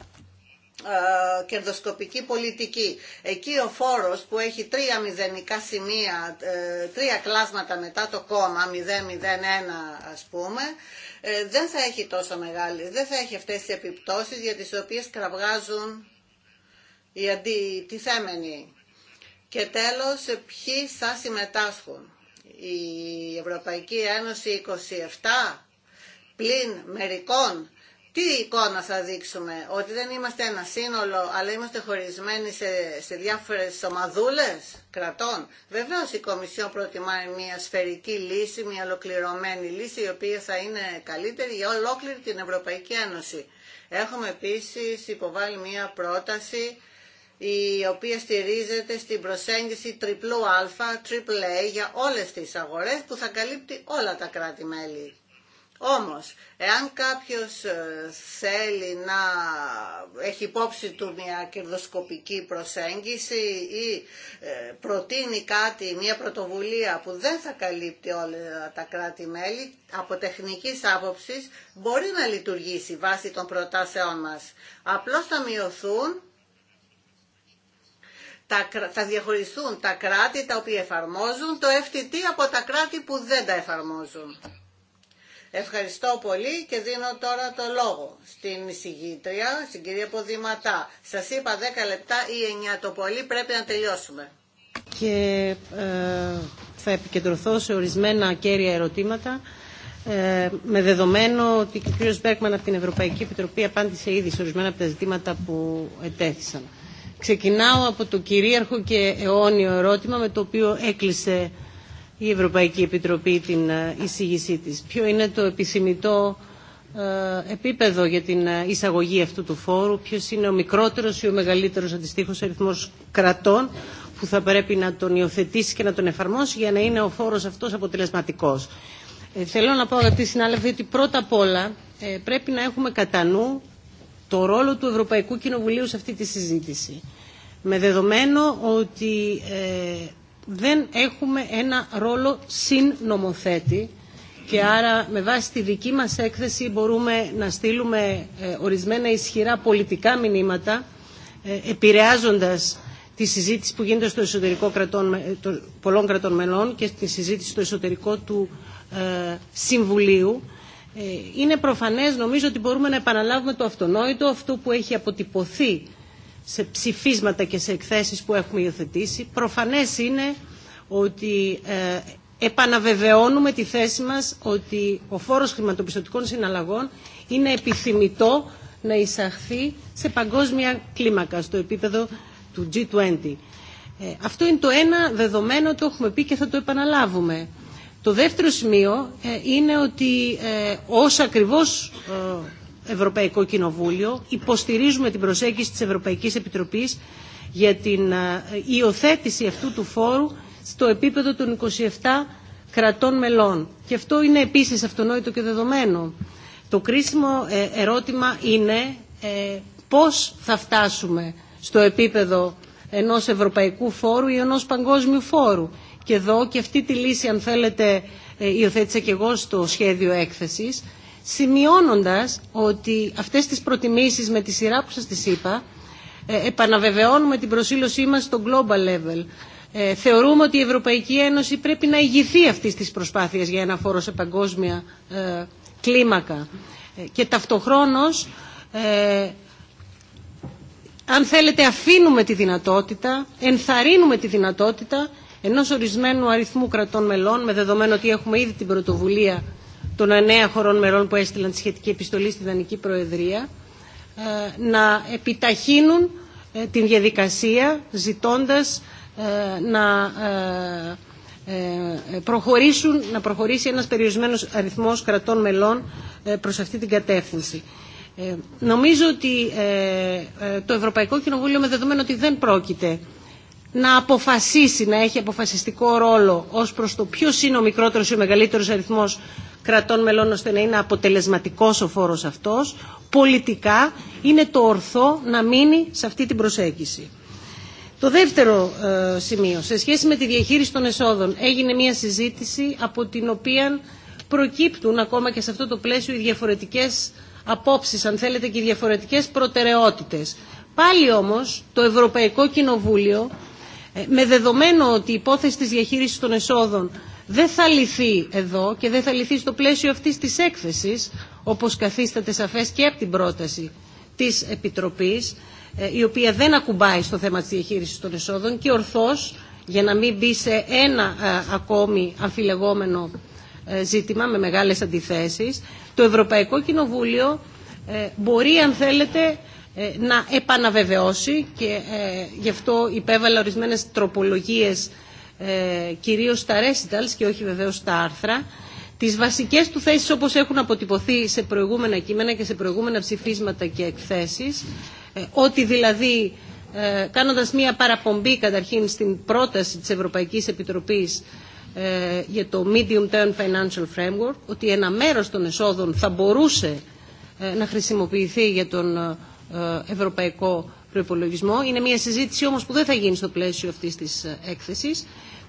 κερδοσκοπική πολιτική. Εκεί ο φόρος που έχει τρία μηδενικά σημεία, τρία κλάσματα μετά το κόμμα, 001 ας πούμε, δεν θα έχει τόσο μεγάλη, δεν θα έχει αυτές τις επιπτώσεις για τις οποίες κραυγάζουν οι αντιτιθέμενοι. Και τέλος, ποιοι θα συμμετάσχουν. Η Ευρωπαϊκή Ένωση 27 πλην μερικών. Τι εικόνα θα δείξουμε, ότι δεν είμαστε ένα σύνολο, αλλά είμαστε χωρισμένοι σε, σε διάφορες ομαδούλες κρατών. Βεβαίως η Κομισιόν προτιμάει μια σφαιρική λύση, μια ολοκληρωμένη λύση, η οποία θα είναι καλύτερη για ολόκληρη την Ευρωπαϊκή Ένωση. Έχουμε επίσης υποβάλει μια πρόταση η οποία στηρίζεται στην προσέγγιση τριπλού α, AAA για όλες τις αγορές που θα καλύπτει όλα τα κράτη-μέλη. Όμως, εάν κάποιος ε, θέλει να έχει υπόψη του μια κερδοσκοπική προσέγγιση ή ε, προτείνει κάτι, μια πρωτοβουλία που δεν θα καλύπτει όλα τα κράτη-μέλη, από τεχνικής άποψης μπορεί να λειτουργήσει βάσει των προτάσεών μας. Απλώς θα μειωθούν θα διαχωριστούν τα κράτη τα οποία εφαρμόζουν το FTT από τα κράτη που δεν τα εφαρμόζουν. Ευχαριστώ πολύ και δίνω τώρα το λόγο στην εισηγήτρια, στην κυρία Ποδηματά. Σας είπα 10 λεπτά ή 9 το πολύ, πρέπει να τελειώσουμε. Και ε, θα επικεντρωθώ σε ορισμένα κέρια ερωτήματα. Ε, με δεδομένο ότι ο κ. Μπέρκμαν από την Ευρωπαϊκή Επιτροπή απάντησε ήδη σε ορισμένα από τα ζητήματα που ετέθησαν. Ξεκινάω από το κυρίαρχο και αιώνιο ερώτημα με το οποίο έκλεισε η Ευρωπαϊκή Επιτροπή την ε, εισήγησή της. Ποιο είναι το επιθυμητό ε, επίπεδο για την ε, εισαγωγή αυτού του φόρου, ποιος είναι ο μικρότερος ή ο μεγαλύτερος αντιστοίχως αριθμός κρατών που θα πρέπει να τον υιοθετήσει και να τον εφαρμόσει για να είναι ο φόρος αυτός αποτελεσματικός. θέλω να πω αγαπητοί συνάδελφοι ότι πρώτα απ' όλα πρέπει να έχουμε κατά νου το ρόλο του Ευρωπαϊκού Κοινοβουλίου σε αυτή τη συζήτηση. Με δεδομένο ότι ε, δεν έχουμε ένα ρόλο συνομοθέτη και άρα με βάση τη δική μας έκθεση μπορούμε να στείλουμε ε, ορισμένα ισχυρά πολιτικά μηνύματα ε, τη συζήτηση που γίνεται στο εσωτερικό πολλών κρατών μελών και τη συζήτηση στο εσωτερικό του ε, Συμβουλίου ε, είναι προφανές νομίζω ότι μπορούμε να επαναλάβουμε το αυτονόητο, αυτό που έχει αποτυπωθεί σε ψηφίσματα και σε εκθέσεις που έχουμε υιοθετήσει. Προφανές είναι ότι ε, επαναβεβαιώνουμε τη θέση μας ότι ο φόρος χρηματοπιστωτικών συναλλαγών είναι επιθυμητό να εισαχθεί σε παγκόσμια κλίμακα στο επίπεδο του G20. Ε, αυτό είναι το ένα δεδομένο, το έχουμε πει και θα το επαναλάβουμε. Το δεύτερο σημείο ε, είναι ότι ε, ως ακριβώς ε, Ευρωπαϊκό Κοινοβούλιο υποστηρίζουμε την προσέγγιση της Ευρωπαϊκής Επιτροπής για την υιοθέτηση αυτού του φόρου στο επίπεδο των 27 κρατών μελών. Και αυτό είναι επίσης αυτονόητο και δεδομένο. Το κρίσιμο ερώτημα είναι πώς θα φτάσουμε στο επίπεδο ενός ευρωπαϊκού φόρου ή ενός παγκόσμιου φόρου και εδώ και αυτή τη λύση αν θέλετε ε, υιοθέτησα και εγώ στο σχέδιο έκθεσης σημειώνοντας ότι αυτές τις προτιμήσεις με τη σειρά που σας τις είπα ε, επαναβεβαιώνουμε την προσήλωσή μας στο global level. Ε, θεωρούμε ότι η Ευρωπαϊκή Ένωση πρέπει να ηγηθεί αυτής της προσπάθειας για ένα φόρο σε παγκόσμια κλίμακα. Και ταυτοχρόνως, αν θέλετε, αφήνουμε τη δυνατότητα, ενθαρρύνουμε τη δυνατότητα Ενό ορισμένου αριθμού κρατών μελών, με δεδομένο ότι έχουμε ήδη την πρωτοβουλία των εννέα χωρών μελών που έστειλαν τη σχετική επιστολή στη Δανική Προεδρία, ε, να επιταχύνουν ε, την διαδικασία ζητώντας ε, να προχωρήσουν, να προχωρήσει ένας περιορισμένος αριθμός κρατών μελών προς αυτή την κατεύθυνση. Νομίζω ότι το Ευρωπαϊκό Κοινοβούλιο με δεδομένο ότι δεν πρόκειται να αποφασίσει, να έχει αποφασιστικό ρόλο ως προς το ποιο είναι ο μικρότερος ή ο μεγαλύτερος αριθμός κρατών μελών ώστε να είναι αποτελεσματικός ο φόρος αυτός, πολιτικά είναι το ορθό να μείνει σε αυτή την προσέγγιση. Το δεύτερο ε, σημείο, σε σχέση με τη διαχείριση των εσόδων, έγινε μια συζήτηση από την οποία προκύπτουν ακόμα και σε αυτό το πλαίσιο οι διαφορετικές απόψεις, αν θέλετε, και οι διαφορετικές προτεραιότητες. Πάλι όμως το Ευρωπαϊκό Κοινοβούλιο ε, με δεδομένο ότι η υπόθεση της διαχείρισης των εσόδων δεν θα λυθεί εδώ και δεν θα λυθεί στο πλαίσιο αυτής της έκθεσης, όπως καθίσταται σαφές και από την πρόταση της Επιτροπής, ε, η οποία δεν ακουμπάει στο θέμα της διαχείρισης των εσόδων και ορθώς, για να μην μπει σε ένα ε, ακόμη αμφιλεγόμενο ζήτημα με μεγάλες αντιθέσεις, το Ευρωπαϊκό Κοινοβούλιο μπορεί, αν θέλετε, ε, να επαναβεβαιώσει και ε, γι' αυτό υπέβαλα ορισμένες τροπολογίες ε, κυρίως στα recitals και όχι βεβαίως στα άρθρα τις βασικές του θέσεις όπως έχουν αποτυπωθεί σε προηγούμενα κείμενα και σε προηγούμενα ψηφίσματα και εκθέσεις ότι δηλαδή κάνοντας μία παραπομπή καταρχήν στην πρόταση της Ευρωπαϊκής Επιτροπής για το Medium Term Financial Framework ότι ένα μέρος των εσόδων θα μπορούσε να χρησιμοποιηθεί για τον ε, ευρωπαϊκό προπολογισμό. Είναι μια συζήτηση όμω που δεν θα γίνει στο πλαίσιο αυτή τη ε, έκθεση.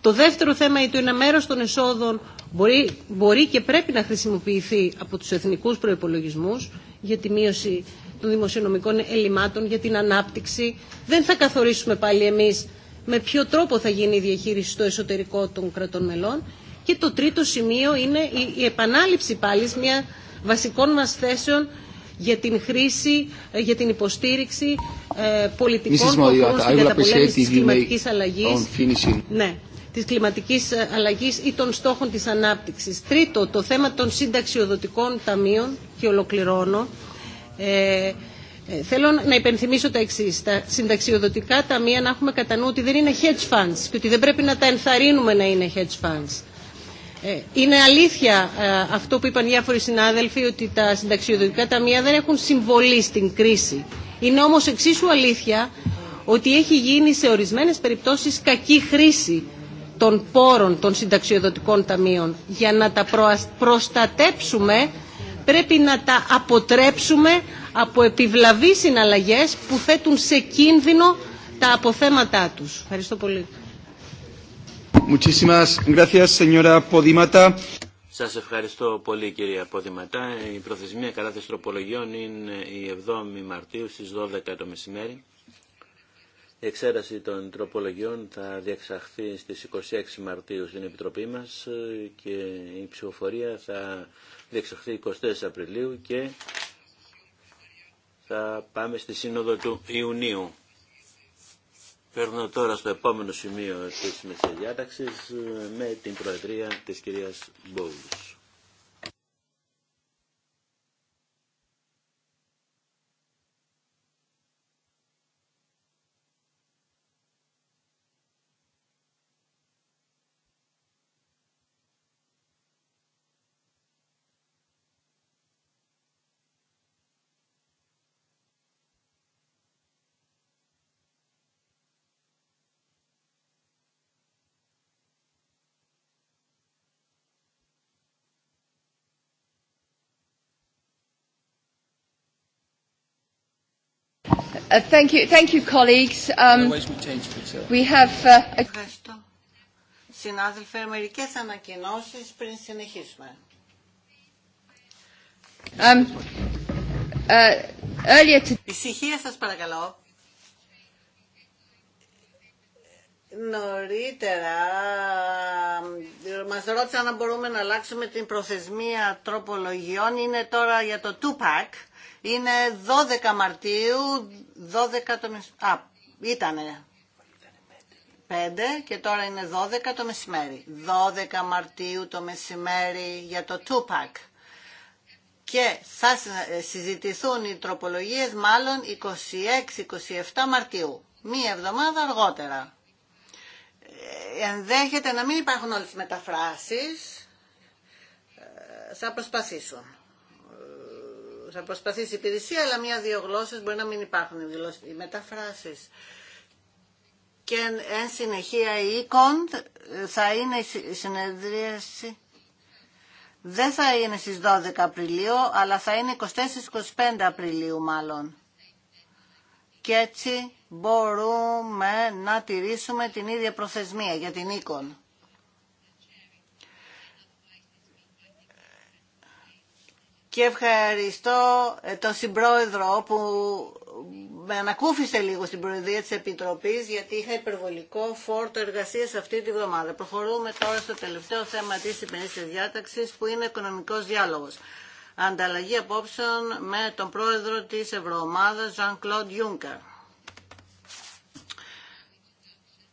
Το δεύτερο θέμα είναι ότι ένα μέρο των εσόδων μπορεί, μπορεί και πρέπει να χρησιμοποιηθεί από του εθνικού προπολογισμού για τη μείωση των δημοσιονομικών ελλημάτων, για την ανάπτυξη. Δεν θα καθορίσουμε πάλι εμεί με ποιο τρόπο θα γίνει η διαχείριση στο εσωτερικό των κρατών μελών. Και το τρίτο σημείο είναι η επανάληψη πάλι μια βασικών μας θέσεων για την χρήση, ε, για την υποστήριξη ε, πολιτικών κοπών στην καταπολέμηση της κλιματικής αλλαγής. Ναι της κλιματικής ε, αλλαγής ή των στόχων της ανάπτυξης. Τρίτο, το θέμα των συνταξιοδοτικών ταμείων και ολοκληρώνω. Ε, θέλω να υπενθυμίσω τα εξή. Τα συνταξιοδοτικά ταμεία να έχουμε κατά νου ότι δεν είναι hedge funds και ότι δεν πρέπει να τα ενθαρρύνουμε να είναι hedge funds. Ε, είναι αλήθεια ε, αυτό που είπαν διάφοροι συνάδελφοι ότι τα συνταξιοδοτικά ταμεία δεν έχουν συμβολή στην κρίση. Είναι όμως εξίσου αλήθεια ότι έχει γίνει σε ορισμένες περιπτώσεις κακή χρήση των πόρων των συνταξιοδοτικών ταμείων. Για να τα προστατέψουμε πρέπει να τα αποτρέψουμε από επιβλαβείς συναλλαγές που θέτουν σε κίνδυνο τα αποθέματά τους. Ευχαριστώ πολύ. Muchísimas Σας ευχαριστώ πολύ κυρία Ποδηματά. Η προθεσμία κατάθεση τροπολογιών είναι η 7η Μαρτίου στι 12 το μεσημέρι. Η εξέραση των τροπολογιών θα διεξαχθεί στις 26 Μαρτίου στην Επιτροπή μας και η ψηφοφορία θα διεξαχθεί 24 Απριλίου και θα πάμε στη Σύνοδο του Ιουνίου. Παίρνω τώρα στο επόμενο σημείο της μεσαιδιάταξης ε, με την Προεδρία της κυρίας Μπόουλης. Ευχαριστώ. Συνάδελφε, μερικές ανακοινώσεις πριν συνεχίσουμε. Um, uh, earlier Ησυχία σας παρακαλώ. Νωρίτερα μας ρώτησαν αν μπορούμε να αλλάξουμε την προθεσμία τροπολογιών. Είναι τώρα για το 2 Είναι 12 Μαρτίου 12 το μεσημέρι. Α, ήτανε πέντε και τώρα είναι 12 το μεσημέρι. 12 Μαρτίου το μεσημέρι για το τουπάκ Και θα συζητηθούν οι τροπολογίες μάλλον 26-27 Μαρτίου. Μία εβδομάδα αργότερα. Ε, ενδέχεται να μην υπάρχουν όλες τις μεταφράσεις. Ε, θα προσπαθήσουν θα προσπαθήσει η υπηρεσία, αλλά μία-δύο γλώσσες μπορεί να μην υπάρχουν οι μεταφράσεις. Και εν συνεχεία η ECON ε, θα είναι η συνεδρίαση, δεν θα είναι στις 12 Απριλίου, αλλά θα είναι 24-25 Απριλίου μάλλον. Και έτσι μπορούμε να τηρήσουμε την ίδια προθεσμία για την ECON. και ευχαριστώ ε, τον συμπρόεδρο που με ανακούφισε λίγο στην Προεδρία της Επιτροπής γιατί είχα υπερβολικό φόρτο εργασίας αυτή τη βδομάδα. Προχωρούμε τώρα στο τελευταίο θέμα της υπηρεσίας διάταξης που είναι ο οικονομικός διάλογος. Ανταλλαγή απόψεων με τον πρόεδρο της Ευρωομάδας Jean-Claude Juncker.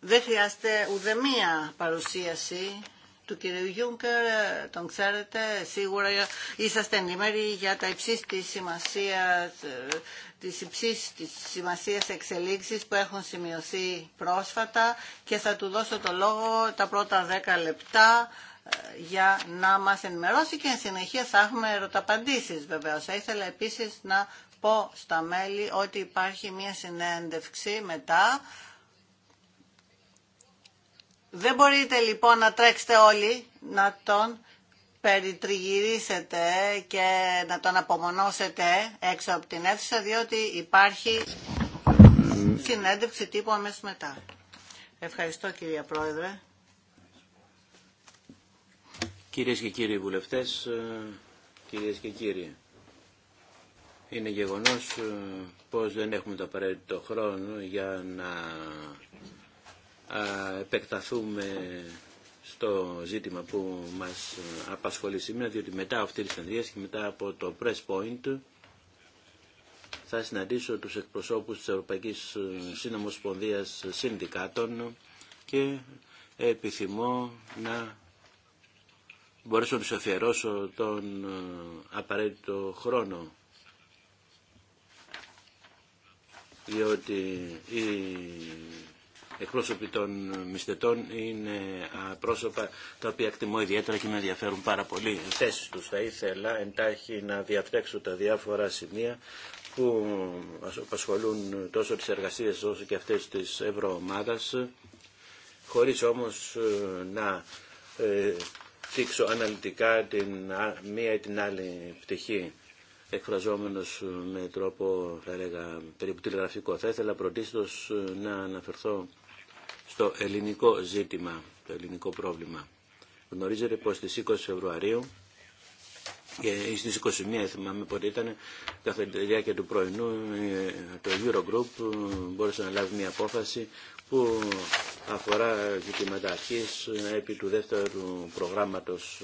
Δεν χρειάζεται ουδεμία παρουσίαση του κυρίου Γιούγκερ, ε, τον ξέρετε, σίγουρα είσαστε ενήμεροι για τα υψίστη σημασία, ε, τις της σημασίας εξελίξεις που έχουν σημειωθεί πρόσφατα και θα του δώσω το λόγο τα πρώτα δέκα λεπτά ε, για να μας ενημερώσει και εν συνεχεία θα έχουμε ερωταπαντήσεις βεβαίω. Θα ήθελα επίσης να πω στα μέλη ότι υπάρχει μια συνέντευξη μετά δεν μπορείτε λοιπόν να τρέξετε όλοι να τον περιτριγυρίσετε και να τον απομονώσετε έξω από την αίθουσα διότι υπάρχει συνέντευξη τύπου αμέσως μετά. Ευχαριστώ κυρία Πρόεδρε. Κυρίες και κύριοι βουλευτές, ε, κυρίες και κύριοι, είναι γεγονός ε, πως δεν έχουμε το απαραίτητο χρόνο για να επεκταθούμε στο ζήτημα που μας απασχολεί σήμερα, διότι μετά αυτή τη συνεδρία και μετά από το Press Point θα συναντήσω τους εκπροσώπους της Ευρωπαϊκής Συνομοσπονδίας Συνδικάτων και επιθυμώ να μπορέσω να τους αφιερώσω τον ε, απαραίτητο χρόνο διότι η εκπρόσωποι των μισθετών είναι πρόσωπα τα οποία εκτιμώ ιδιαίτερα και με ενδιαφέρουν πάρα πολύ οι θέσεις τους. Θα ήθελα εντάχει να διαπτέξω τα διάφορα σημεία που απασχολούν τόσο τις εργασίες όσο και αυτές της ευρωομάδας χωρίς όμως ε, να ε, δείξω αναλυτικά την μία ή την άλλη πτυχή εκφραζόμενος ε, με τρόπο, θα έλεγα, περίπου τηλεγραφικό. Θα ήθελα πρωτίστως να αναφερθώ στο ελληνικό ζήτημα, το ελληνικό πρόβλημα. Γνωρίζετε πως στις 20 Φεβρουαρίου και ε, στις 21 ε, θυμάμαι πότε ήταν καθ' τη διάρκεια του πρωινού ε, το Eurogroup μπόρεσε να λάβει μια απόφαση που αφορά ζητήματα αρχής επί του δεύτερου προγράμματος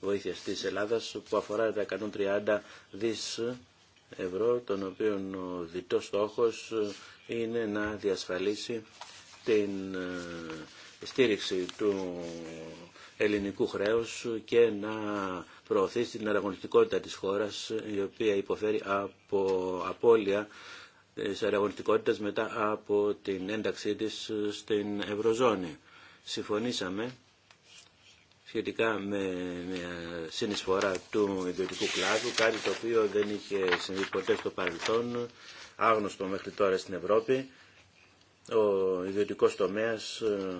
βοήθειας της Ελλάδας που αφορά τα 130 δις ευρώ, τον οποίο ο διτός στόχος είναι να διασφαλίσει την ε, στήριξη του ελληνικού χρέους και να προωθήσει την αραγωνιστικότητα της χώρας η οποία υποφέρει από απώλεια της αραγωνιστικότητας μετά από την ένταξή της στην Ευρωζώνη. Συμφωνήσαμε σχετικά με μια συνεισφορά του ιδιωτικού κλάδου, κάτι το οποίο δεν είχε συμβεί ποτέ στο παρελθόν, άγνωστο μέχρι τώρα στην Ευρώπη ο ιδιωτικός τομέας ε,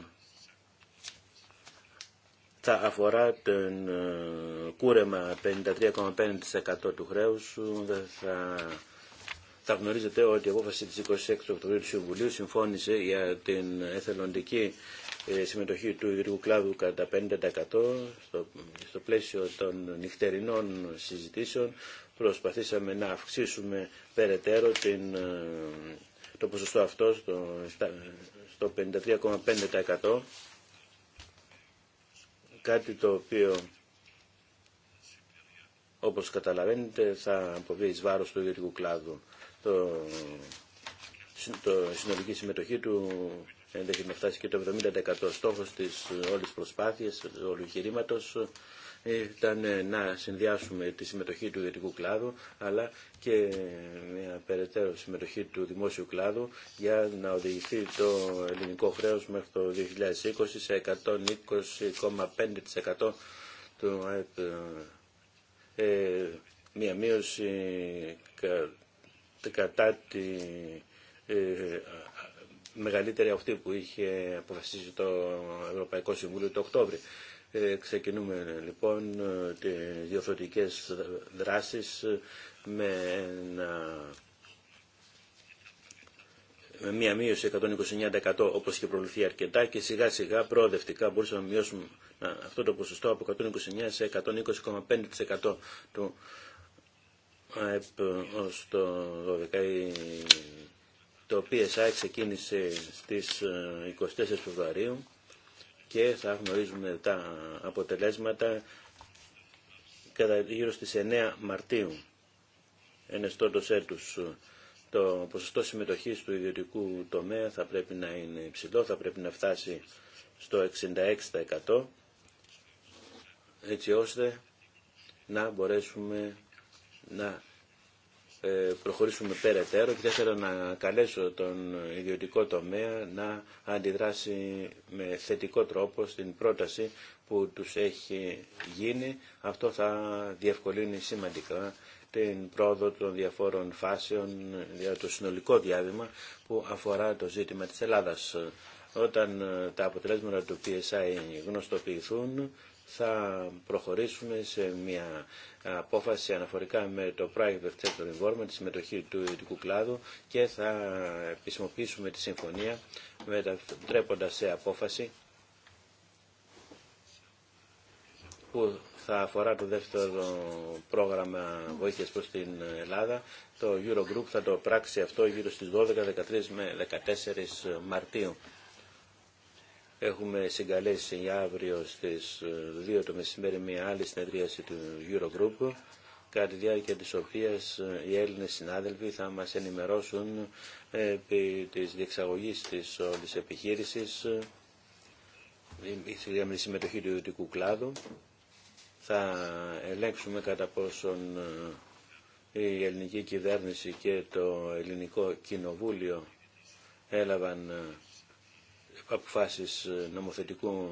θα αφορά τον ε, κούρεμα 53,5% του χρέους. Θα, θα γνωρίζετε ότι η απόφαση της 26 Οκτωβρίου του Συμβουλίου συμφώνησε για την εθελοντική ε, συμμετοχή του ιδρύου κλάδου κατά 50% στο, στο πλαίσιο των νυχτερινών συζητήσεων προσπαθήσαμε να αυξήσουμε περαιτέρω την το ποσοστό αυτό στο 53,5% κάτι το οποίο όπως καταλαβαίνετε θα αποβεί εις βάρος του ιδιωτικού κλάδου. Το, το συνολική συμμετοχή του ενδέχεται να φτάσει και το 70% στόχος της όλης προσπάθειας, όλου εγχειρήματος ήταν ε, να συνδυάσουμε τη συμμετοχή του ιδιωτικού κλάδου αλλά και μια περαιτέρω συμμετοχή του δημόσιου κλάδου για να οδηγηθεί το ελληνικό χρέος μέχρι το 2020 σε 120,5% του Ε, μια μείωση κατά τη ε, μεγαλύτερη αυτή που είχε αποφασίσει το Ευρωπαϊκό Συμβούλιο το Οκτώβριο. Ε, ξεκινούμε λοιπόν ε, τι διορθωτικές δράσεις με με μία μείωση 129% όπως είχε προβληθεί αρκετά και σιγά σιγά προοδευτικά μπορούσαμε να μειώσουμε αυτό το ποσοστό από 129% σε 120,5% του ΑΕΠ ως το 12 το PSI ξεκίνησε στις 24 ε, Φεβρουαρίου και θα γνωρίζουμε τα αποτελέσματα κατά γύρω στις 9 Μαρτίου ενεστώντος έτους το ποσοστό συμμετοχής του ιδιωτικού τομέα θα πρέπει να είναι υψηλό, θα πρέπει να φτάσει στο 66% έτσι ώστε να μπορέσουμε να ε, προχωρήσουμε περαιτέρω και θέλω να καλέσω τον ιδιωτικό τομέα να αντιδράσει με θετικό τρόπο στην πρόταση που τους έχει γίνει. Αυτό θα διευκολύνει σημαντικά την πρόοδο των διαφόρων φάσεων για το συνολικό διάβημα που αφορά το ζήτημα της Ελλάδας. Όταν τα αποτελέσματα του PSI γνωστοποιηθούν, θα προχωρήσουμε σε μια απόφαση αναφορικά με το private sector involvement, τη συμμετοχή του ειδικού κλάδου και θα επισημοποιήσουμε τη συμφωνία μετατρέποντα σε απόφαση που θα αφορά το δεύτερο πρόγραμμα βοήθειας προς την Ελλάδα. Το Eurogroup θα το πράξει αυτό γύρω στις 12, 13 με 14 Μαρτίου. Έχουμε συγκαλέσει για αύριο στις 2 ε, το μεσημέρι μια άλλη συνεδρίαση του Eurogroup, κατά τη διάρκεια της οποίας ε, οι Έλληνες συνάδελφοι θα μας ενημερώσουν ε, επί της διεξαγωγής της όλης επιχείρησης, τη συμμετοχή του ιδιωτικού κλάδου. Θα ελέγξουμε κατά πόσον η ελληνική κυβέρνηση και το ελληνικό κοινοβούλιο έλαβαν Αποφάσει ε, νομοθετικού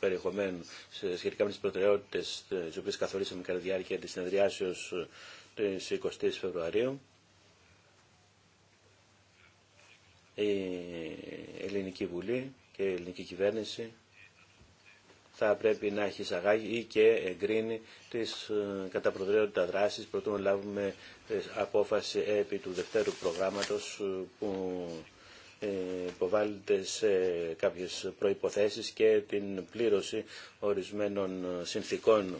περιεχομένου σχετικά με τις προτεραιότητε ε, τι οποίε καθορίσαμε κατά τη διάρκεια της συνεδριάσεω ε, τη 20 Φεβρουαρίου. Η Ελληνική Βουλή και η Ελληνική Κυβέρνηση θα πρέπει να έχει εισαγάγει ή και εγκρίνει τις κατά προτεραιότητα δράσεις προτού να λάβουμε απόφαση επί του δευτέρου προγράμματος που υποβάλλεται σε κάποιες προϋποθέσεις και την πλήρωση ορισμένων συνθήκων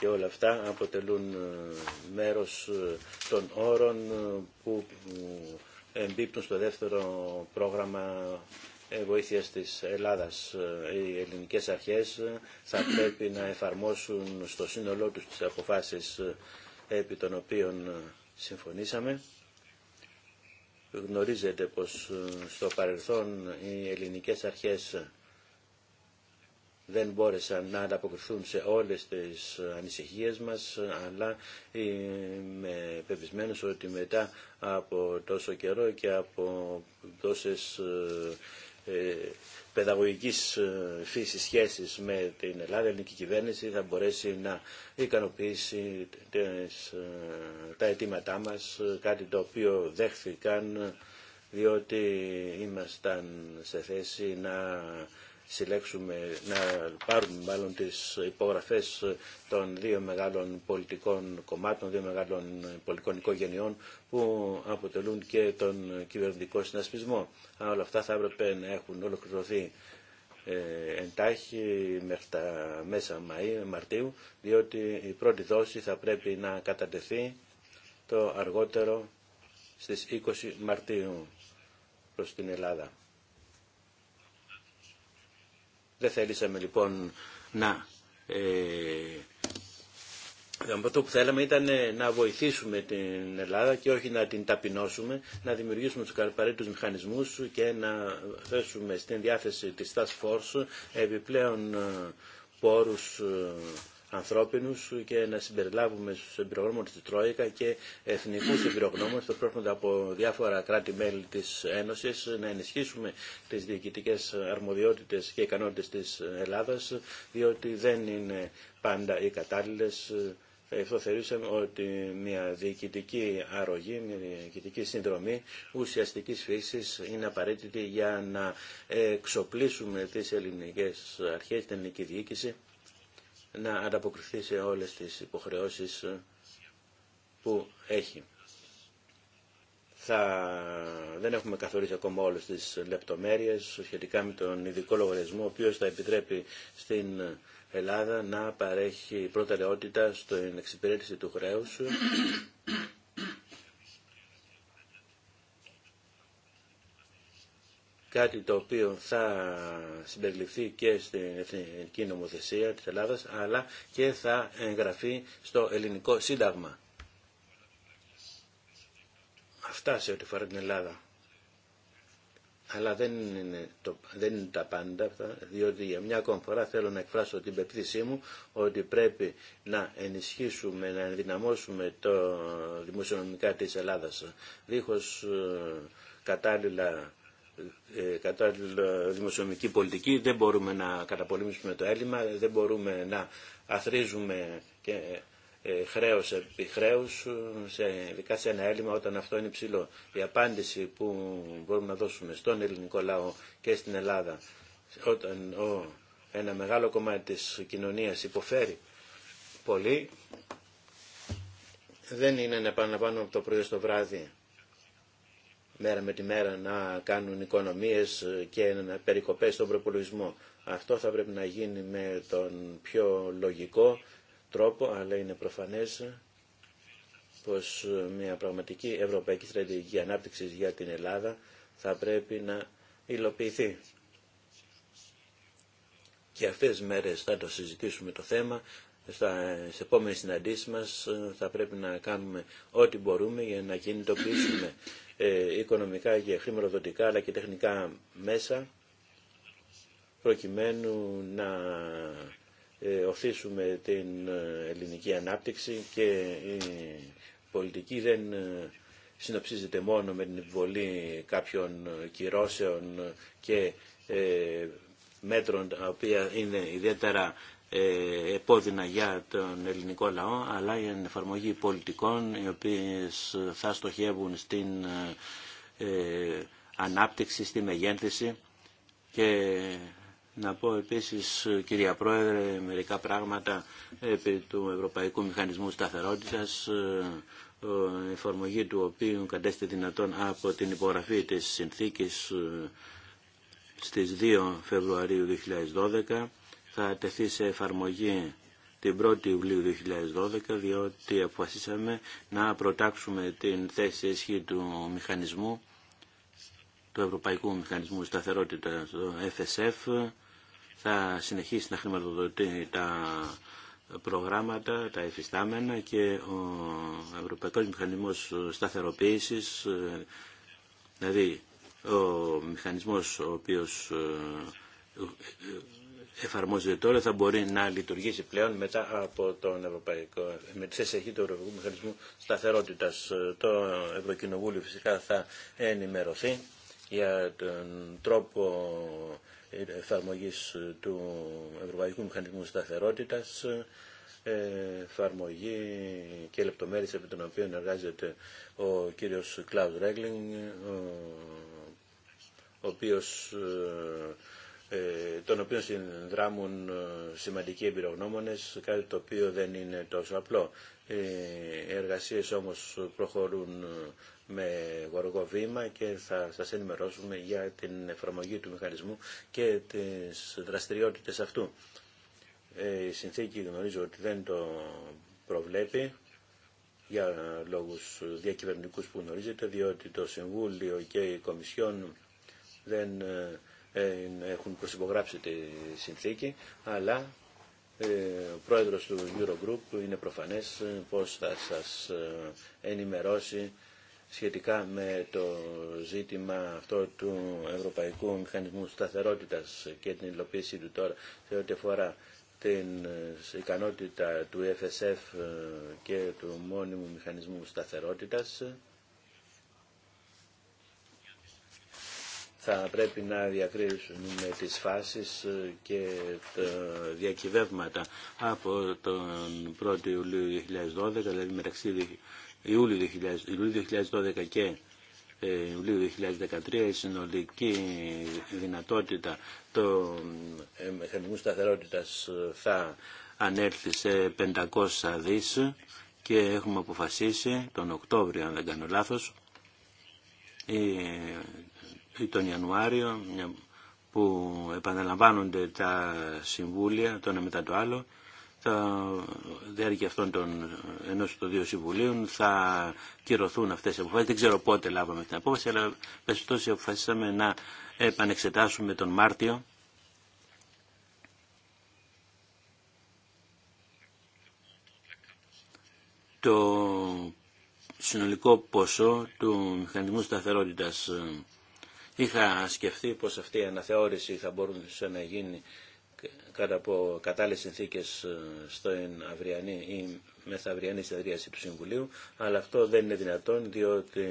και όλα αυτά αποτελούν ε, μέρος ε, των όρων ε, που εμπίπτουν στο δεύτερο πρόγραμμα βοήθειας της Ελλάδας. Οι ελληνικές αρχές θα πρέπει να εφαρμόσουν στο σύνολό τους τις αποφάσεις επί των οποίων συμφωνήσαμε γνωρίζετε πως ε, στο παρελθόν οι ελληνικές αρχές δεν μπόρεσαν να ανταποκριθούν σε όλες τις ανησυχίες μας, αλλά είμαι πεπισμένος ότι μετά από τόσο καιρό και από τόσες ε, ε, παιδαγωγική ε, φύσης σχέσης με την Ελλάδα, η ελληνική κυβέρνηση θα μπορέσει να ικανοποιήσει ε, τα αιτήματά μας, ε, κάτι το οποίο δέχθηκαν διότι ήμασταν σε θέση να συλλέξουμε, να πάρουμε μάλλον τις υπογραφές των δύο μεγάλων πολιτικών κομμάτων, δύο μεγάλων πολιτικών οικογενειών που αποτελούν και τον κυβερνητικό συνασπισμό. Αλλά όλα αυτά θα έπρεπε να έχουν ολοκληρωθεί ε, εντάχει μέχρι τα μέσα Μαΐ, Μαρτίου, διότι η πρώτη δόση θα πρέπει να κατατεθεί το αργότερο στις 20 Μαρτίου προς την Ελλάδα. Δεν θέλησαμε λοιπόν να... Ε, αυτό που θέλαμε ήταν ε, να βοηθήσουμε την Ελλάδα και όχι να την ταπεινώσουμε, να δημιουργήσουμε τους απαραίτητους μηχανισμούς και να θέσουμε στην διάθεση της Task Force επιπλέον ε, πόρους και να συμπεριλάβουμε στου εμπειρογνώμονες τη Τρόικα και εθνικού εμπειρογνώμονες που προέρχονται από διάφορα κράτη-μέλη τη Ένωση, να ενισχύσουμε τι διοικητικέ αρμοδιότητε και ικανότητε τη Ελλάδα, διότι δεν είναι πάντα οι κατάλληλε. αυτό ότι μια διοικητική αρρωγή, μια διοικητική συνδρομή ουσιαστική φύση είναι απαραίτητη για να εξοπλίσουμε τι ελληνικέ αρχέ, την ελληνική διοίκηση να ανταποκριθεί σε όλες τις υποχρεώσεις ε, που έχει. Θα... Δεν έχουμε καθορίσει ακόμα όλες τις λεπτομέρειες σχετικά με τον ειδικό λογαριασμό, ο οποίος θα επιτρέπει στην Ελλάδα να παρέχει προτεραιότητα στην εξυπηρέτηση του χρέους κάτι το οποίο θα συμπεριληφθεί και στην Εθνική Νομοθεσία της Ελλάδας, αλλά και θα εγγραφεί στο Ελληνικό Σύνταγμα. Αυτά σε ό,τι φορά την Ελλάδα. Αλλά δεν είναι, το, δεν τα πάντα αυτά, διότι για μια ακόμη φορά θέλω να εκφράσω την πεποίθησή μου ότι πρέπει να ενισχύσουμε, να ενδυναμώσουμε το δημοσιονομικά της Ελλάδας, δίχως ε, κατάλληλα ε, κατά τη δημοσιονομική πολιτική, δεν μπορούμε να καταπολεμήσουμε το έλλειμμα, δεν μπορούμε να αθρίζουμε και ε, χρέος επί χρέους, σε, ειδικά σε ένα έλλειμμα όταν αυτό είναι υψηλό. Η απάντηση που μπορούμε να δώσουμε στον ελληνικό λαό και στην Ελλάδα, όταν ο, ένα μεγάλο κομμάτι της κοινωνίας υποφέρει πολύ, δεν είναι να επαναλαμβάνουμε από το πρωί στο βράδυ μέρα με τη μέρα να κάνουν οικονομίες και να περικοπές στον προπολογισμό. Αυτό θα πρέπει να γίνει με τον πιο λογικό τρόπο, αλλά είναι προφανές πως μια πραγματική ευρωπαϊκή στρατηγική ανάπτυξης για την Ελλάδα θα πρέπει να υλοποιηθεί. Και αυτές τις μέρες θα το συζητήσουμε το θέμα, στα, σε επόμενες συναντήσεις μας ε, θα πρέπει να κάνουμε ό,τι μπορούμε για να κινητοποιήσουμε ε, οικονομικά και χρηματοδοτικά αλλά και τεχνικά μέσα προκειμένου να ε, την ε, ελληνική ανάπτυξη και η πολιτική δεν ε, συνοψίζεται μόνο με την επιβολή κάποιων κυρώσεων και μέτρων τα οποία είναι ιδιαίτερα ε, επώδυνα για τον ελληνικό λαό, αλλά για την εφαρμογή πολιτικών οι οποίες θα στοχεύουν στην ε, ανάπτυξη, στη μεγένθηση και να πω επίσης, κυρία Πρόεδρε, μερικά πράγματα επί του Ευρωπαϊκού Μηχανισμού Σταθερότητας, ε, εφαρμογή του οποίου κατέστη δυνατόν από την υπογραφή της συνθήκης στις 2 Φεβρουαρίου 2012 θα τεθεί σε εφαρμογή την 1η Ιουλίου 2012, διότι αποφασίσαμε να προτάξουμε την θέση ισχύ του μηχανισμού, του Ευρωπαϊκού Μηχανισμού Σταθερότητα, το FSF, θα συνεχίσει να χρηματοδοτεί τα προγράμματα, τα εφιστάμενα και ο Ευρωπαϊκός Μηχανισμός Σταθεροποίησης, δηλαδή ο μηχανισμός ο οποίος ε, ε, εφαρμόζεται τώρα θα μπορεί να λειτουργήσει πλέον μετά από τον Ευρωπαϊκό, με τη θέση του Ευρωπαϊκού Μηχανισμού Σταθερότητας. Το Ευρωκοινοβούλιο φυσικά θα ενημερωθεί για τον τρόπο εφαρμογής του Ευρωπαϊκού Μηχανισμού Σταθερότητας, εφαρμογή και λεπτομέρειες επί των οποίων εργάζεται ο κύριος Κλάουδ Ρέγκλινγκ, ο οποίος ε, ε, των οποίων συνδράμουν ε, σημαντικοί εμπειρογνώμονες, κάτι το οποίο δεν είναι τόσο απλό. Ε, οι εργασίες όμως προχωρούν με γοργό βήμα και θα σας ενημερώσουμε για την εφαρμογή του μηχανισμού και τις δραστηριότητες αυτού. Η συνθήκη γνωρίζω ότι δεν το προβλέπει για λόγους διακυβερνητικούς που γνωρίζετε, διότι το Συμβούλιο και η Κομισιόν δεν έχουν προσυπογράψει τη συνθήκη, αλλά ε, ο πρόεδρος του Eurogroup είναι προφανές ε, πως θα σας ε, ενημερώσει σχετικά με το ζήτημα αυτό του Ευρωπαϊκού Μηχανισμού Σταθερότητας και την υλοποίησή του τώρα σε ό,τι αφορά την ικανότητα του FSF και του μόνιμου μηχανισμού σταθερότητας θα πρέπει να διακρίσουμε τις φάσεις ε, και τα διακυβεύματα από τον 1η Ιουλίου 2012, δηλαδή μεταξύ Ιουλίου 2012 και ε, Ιουλίου 2013 η συνολική δυνατότητα του ε, μηχανισμού σταθερότητας θα ανέρθει σε 500 δις και έχουμε αποφασίσει τον Οκτώβριο αν δεν κάνω λάθος τον Ιανουάριο που επαναλαμβάνονται τα συμβούλια το ένα μετά το άλλο θα διάρκεια αυτών των ενός των δύο συμβουλίων θα κυρωθούν αυτές οι αποφάσεις. Δεν ξέρω πότε λάβαμε την απόφαση, αλλά τόσο αποφασίσαμε να επανεξετάσουμε τον Μάρτιο το συνολικό ποσό του μηχανισμού σταθερότητας ε, Είχα σκεφτεί πως αυτή η αναθεώρηση θα μπορούσε να γίνει κατά από κατάλληλες συνθήκες ε, στο αυριανή ή μεθαυριανή συνεδρίαση του Συμβουλίου, αλλά αυτό δεν είναι δυνατόν διότι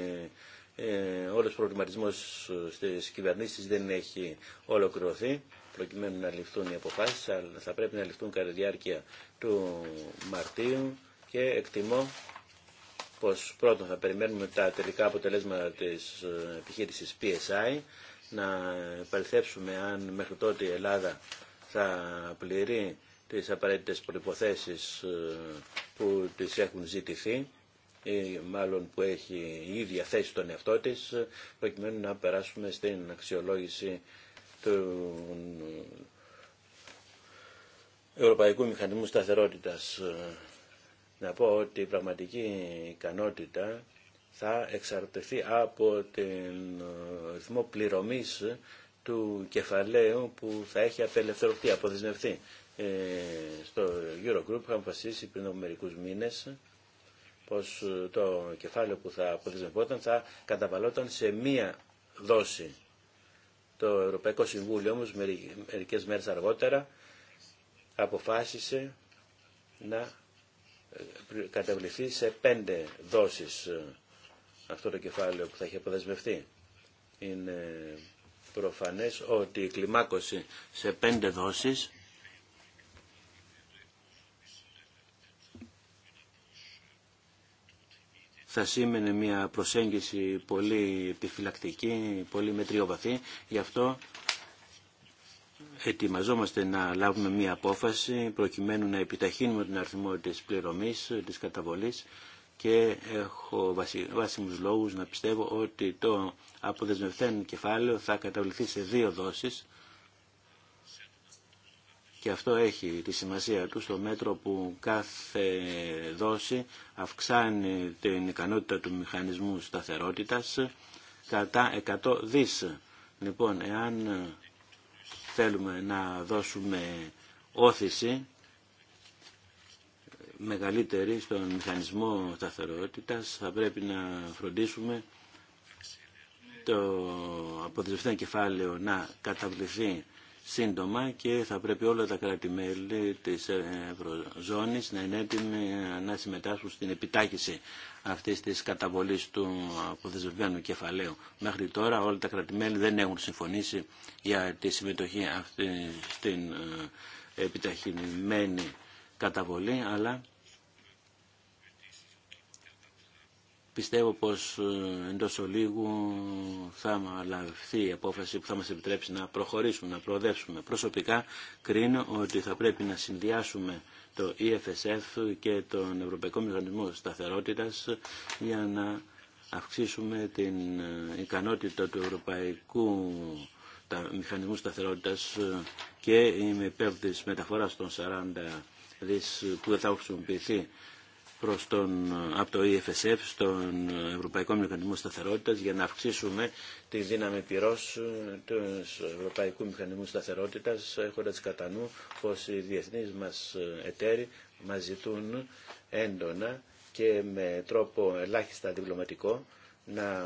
ε, όλος ο προβληματισμός στις κυβερνήσεις δεν έχει ολοκληρωθεί προκειμένου να ληφθούν οι αποφάσεις, αλλά θα πρέπει να ληφθούν κατά τη διάρκεια του Μαρτίου και εκτιμώ πως πρώτον θα περιμένουμε τα τελικά αποτελέσματα της ε, επιχείρησης PSI, να παρθέψουμε αν μέχρι τότε η Ελλάδα θα πληρεί τις απαραίτητες προϋποθέσεις ε, που της έχουν ζητηθεί ή μάλλον που έχει η ίδια θέση τον εαυτό της προκειμένου να περάσουμε στην αξιολόγηση του ε, Ευρωπαϊκού Μηχανισμού Σταθερότητας να πω ότι η πραγματική ικανότητα θα εξαρτηθεί από την ε, ρυθμό πληρωμής του κεφαλαίου που θα έχει απελευθερωθεί, αποδεσμευθεί. Ε, στο Eurogroup είχαμε αποφασίσει πριν από μερικούς μήνες πως ε, το κεφάλαιο που θα αποδεσμευόταν θα καταβαλόταν σε μία δόση. Το Ευρωπαϊκό Συμβούλιο όμως μερικές μέρες αργότερα αποφάσισε να καταβληθεί σε πέντε δόσεις ε, αυτό το κεφάλαιο που θα έχει αποδεσμευτεί. Είναι προφανές ότι η κλιμάκωση σε πέντε δόσεις θα σήμαινε μια προσέγγιση πολύ επιφυλακτική, πολύ μετριοβαθή. Γι' αυτό ετοιμαζόμαστε να λάβουμε μία απόφαση προκειμένου να επιταχύνουμε την αριθμό της πληρωμής, της καταβολής και έχω βάσιμους λόγους να πιστεύω ότι το αποδεσμευθέν κεφάλαιο θα καταβληθεί σε δύο δόσεις και αυτό έχει τη σημασία του στο μέτρο που κάθε δόση αυξάνει την ικανότητα του μηχανισμού σταθερότητας κατά 100 δις. Λοιπόν, εάν θέλουμε να δώσουμε όθηση μεγαλύτερη στον μηχανισμό σταθερότητας θα πρέπει να φροντίσουμε το αποδεσμευτικό κεφάλαιο να καταβληθεί σύντομα και θα πρέπει όλα τα κράτη-μέλη της Ευρωζώνης να είναι έτοιμοι να συμμετάσχουν στην επιτάχυση αυτής της καταβολής του αποδεσμευμένου κεφαλαίου. Μέχρι τώρα όλα τα κράτη-μέλη δεν έχουν συμφωνήσει για τη συμμετοχή αυτή στην ε, επιταχυνημένη καταβολή, αλλά Πιστεύω πως ε, εντός ολίγου θα λαβηθεί η απόφαση που θα μας επιτρέψει να προχωρήσουμε, να προοδεύσουμε. Προσωπικά κρίνω ότι θα πρέπει να συνδυάσουμε το EFSF και τον Ευρωπαϊκό Μηχανισμό Σταθερότητας για να αυξήσουμε την ε, ικανότητα του Ευρωπαϊκού Μηχανισμού Σταθερότητας ε, και η υπέρ μεταφοράς των 40 δις που θα χρησιμοποιηθεί προς τον, από το EFSF στον Ευρωπαϊκό Μηχανισμό Σταθερότητας για να αυξήσουμε τη δύναμη πυρός ε, του Ευρωπαϊκού Μηχανισμού Σταθερότητας έχοντας κατά νου πως οι διεθνείς μας ε, εταίροι μας ζητούν έντονα και με τρόπο ελάχιστα διπλωματικό να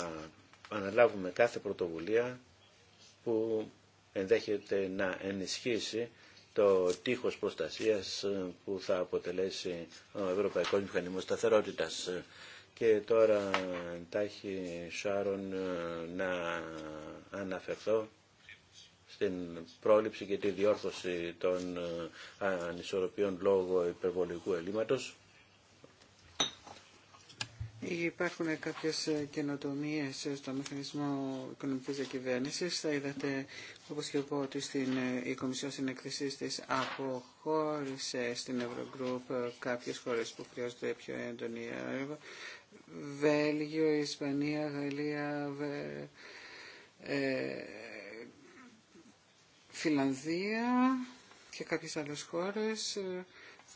αναλάβουμε κάθε πρωτοβουλία που ενδέχεται να ενισχύσει το τείχος προστασίας ε, που θα αποτελέσει ο Ευρωπαϊκός Μηχανισμός Σταθερότητας. Ε, και τώρα τάχει Σάρων ε, να αναφερθώ στην πρόληψη και τη διόρθωση των ανισορροπιών λόγω υπερβολικού ελλείμματος Υπάρχουν κάποιες ε, καινοτομίες ε, στο μηχανισμό οικονομικής διακυβέρνησης. Θα είδατε, όπως και εγώ, ότι στην, ε, η Κομισιόν στην εκθεσή της αποχώρησε στην Eurogroup κάποιες χώρες που χρειάζονται πιο έντονη έργο. Βέλγιο, Ισπανία, Γαλλία, Βε... ε... Φιλανδία και κάποιες άλλες χώρες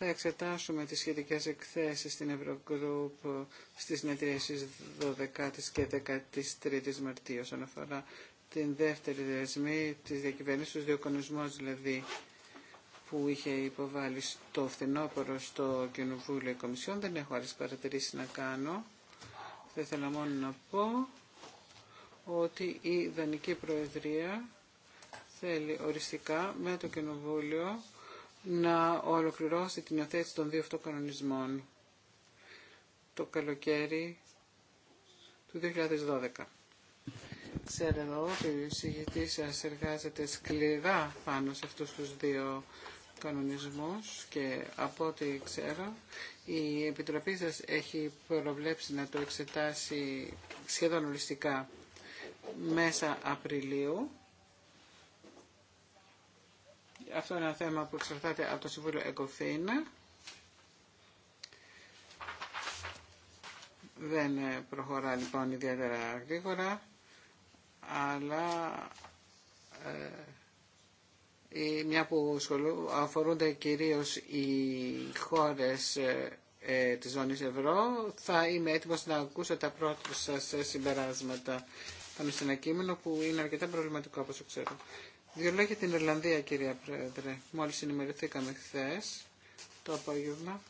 θα εξετάσουμε τις σχετικές εκθέσεις στην Ευρωγκρουπ στις συνεδρίασεις 12 και 13 Μαρτίου όσον αφορά την δεύτερη δεσμή της διακυβέρνησης, του διοκονισμού, δηλαδή που είχε υποβάλει στο φθινόπωρο στο Κοινοβούλιο Κομισιόν. Δεν έχω άλλες παρατηρήσεις να κάνω. Θα ήθελα μόνο να πω ότι η Δανική Προεδρία θέλει οριστικά με το Κοινοβούλιο να ολοκληρώσει την υιοθέτηση των δύο αυτοκανονισμών το καλοκαίρι του 2012. Ξέρω εδώ ότι η συγκεκριτή σας εργάζεται σκληρά πάνω σε αυτούς τους δύο κανονισμούς και από ό,τι ξέρω η Επιτροπή σας έχει προβλέψει να το εξετάσει σχεδόν ολιστικά μέσα Απριλίου αυτό είναι ένα θέμα που εξαρτάται από το Συμβούλιο Εκοφθήνα. Δεν προχωρά λοιπόν ιδιαίτερα γρήγορα, αλλά ε, μια που αφορούνται κυρίως οι χώρες ε, της ζώνης ευρώ, θα είμαι έτοιμος να ακούσω τα πρώτα σας συμπεράσματα πάνω σε ένα κείμενο που είναι αρκετά προβληματικό όπως ξέρω. Δύο λόγια την Ιρλανδία, κυρία Πρόεδρε. Μόλι ενημερωθήκαμε χθε το απόγευμα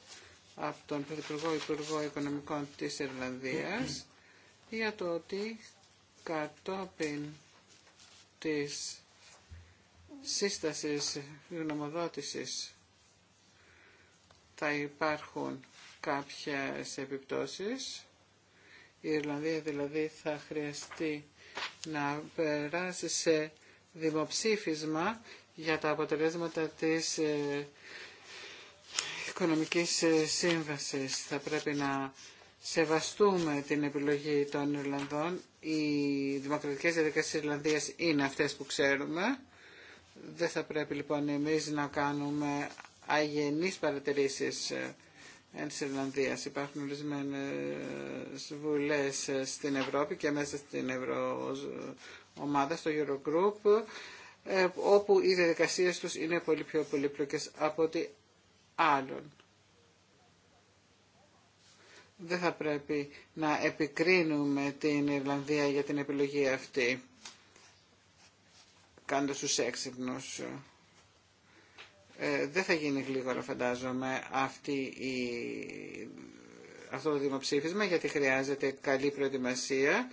από τον Πρωθυπουργό Υπουργό Οικονομικών τη Ιρλανδία για το ότι κατόπιν της σύσταση γνωμοδότησης θα υπάρχουν κάποιες επιπτώσεις. Η Ιρλανδία δηλαδή θα χρειαστεί να περάσει σε δημοψήφισμα για τα αποτελέσματα της ε, οικονομικής ε, σύμβασης. Θα πρέπει να σεβαστούμε την επιλογή των Ιρλανδών. Οι δημοκρατικές διαδικασίες της Ιρλανδίας είναι αυτές που ξέρουμε. Δεν θα πρέπει λοιπόν εμείς να κάνουμε αγενείς παρατηρήσεις ε, εν της Ιρλανδίας. Υπάρχουν ορισμένε βουλές στην Ευρώπη και μέσα στην Ευρωζώνη ομάδα στο Eurogroup ε, όπου οι διαδικασίε τους είναι πολύ πιο πολύπλοκες από ότι άλλων. Δεν θα πρέπει να επικρίνουμε την Ιρλανδία για την επιλογή αυτή, κάνοντας τους έξυπνους. Ε, δεν θα γίνει γλίγορα φαντάζομαι αυτή η... αυτό το δημοψήφισμα γιατί χρειάζεται καλή προετοιμασία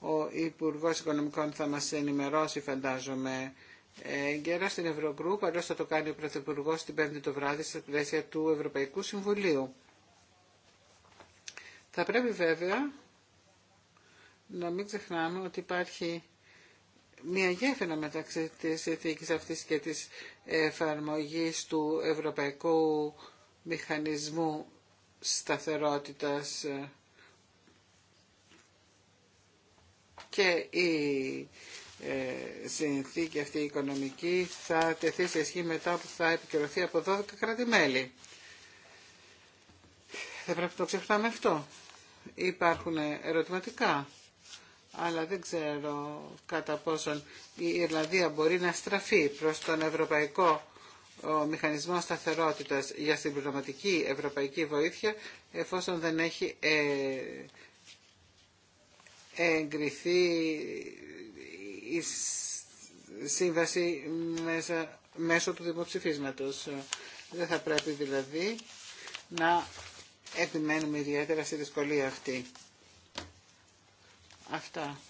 ο Υπουργός Οικονομικών θα μας ενημερώσει φαντάζομαι ε, γέρα στην Ευρωγκρούπ, αλλιώς θα το κάνει ο Πρωθυπουργό την Πέμπτη το βράδυ στα πλαίσια του Ευρωπαϊκού Συμβουλίου. Θα πρέπει βέβαια να μην ξεχνάμε ότι υπάρχει μια γέφυρα μεταξύ της ηθίκης αυτής και της εφαρμογής του Ευρωπαϊκού Μηχανισμού Σταθερότητας ε, και η ε, συνθήκη αυτή η οικονομική θα τεθεί σε ισχύ μετά που θα επικαιρωθεί από 12 κράτη-μέλη. Δεν πρέπει να το ξεχνάμε αυτό. Υπάρχουν ερωτηματικά, αλλά δεν ξέρω κατά πόσον η Ιρλανδία μπορεί να στραφεί προς τον Ευρωπαϊκό Μηχανισμό Σταθερότητας για συμπληρωματική ευρωπαϊκή βοήθεια εφόσον δεν έχει ε, εγκριθεί η σύμβαση μέσω του δημοψηφίσματος. Δεν θα πρέπει δηλαδή να επιμένουμε ιδιαίτερα στη δυσκολία αυτή. Αυτά.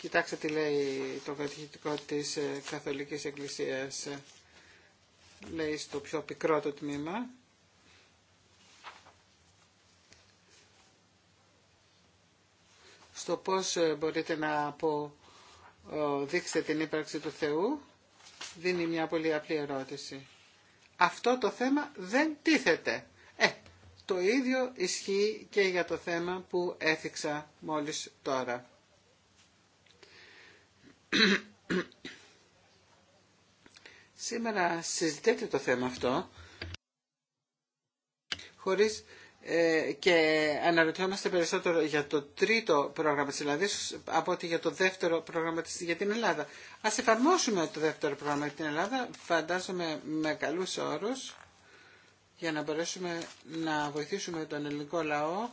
Κοιτάξτε τι λέει το κατηχητικό της ε, Καθολικής Εκκλησίας. Λέει στο πιο πικρό το τμήμα. στο πώς ε, μπορείτε να αποδείξετε ε, την ύπαρξη του Θεού δίνει μια πολύ απλή ερώτηση. Αυτό το θέμα δεν τίθεται. Ε, το ίδιο ισχύει και για το θέμα που έθιξα μόλις τώρα. Σήμερα συζητείτε το θέμα αυτό χωρίς ε, και αναρωτιόμαστε περισσότερο για το τρίτο πρόγραμμα της Ελλάδα, από ότι για το δεύτερο πρόγραμμα της, για την Ελλάδα. Ας εφαρμόσουμε το δεύτερο πρόγραμμα για την Ελλάδα, φαντάζομαι με καλούς όρους, για να μπορέσουμε να βοηθήσουμε τον ελληνικό λαό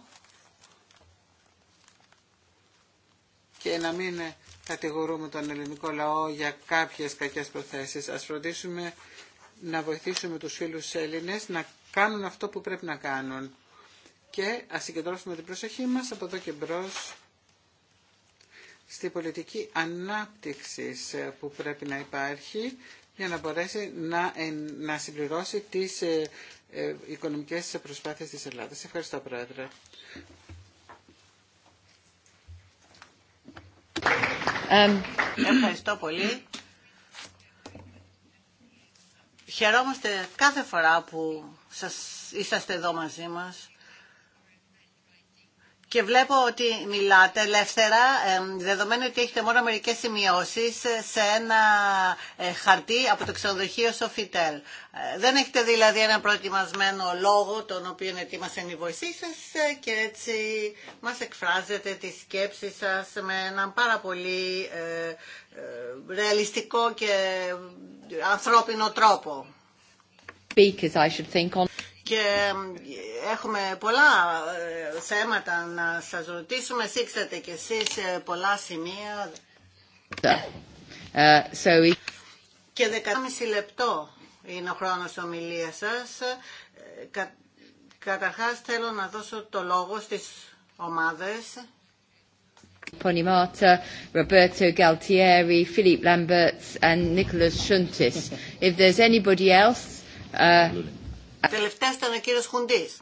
και να μην κατηγορούμε τον ελληνικό λαό για κάποιες κακές προθέσεις. Ας φροντίσουμε να βοηθήσουμε τους φίλους Έλληνες να κάνουν αυτό που πρέπει να κάνουν και α συγκεντρώσουμε την προσοχή μας από εδώ και μπρό στη πολιτική ανάπτυξη που πρέπει να υπάρχει για να μπορέσει να, να συμπληρώσει τις ε, ε, οικονομικές προσπάθειες της Ελλάδας. Ευχαριστώ, Πρόεδρε. Ευχαριστώ πολύ. Χαιρόμαστε κάθε φορά που σας είσαστε εδώ μαζί μας και βλέπω ότι μιλάτε ελεύθερα, δεδομένου ότι έχετε μόνο μερικές σημειώσεις σε ένα ε, χαρτί από το ξενοδοχείο Σοφιτέλ. Ε, δεν έχετε δηλαδή ένα προετοιμασμένο λόγο, τον οποίο ετοίμασαν οι βοηθοί σα ε, και έτσι μας εκφράζετε τη σκέψη σας με έναν πάρα πολύ ρεαλιστικό και ανθρώπινο τρόπο και ε, έχουμε πολλά ε, θέματα να σας ρωτήσουμε. Σήξατε κι εσείς ε, πολλά σημεία. Uh, so... Και 15 λεπτό είναι ο χρόνος ομιλίας σας. Κα, καταρχάς θέλω να δώσω το λόγο στις ομάδες. Ponimata, Roberto Galtieri, Philippe Lamberts and Nicholas Shuntis. If there's anybody else... Uh... Τελευταία ήταν ο κύριος Χουντής.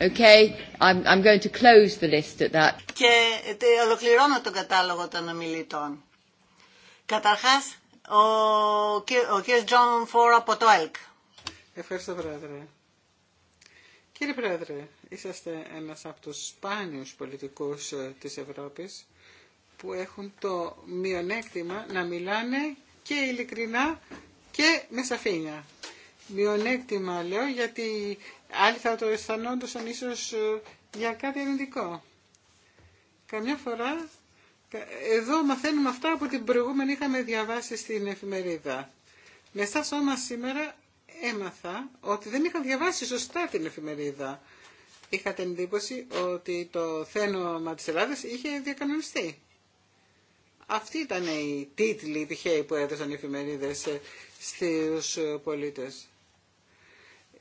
Okay, I'm, I'm going to close the list at that. Και ε, ολοκληρώνω τον κατάλογο των ομιλητών. Καταρχάς, ο, ο κύριος Τζον Φόρ από το ΕΛΚ. Ευχαριστώ, Πρόεδρε. Κύριε Πρόεδρε, είσαστε ένας από τους σπάνιους πολιτικούς ε, της Ευρώπης που έχουν το μειονέκτημα να μιλάνε και ειλικρινά και με σαφήνεια μειονέκτημα λέω γιατί άλλοι θα το αισθανόντουσαν ίσως ε, για κάτι αρνητικό. Καμιά φορά εδώ μαθαίνουμε αυτά που την προηγούμενη είχαμε διαβάσει στην εφημερίδα. Με εσά σώμα σήμερα έμαθα ότι δεν είχα διαβάσει σωστά την εφημερίδα. Είχα την εντύπωση ότι το θένομα της Ελλάδας είχε διακανονιστεί. Αυτή ήταν η τίτλη τυχαίοι που έδωσαν οι εφημερίδες ε, στους ε, πολίτες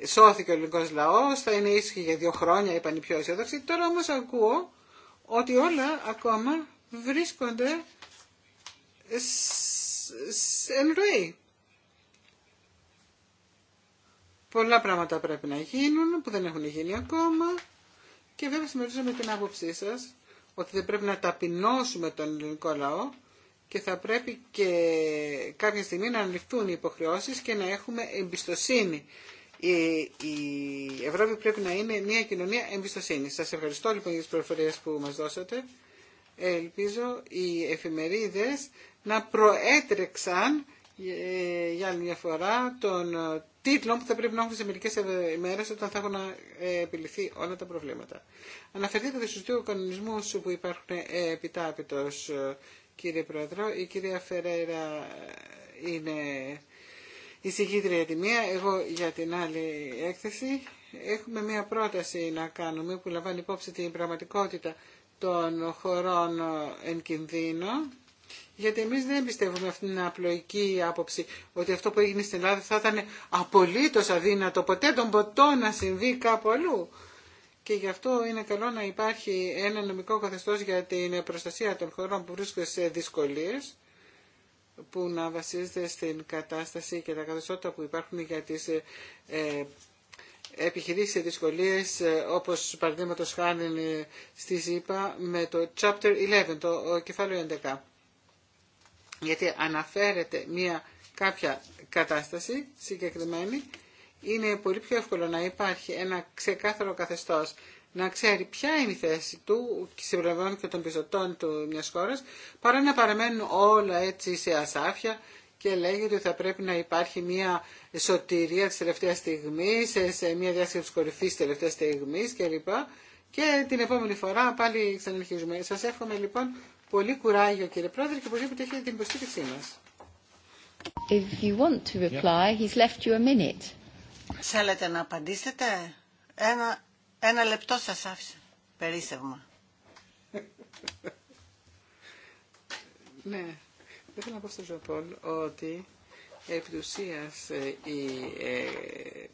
σώθηκε ο ελληνικό λαό, θα είναι ήσυχοι για δύο χρόνια, είπαν οι πιο αισιόδοξοι. Τώρα όμω ακούω ότι όλα ακόμα βρίσκονται εν ροή. Πολλά πράγματα πρέπει να γίνουν που δεν έχουν γίνει ακόμα και βέβαια συμμερίζω με την άποψή σα ότι δεν πρέπει να ταπεινώσουμε τον ελληνικό λαό και θα πρέπει και κάποια στιγμή να ανοιχτούν οι υποχρεώσεις και να έχουμε εμπιστοσύνη η Ευρώπη πρέπει να είναι μια κοινωνία εμπιστοσύνη. Σας ευχαριστώ λοιπόν για τις προφορές που μας δώσατε. Ελπίζω οι Εφημερίδε να προέτρεξαν ε, για άλλη μια φορά τον ε, τίτλο που θα πρέπει να έχουν σε μερικές ημέρες όταν θα έχουν ε, επιληθεί όλα τα προβλήματα. Αναφερθήκατε στου δύο κανονισμού που υπάρχουν επιτάπητος κύριε Πρόεδρο. Η κυρία Φεραίρα είναι η συγκίτρια τη μία, εγώ για την άλλη έκθεση. Έχουμε μία πρόταση να κάνουμε που λαμβάνει υπόψη την πραγματικότητα των χωρών εν κινδύνο. Γιατί εμείς δεν πιστεύουμε αυτήν την απλοϊκή άποψη ότι αυτό που έγινε στην Ελλάδα θα ήταν απολύτως αδύνατο ποτέ τον ποτό να συμβεί κάπου αλλού. Και γι' αυτό είναι καλό να υπάρχει ένα νομικό καθεστώς για την προστασία των χωρών που βρίσκονται σε δυσκολίες που να βασίζεται στην κατάσταση και τα καθεστώτα που υπάρχουν για τις ε, ε επιχειρήσεις και δυσκολίες ε, όπως παραδείγματο χάνει στη ΣΥΠΑ με το Chapter 11, το κεφάλαιο 11. Γιατί αναφέρεται μια κάποια κατάσταση συγκεκριμένη, είναι πολύ πιο εύκολο να υπάρχει ένα ξεκάθαρο καθεστώς να ξέρει ποια είναι η θέση του συμπληρωμένων και των πιστωτών του μια χώρα, παρά να παραμένουν όλα έτσι σε ασάφια και λέγεται ότι θα πρέπει να υπάρχει μια σωτηρία τη τελευταία στιγμή, σε μια διάσκεψη κορυφή τη τελευταία στιγμή, κλπ. Και την επόμενη φορά πάλι ξαναρχίζουμε. σα εύχομαι λοιπόν πολύ κουράγιο κύριε Πρόεδρε και οπωσδήποτε έχετε την υποστήριξή μα. If you want to reply, he's left you a minute. Θέλετε να απαντήσετε. Ένα ένα λεπτό σας άφησα. Περίσευμα. ναι. Δεν θέλω να πω στον Ζωπόλ ότι επί του ουσίας, ε, οι ε,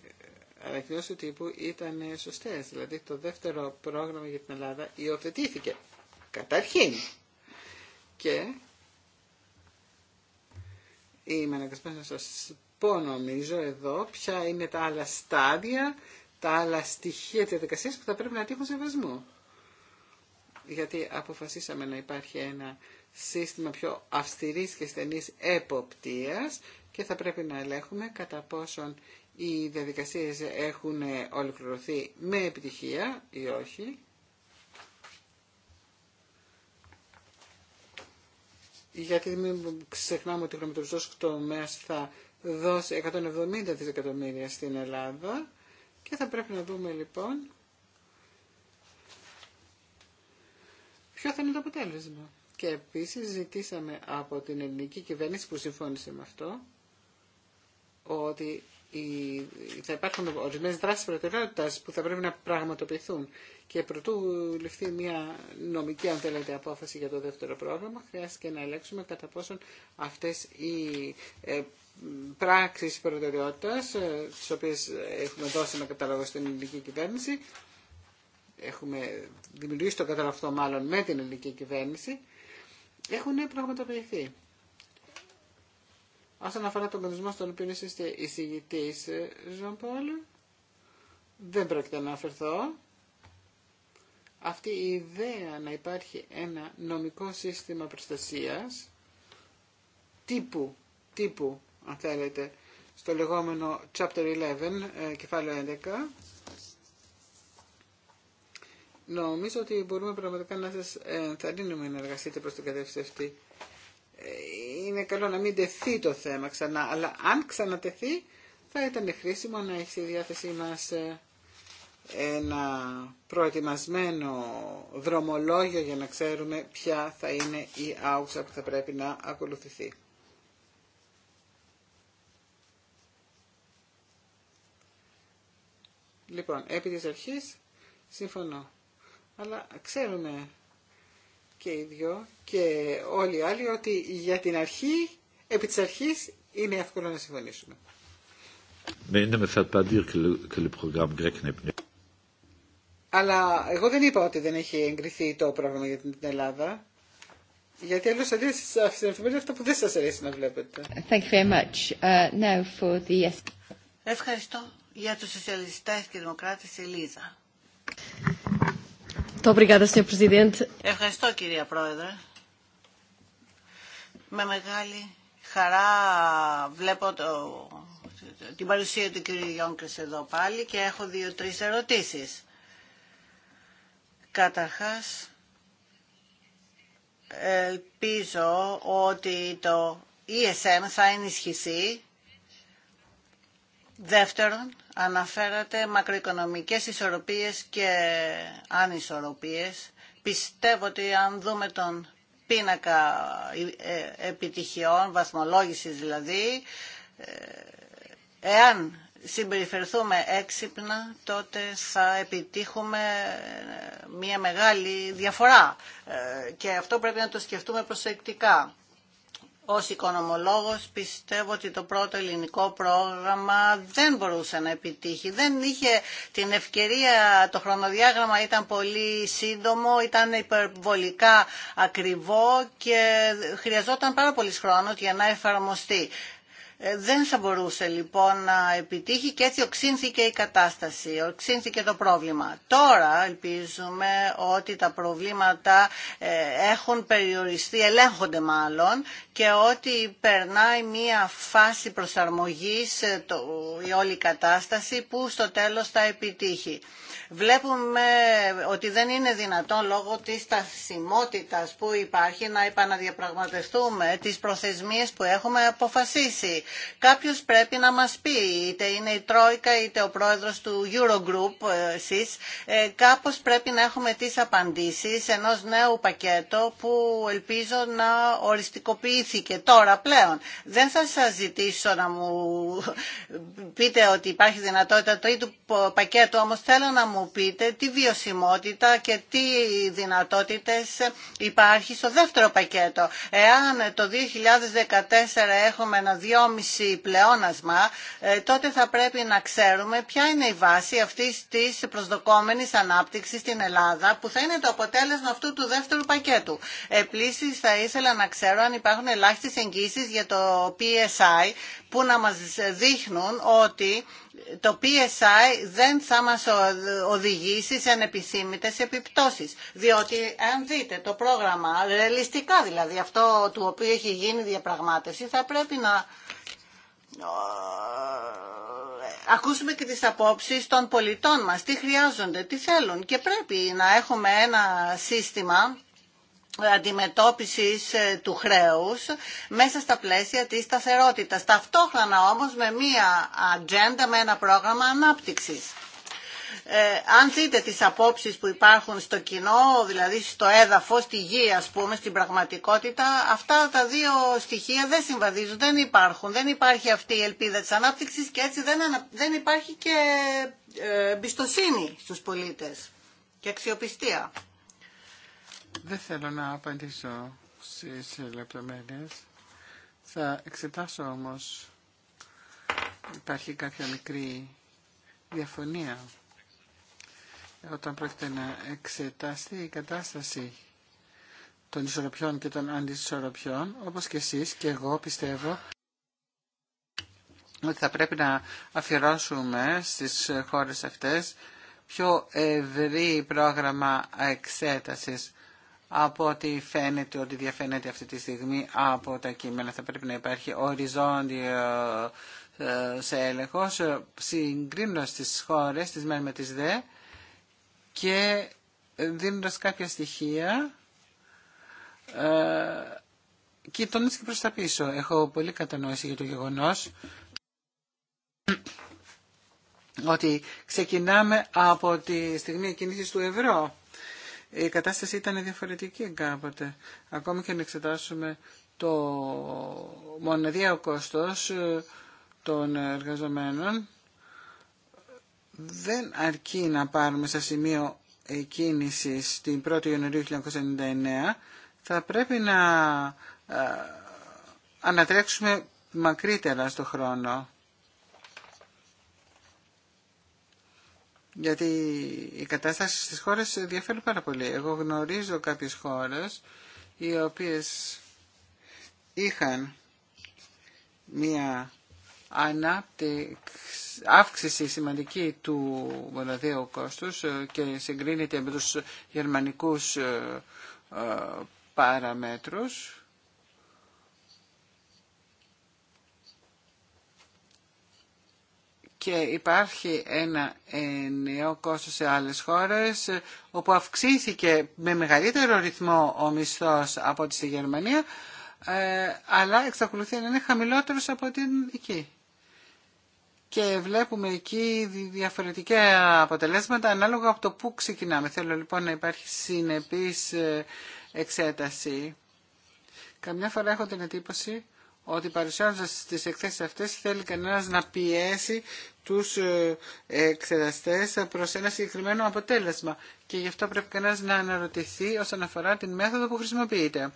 ανακοινώσει του τύπου ήταν σωστές. Δηλαδή το δεύτερο πρόγραμμα για την Ελλάδα υιοθετήθηκε. Καταρχήν. Και είμαι αναγκασμένος να σας πω νομίζω εδώ ποια είναι τα άλλα στάδια τα άλλα στοιχεία της που θα πρέπει να τύχουν βασμό. Γιατί αποφασίσαμε να υπάρχει ένα σύστημα πιο αυστηρής και στενής εποπτείας και θα πρέπει να ελέγχουμε κατά πόσον οι διαδικασίες έχουν ολοκληρωθεί με επιτυχία ή όχι. Γιατί μην ξεχνάμε ότι ο χρηματοπιστός τομέας θα δώσει 170 δισεκατομμύρια στην Ελλάδα και θα πρέπει να δούμε λοιπόν ποιο θα είναι το αποτέλεσμα. Και επίσης ζητήσαμε από την ελληνική κυβέρνηση που συμφώνησε με αυτό ότι θα υπάρχουν ορισμένε δράσει προτεραιότητα που θα πρέπει να πραγματοποιηθούν. Και προτού ληφθεί μια νομική, αν θέλετε, απόφαση για το δεύτερο πρόγραμμα, χρειάστηκε να ελέγξουμε κατά πόσον αυτέ οι ε, πράξεις προτεραιότητας, ε, τις οποίες έχουμε δώσει με κατάλογο στην ελληνική κυβέρνηση. Έχουμε δημιουργήσει το κατάλογο μάλλον με την ελληνική κυβέρνηση. Έχουν πραγματοποιηθεί. Όσον αφορά τον κανονισμό στον οποίο είστε εισηγητής, Ζων ε, δεν πρόκειται να αναφερθώ. Αυτή η ιδέα να υπάρχει ένα νομικό σύστημα προστασίας τύπου, τύπου αν θέλετε, στο λεγόμενο Chapter 11, ε, κεφάλαιο 11. Νομίζω ότι μπορούμε πραγματικά να σας ενθαρρύνουμε να εργαστείτε προς την κατεύθυνση αυτή. Ε, είναι καλό να μην τεθεί το θέμα ξανά, αλλά αν ξανατεθεί θα ήταν χρήσιμο να έχει στη διάθεσή μας ε, ένα προετοιμασμένο δρομολόγιο για να ξέρουμε ποια θα είναι η άουσα που θα πρέπει να ακολουθηθεί. Λοιπόν, επί της αρχής συμφωνώ. Αλλά ξέρουμε και οι δυο και όλοι οι άλλοι ότι για την αρχή, επί της αρχής, είναι εύκολο να συμφωνήσουμε. Αλλά εγώ δεν είπα ότι δεν έχει εγκριθεί το πρόγραμμα για την Ελλάδα. Γιατί αλλιώς θα δείτε στην που δεν σας αρέσει να βλέπετε. Uh, Ευχαριστώ. Για τους σοσιαλιστές και δημοκράτες, η Λίζα. Ευχαριστώ κυρία Πρόεδρε. Με μεγάλη χαρά βλέπω το, την παρουσία του κύριου Γιόγκρης εδώ πάλι και έχω δύο-τρεις ερωτήσεις. Καταρχάς, ελπίζω ότι το ESM θα ενισχυθεί Δεύτερον, αναφέρατε μακροοικονομικές ισορροπίες και ανισορροπίες. Πιστεύω ότι αν δούμε τον πίνακα ε, επιτυχιών, βαθμολόγησης δηλαδή, ε, εάν συμπεριφερθούμε έξυπνα, τότε θα επιτύχουμε ε, μια μεγάλη διαφορά. Και αυτό πρέπει να το σκεφτούμε προσεκτικά ως οικονομολόγος πιστεύω ότι το πρώτο ελληνικό πρόγραμμα δεν μπορούσε να επιτύχει. Δεν είχε την ευκαιρία, το χρονοδιάγραμμα ήταν πολύ σύντομο, ήταν υπερβολικά ακριβό και χρειαζόταν πάρα πολύ χρόνο για να εφαρμοστεί. Ε, δεν θα μπορούσε λοιπόν να επιτύχει και έτσι οξύνθηκε η κατάσταση, οξύνθηκε το πρόβλημα. Τώρα ελπίζουμε ότι τα προβλήματα ε, έχουν περιοριστεί, ελέγχονται μάλλον και ότι περνάει μία φάση προσαρμογής ε, η όλη κατάσταση που στο τέλος θα επιτύχει. Βλέπουμε ότι δεν είναι δυνατόν λόγω της στασιμότητας που υπάρχει να επαναδιαπραγματευτούμε τις προθεσμίες που έχουμε αποφασίσει. Κάποιος πρέπει να μας πει, είτε είναι η Τρόικα είτε ο πρόεδρος του Eurogroup, ε, εσείς, ε, κάπως πρέπει να έχουμε τις απαντήσεις ενός νέου πακέτο που ελπίζω να οριστικοποιήθηκε τώρα πλέον. Δεν θα σας ζητήσω να μου πείτε ότι υπάρχει δυνατότητα τρίτου πακέτου, όμως θέλω να μου μου πείτε τι βιωσιμότητα και τι δυνατότητες υπάρχει στο δεύτερο πακέτο. Εάν το 2014 έχουμε ένα 2,5 πλεόνασμα, ε, τότε θα πρέπει να ξέρουμε ποια είναι η βάση αυτής της προσδοκόμενης ανάπτυξης στην Ελλάδα, που θα είναι το αποτέλεσμα αυτού του δεύτερου πακέτου. Επίση θα ήθελα να ξέρω αν υπάρχουν ελάχιστε εγγύσεις για το PSI, που να μας δείχνουν ότι το PSI δεν θα μας οδηγήσει σε ανεπιθύμητες επιπτώσεις. Διότι αν δείτε το πρόγραμμα, ρεαλιστικά δηλαδή, αυτό του οποίου έχει γίνει διαπραγμάτευση, θα πρέπει να ακούσουμε και τις απόψεις των πολιτών μας, τι χρειάζονται, τι θέλουν. Και πρέπει να έχουμε ένα σύστημα αντιμετώπισης ε, του χρέους μέσα στα πλαίσια της σταθερότητας. Ταυτόχρονα όμως με μία ατζέντα, με ένα πρόγραμμα ανάπτυξης. Ε, αν δείτε τις απόψεις που υπάρχουν στο κοινό, δηλαδή στο έδαφο, στη γη ας πούμε, στην πραγματικότητα, αυτά τα δύο στοιχεία δεν συμβαδίζουν, δεν υπάρχουν. Δεν υπάρχει αυτή η ελπίδα της ανάπτυξης και έτσι δεν, δεν υπάρχει και ε, εμπιστοσύνη στους πολίτες και αξιοπιστία. Δεν θέλω να απαντήσω στις λεπτομέρειες. Θα εξετάσω όμως υπάρχει κάποια μικρή διαφωνία όταν πρόκειται να εξετάσει η κατάσταση των ισορροπιών και των αντισορροπιών, όπως και εσείς και εγώ πιστεύω ότι θα πρέπει να αφιερώσουμε στις χώρες αυτές πιο ευρύ πρόγραμμα εξέτασης από ό,τι φαίνεται ότι διαφαίνεται αυτή τη στιγμή από τα κείμενα. Θα πρέπει να υπάρχει οριζόντιο ε, σε έλεγχο, ε, συγκρίνοντας τις χώρες, τις μεν με τις δε και δίνοντας κάποια στοιχεία ε, και τον και προς τα πίσω. Έχω πολύ κατανόηση για το γεγονός ότι ξεκινάμε από τη στιγμή κινήσης του ευρώ η κατάσταση ήταν διαφορετική κάποτε. Ακόμη και να εξετάσουμε το μοναδιαίο κόστος ε, των εργαζομένων, δεν αρκεί να πάρουμε σε σημείο κίνησης την 1η Ιανουαρίου 1999, θα πρέπει να ε, ανατρέξουμε μακρύτερα στο χρόνο. Γιατί η κατάσταση στις χώρες διαφέρει πάρα πολύ. Εγώ γνωρίζω κάποιες χώρες οι οποίες είχαν μία ανάπτυξη, αύξηση σημαντική του μοναδίου κόστους και συγκρίνεται με τους γερμανικούς ε, ε, παραμέτρους και υπάρχει ένα ε, νέο κόστος σε άλλες χώρες όπου αυξήθηκε με μεγαλύτερο ρυθμό ο μισθός από τη Γερμανία ε, αλλά εξακολουθεί να είναι χαμηλότερος από την εκεί. Και βλέπουμε εκεί διαφορετικά αποτελέσματα ανάλογα από το που ξεκινάμε. Θέλω λοιπόν να υπάρχει συνεπής ε, εξέταση. Καμιά φορά έχω την εντύπωση ότι παρουσιάζοντας τις εκθέσεις αυτές θέλει κανένας να πιέσει τους εξεταστές προς ένα συγκεκριμένο αποτέλεσμα και γι' αυτό πρέπει κανένας να αναρωτηθεί όσον αφορά την μέθοδο που χρησιμοποιείται.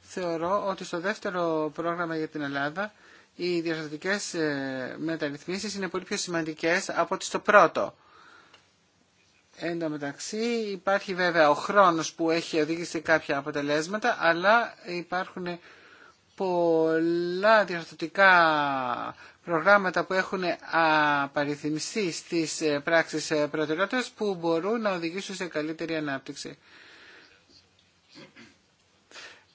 Θεωρώ ότι στο δεύτερο πρόγραμμα για την Ελλάδα οι διαστατικές ε, μεταρρυθμίσεις είναι πολύ πιο σημαντικές από ότι στο πρώτο. Εν τω μεταξύ υπάρχει βέβαια ο χρόνος που έχει οδήγησε κάποια αποτελέσματα, αλλά υπάρχουν πολλά διορθωτικά προγράμματα που έχουν απαριθμιστεί στις ε, πράξεις ε, προτεραιότητας που μπορούν να οδηγήσουν σε καλύτερη ανάπτυξη.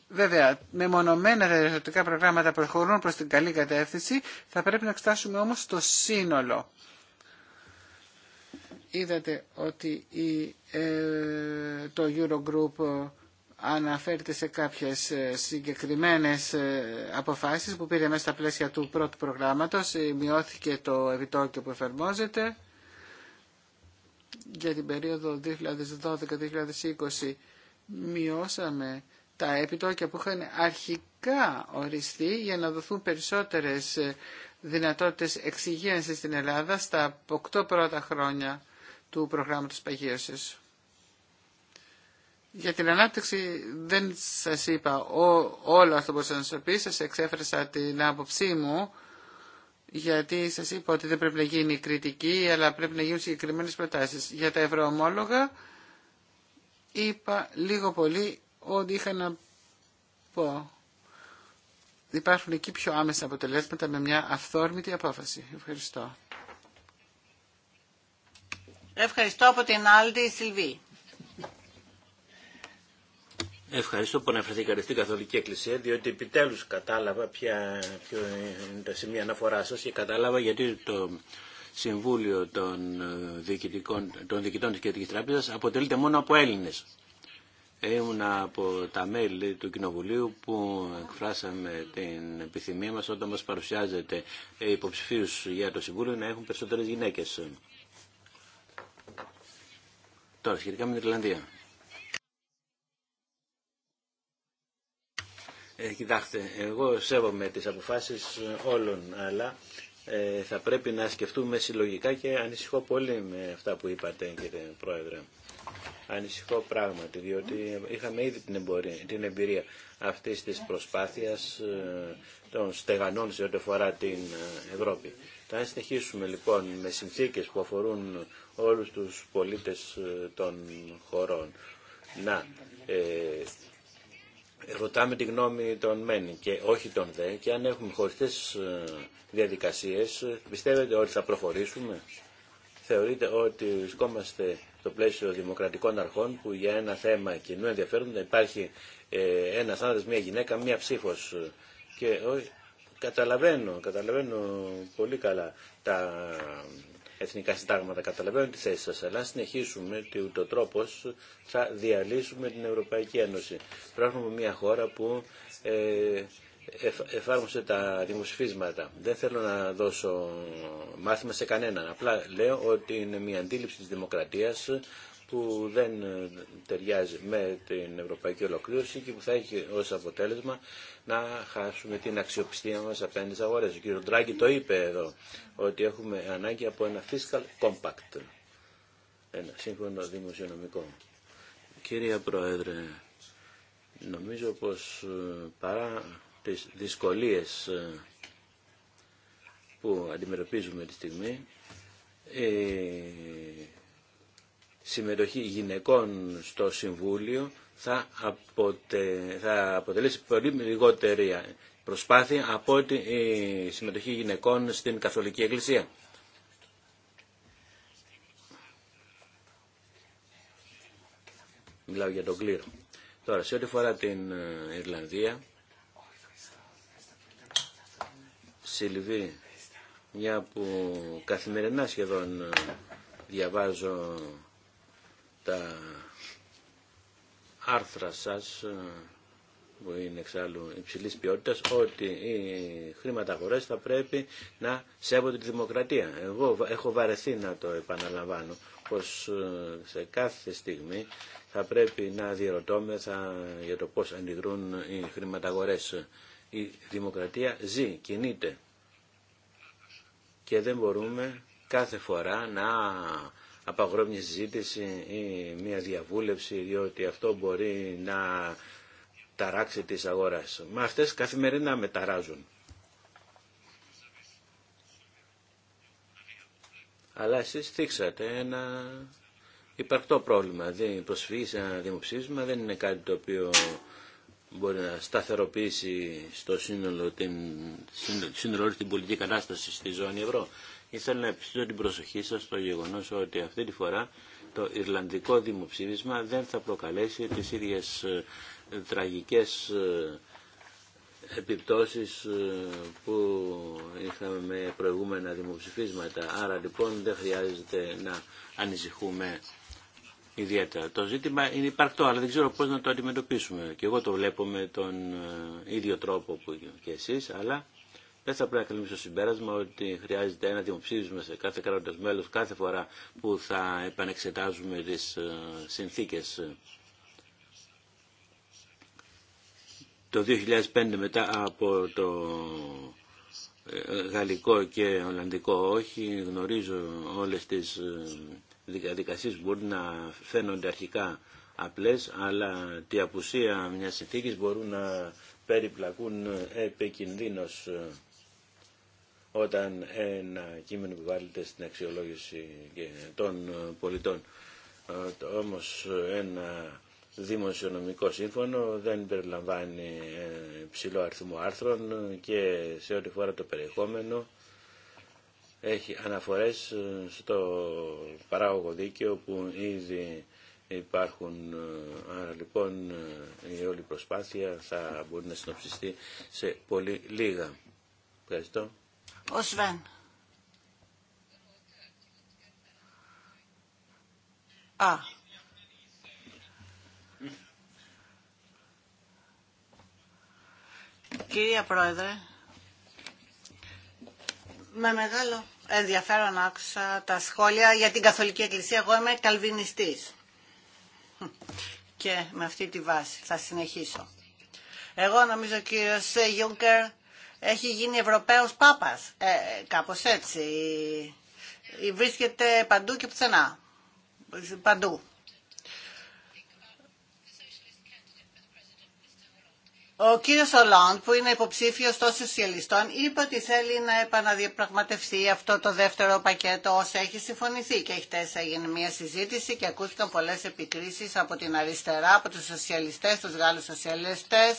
Βέβαια, με μονομένα τα διορθωτικά προγράμματα προχωρούν προς την καλή κατεύθυνση, θα πρέπει να εξετάσουμε όμως το σύνολο. Είδατε ότι η, ε, το Eurogroup αναφέρεται σε κάποιες ε, συγκεκριμένες ε, αποφάσεις που πήρε μέσα στα πλαίσια του πρώτου προγράμματος. Ε, μειώθηκε το επιτόκιο που εφαρμόζεται για την περίοδο 2012-2020 μειώσαμε τα επιτόκια που είχαν αρχικά οριστεί για να δοθούν περισσότερες δυνατότητες εξυγένσης στην Ελλάδα στα 8 πρώτα χρόνια του προγράμματος παγίωσης. Για την ανάπτυξη δεν σας είπα ό, όλο αυτό που σας να πει, εξέφρασα την άποψή μου, γιατί σας είπα ότι δεν πρέπει να γίνει κριτική, αλλά πρέπει να γίνουν συγκεκριμένε προτάσεις. Για τα ευρωομόλογα είπα λίγο πολύ ότι είχα να πω. Υπάρχουν εκεί πιο άμεσα αποτελέσματα με μια αυθόρμητη απόφαση. Ευχαριστώ. Ευχαριστώ από την Άλντι Σιλβή. Ευχαριστώ που αναφερθήκατε στην Καθολική Εκκλησία, διότι επιτέλους κατάλαβα ποια, ποιο είναι τα σημεία αναφορά σας και κατάλαβα γιατί το Συμβούλιο των, ε, των Διοικητών της Κεντρικής Τράπεζας αποτελείται μόνο από Έλληνες. Ήμουν από τα μέλη του Κοινοβουλίου που εκφράσαμε την επιθυμία μας όταν μας παρουσιάζεται ε, υποψηφίους για το Συμβούλιο να έχουν περισσότερες γυναίκες. Τώρα, σχετικά με την Ιρλανδία. Ε, κοιτάξτε, εγώ σέβομαι τις αποφάσεις όλων, αλλά ε, θα πρέπει να σκεφτούμε συλλογικά και ανησυχώ πολύ με αυτά που είπατε κύριε Πρόεδρε. Ανησυχώ πράγματι, διότι είχαμε ήδη την, την εμπειρία αυτής της προσπάθειας ε, των στεγανών σε ό,τι αφορά την ε, Ευρώπη. Θα συνεχίσουμε λοιπόν με συνθήκες που αφορούν όλους τους πολίτες των χωρών να ρωτάμε τη γνώμη των μεν και όχι των δε και αν έχουμε χωριστές ε, διαδικασίες ε, πιστεύετε ότι θα προχωρήσουμε θεωρείτε ότι βρισκόμαστε στο πλαίσιο δημοκρατικών αρχών που για ένα θέμα κοινού να υπάρχει ε, ένας άνδρας, μια γυναίκα, μια ψήφος και καταλαβαίνω, καταλαβαίνω πολύ καλά τα εθνικά συντάγματα. Καταλαβαίνω τη θέση σας, αλλά συνεχίσουμε ότι ούτω τρόπος θα διαλύσουμε την Ευρωπαϊκή Ένωση. Πράγμα μια χώρα που ε, εφάρμοσε τα δημοσφίσματα. Δεν θέλω να δώσω μάθημα σε κανέναν. Απλά λέω ότι είναι μια αντίληψη της δημοκρατίας που δεν ε, ταιριάζει με την ευρωπαϊκή ολοκλήρωση και που θα έχει ως αποτέλεσμα να χάσουμε την αξιοπιστία μας απέναντι στις αγορές. Ο κ. Ντράγκη το είπε εδώ, ότι έχουμε ανάγκη από ένα fiscal compact, ένα σύμφωνο δημοσιονομικό. Κυρία Πρόεδρε, νομίζω πως ε, παρά τις δυσκολίες ε, που αντιμετωπίζουμε τη στιγμή, συμμετοχή γυναικών στο Συμβούλιο θα, αποτε... θα αποτελέσει πολύ λιγότερη προσπάθεια από ότι η συμμετοχή γυναικών στην Καθολική Εκκλησία. Μιλάω για τον κλήρο. Τώρα, σε ό,τι φορά την ε, Ιρλανδία, Σιλβί, μια που καθημερινά σχεδόν ε, διαβάζω τα άρθρα σας ε, που είναι εξάλλου υψηλή ποιότητα, ότι οι χρηματαγορέ θα πρέπει να σέβονται τη δημοκρατία. Εγώ έχω βαρεθεί να το επαναλαμβάνω, πως ε, σε κάθε στιγμή θα πρέπει να διερωτώμεθα για το πώ αντιδρούν οι χρηματαγορές. Η δημοκρατία ζει, κινείται. Και δεν μπορούμε κάθε φορά να μια Μα αυτές καθημερινά με ταράζουν. Αλλά εσείς θίξατε ένα υπαρκτό πρόβλημα. Δηλαδή η προσφυγή σε ένα δημοψήφισμα δεν είναι κάτι το οποίο μπορεί να ταραξει τις αγορας μα αυτες καθημερινα μεταράζουν. αλλα εσεις θιξατε ενα υπαρκτο προβλημα δηλαδη η προσφυγη σε ενα δημοψηφισμα δεν ειναι κατι το οποιο μπορει να σταθεροποιησει στο σύνολο την, σύνολο, την πολιτική κατάσταση στη ζώνη ευρώ. Ήθελα να επιστήσω την προσοχή σας στο γεγονός ότι αυτή τη φορά το Ιρλανδικό δημοψήφισμα δεν θα προκαλέσει τις ίδιες ε, τραγικές ε, επιπτώσεις ε, που είχαμε με προηγούμενα δημοψηφίσματα. Άρα λοιπόν δεν χρειάζεται να ανησυχούμε ιδιαίτερα. Το ζήτημα είναι υπαρκτό, αλλά δεν ξέρω πώς να το αντιμετωπίσουμε. Και εγώ το βλέπω με τον ίδιο τρόπο που και εσείς, αλλά δεν θα πρέπει να κλείνουμε στο συμπέρασμα ότι χρειάζεται ένα δημοψήφισμα σε κάθε κράτο μέλο κάθε φορά που θα επανεξετάζουμε τι ε, συνθήκε. Το 2005 μετά από το ε, γαλλικό και ολλανδικό όχι, γνωρίζω όλες τις ε, διαδικασίες που μπορεί να φαίνονται αρχικά απλές, αλλά τη απουσία μιας συνθήκης μπορούν να περιπλακούν επικινδύνως όταν ένα κείμενο επιβάλλεται στην αξιολόγηση των ε, πολιτών. Ε, όμως ε, ένα δημοσιονομικό σύμφωνο δεν περιλαμβάνει ψηλό αριθμό άρθρων και σε ό,τι φορά το περιεχόμενο έχει αναφορές στο παράγωγο δίκαιο που ήδη υπάρχουν. Άρα λοιπόν η όλη προσπάθεια θα μπορεί να συνοψιστεί σε πολύ λίγα. Ευχαριστώ. Ο Σβέν. Α. Κυρία Πρόεδρε, με μεγάλο ενδιαφέρον άκουσα τα σχόλια για την Καθολική Εκκλησία. Εγώ είμαι καλβινιστής και με αυτή τη βάση θα συνεχίσω. Εγώ νομίζω ο κύριος Γιούγκερ έχει γίνει Ευρωπαίος Πάπας, ε, κάπως έτσι. Βρίσκεται παντού και πουθενά. Παντού. Ο κύριος Ολόντ που είναι υποψήφιος των σοσιαλιστών είπε ότι θέλει να επαναδιαπραγματευτεί αυτό το δεύτερο πακέτο όσο έχει συμφωνηθεί και χτες έγινε μια συζήτηση και ακούστηκαν πολλές επικρίσεις από την αριστερά, από τους σοσιαλιστές, τους Γάλλους σοσιαλιστές,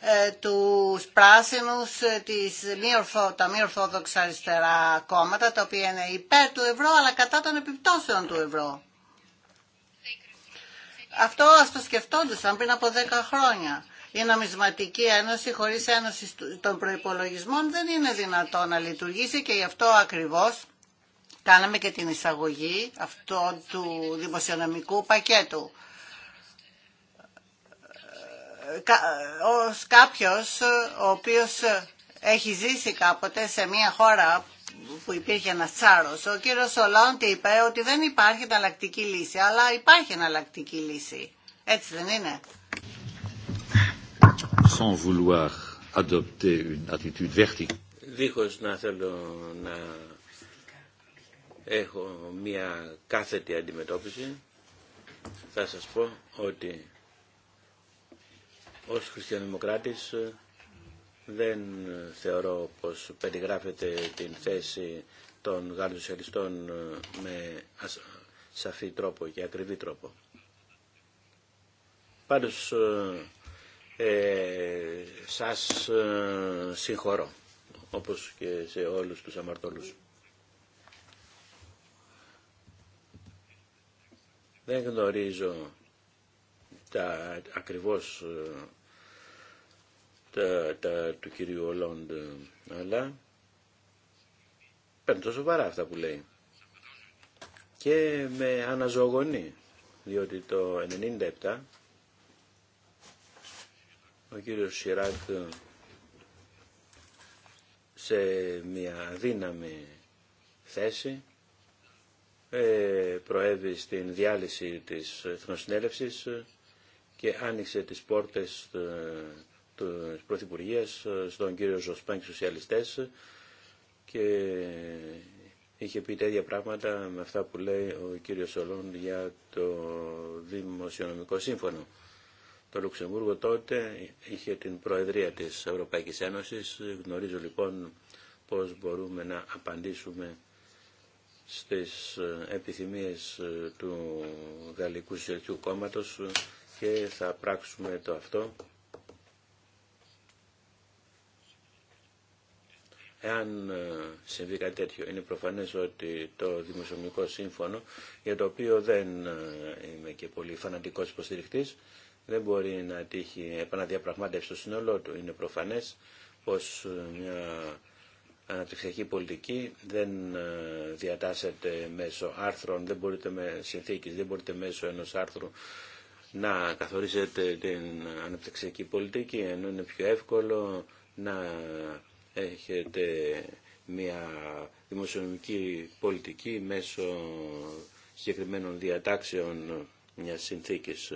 ε, τους πράσινους, ε, τις μη τα μη ορθόδοξα αριστερά κόμματα τα οποία είναι υπέρ του ευρώ αλλά κατά των επιπτώσεων του ευρώ. Αυτό ας το σκεφτόντουσαν πριν από δέκα χρόνια η νομισματική ένωση χωρίς ένωση των προϋπολογισμών δεν είναι δυνατό να λειτουργήσει και γι' αυτό ακριβώς κάναμε και την εισαγωγή αυτού του δημοσιονομικού πακέτου. Ως κάποιος ο οποίος έχει ζήσει κάποτε σε μια χώρα που υπήρχε ένα τσάρο. Ο κύριο Σολόντι είπε ότι δεν υπάρχει εναλλακτική λύση, αλλά υπάρχει εναλλακτική λύση. Έτσι δεν είναι sans Δίχως να θέλω να έχω μια κάθετη αντιμετώπιση, θα σας πω ότι ως χριστιανοδημοκράτης δεν θεωρώ πως περιγράφεται την θέση των Γάλλων Σοσιαλιστών με σαφή τρόπο και ακριβή τρόπο. Πάντως ε, ε, σας ε, συγχωρώ, όπως και σε όλους τους αμαρτωλούς. Δεν γνωρίζω τα, ακριβώς ε, τα, τα του κυρίου Ολόντ, αλλά παίρνω σοβαρά αυτά που λέει. Και με αναζωογονεί, διότι το 97 ο κύριος Σιράκ ε, σε μια δύναμη θέση ε, προέβη στην διάλυση της Εθνοσυνέλευσης και άνοιξε τις πόρτες ε, της Πρωθυπουργίας στον κύριο Ζωσπάν και σοσιαλιστές και είχε πει τέτοια πράγματα με αυτά που λέει ο κύριος Σολών για το Δημοσιονομικό Σύμφωνο. Το Λουξεμβούργο τότε είχε την Προεδρία της Ευρωπαϊκής Ένωσης. Γνωρίζω λοιπόν πώς μπορούμε να απαντήσουμε στις ε, επιθυμίες ε, του Γαλλικού Συντηρητικού Κόμματος και θα πράξουμε το αυτό. Εάν ε, συμβεί κάτι τέτοιο, είναι προφανές ότι το Δημοσιονομικό Σύμφωνο, για το οποίο δεν είμαι και πολύ φανατικός υποστηρικτής, δεν μπορεί να τύχει επαναδιαπραγμάτευση στο σύνολό του. Είναι προφανές πως μια αναπτυξιακή πολιτική δεν ε, διατάσσεται μέσω άρθρων, δεν μπορείτε με συνθήκες, δεν μπορείτε μέσω ενός άρθρου να καθορίσετε την αναπτυξιακή πολιτική, ενώ είναι πιο εύκολο να έχετε μια δημοσιονομική πολιτική μέσω συγκεκριμένων διατάξεων μιας συνθήκης.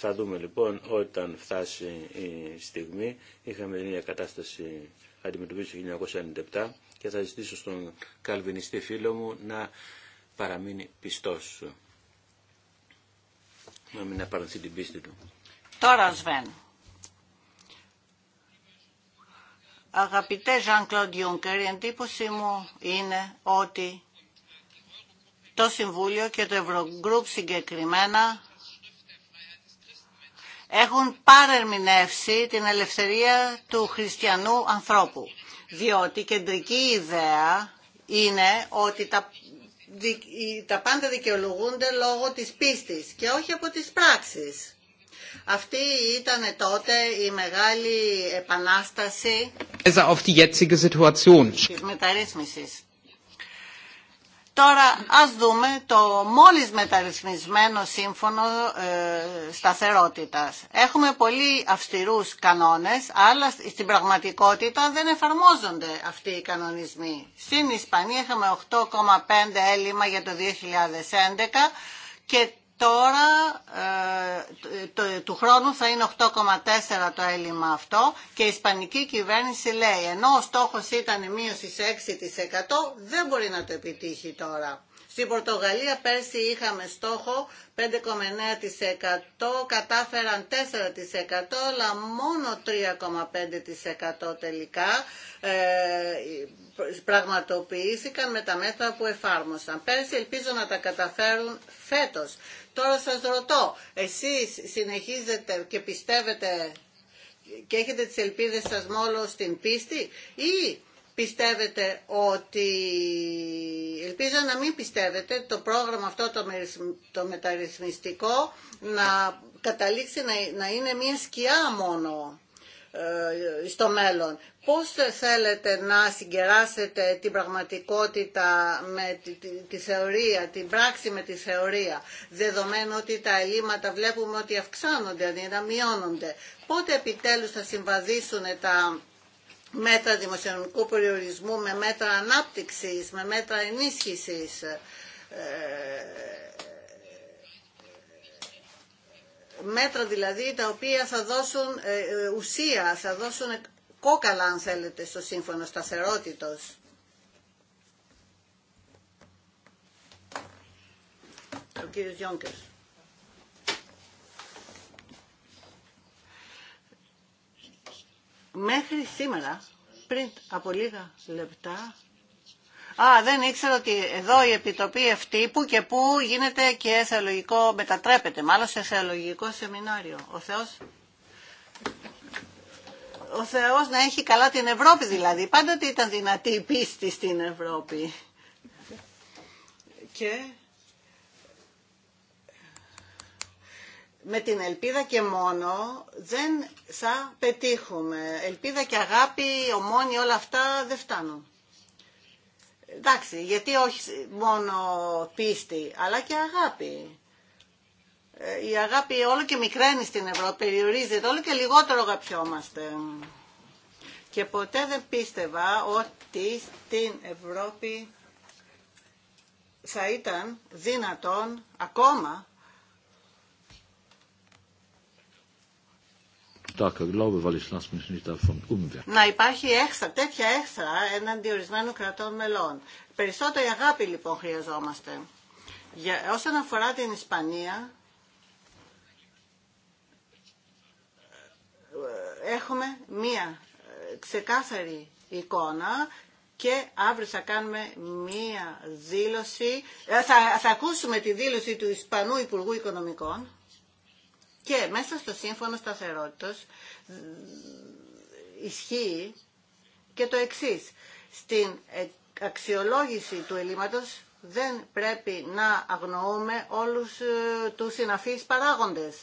Θα δούμε λοιπόν όταν φτάσει η στιγμή. Είχαμε μια κατάσταση αντιμετωπίσει το 1997 και θα ζητήσω στον καλβινιστή φίλο μου να παραμείνει πιστός. Να μην απαρνηθεί την πίστη του. Τώρα Σβέν. Ζαν κλοντ Juncker, η εντύπωση μου είναι ότι το Συμβούλιο και το Ευρωγκρουπ συγκεκριμένα έχουν παρερμηνεύσει την ελευθερία του χριστιανού ανθρώπου. Διότι η κεντρική ιδέα είναι ότι τα, τα πάντα δικαιολογούνται λόγω της πίστης και όχι από τις πράξεις. Αυτή ήταν τότε η μεγάλη επανάσταση της μεταρρύθμισης. Τώρα ας δούμε το μόλις μεταρρυθμισμένο σύμφωνο ε, σταθερότητας. Έχουμε πολύ αυστηρούς κανόνες, αλλά στην πραγματικότητα δεν εφαρμόζονται αυτοί οι κανονισμοί. Στην Ισπανία είχαμε 8,5 έλλειμμα για το 2011 και Τώρα ε, του χρόνου θα είναι 8,4 το έλλειμμα αυτό και η Ισπανική κυβέρνηση λέει ενώ ο στόχος ήταν η μείωση σε 6% δεν μπορεί να το επιτύχει τώρα. Στην Πορτογαλία πέρσι είχαμε στόχο 5,9%, κατάφεραν 4% αλλά μόνο 3,5% τελικά ε, πραγματοποιήθηκαν με τα μέτρα που εφάρμοσαν. Πέρσι ελπίζω να τα καταφέρουν φέτος. Τώρα σας ρωτώ, εσείς συνεχίζετε και πιστεύετε και έχετε τις ελπίδες σας μόνο στην πίστη ή πιστεύετε ότι, ελπίζω να μην πιστεύετε, το πρόγραμμα αυτό το, μεταρρυθμιστικό να καταλήξει να, είναι μια σκιά μόνο ε, στο μέλλον. Πώς θέλετε να συγκεράσετε την πραγματικότητα με τη, θεωρία, την πράξη με τη θεωρία, δεδομένου ότι τα ελλείμματα βλέπουμε ότι αυξάνονται, αντί να μειώνονται. Πότε επιτέλους θα συμβαδίσουν τα μέτρα δημοσιονομικού περιορισμού, με μέτρα ανάπτυξης, με μέτρα ενίσχυσης, ε, μέτρα δηλαδή τα οποία θα δώσουν ε, ουσία, θα δώσουν κόκαλα αν θέλετε στο σύμφωνο σταθερότητος. Ο κύριος Γιόγκερς. μέχρι σήμερα, πριν από λίγα λεπτά, Α, δεν ήξερα ότι εδώ η επιτροπή ευτύπου που και που γίνεται και θεολογικό, μετατρέπεται μάλλον σε θεολογικό σεμινάριο. Ο Θεός, ο Θεός να έχει καλά την Ευρώπη δηλαδή. Πάντοτε ήταν δυνατή η πίστη στην Ευρώπη. Και με την ελπίδα και μόνο δεν θα πετύχουμε. Ελπίδα και αγάπη, ομόνοι, όλα αυτά δεν φτάνουν. Εντάξει, γιατί όχι μόνο πίστη, αλλά και αγάπη. Ε, η αγάπη όλο και μικραίνει στην Ευρώπη, περιορίζεται, όλο και λιγότερο αγαπιόμαστε. Και ποτέ δεν πίστευα ότι στην Ευρώπη θα ήταν δυνατόν ακόμα Να υπάρχει έξτρα, τέτοια έξτρα έναντι ορισμένων κρατών μελών. Περισσότερη αγάπη λοιπόν χρειαζόμαστε. Για, όσον αφορά την Ισπανία, ε, έχουμε μία ε, ξεκάθαρη εικόνα και αύριο θα κάνουμε μία δήλωση, ε, θα ακούσουμε τη δήλωση του Ισπανού Υπουργού Οικονομικών και μέσα στο σύμφωνο σταθερότητος ισχύει και το εξής. Στην αξιολόγηση του ελλείμματος δεν πρέπει να αγνοούμε όλους ε, τους συναφείς παράγοντες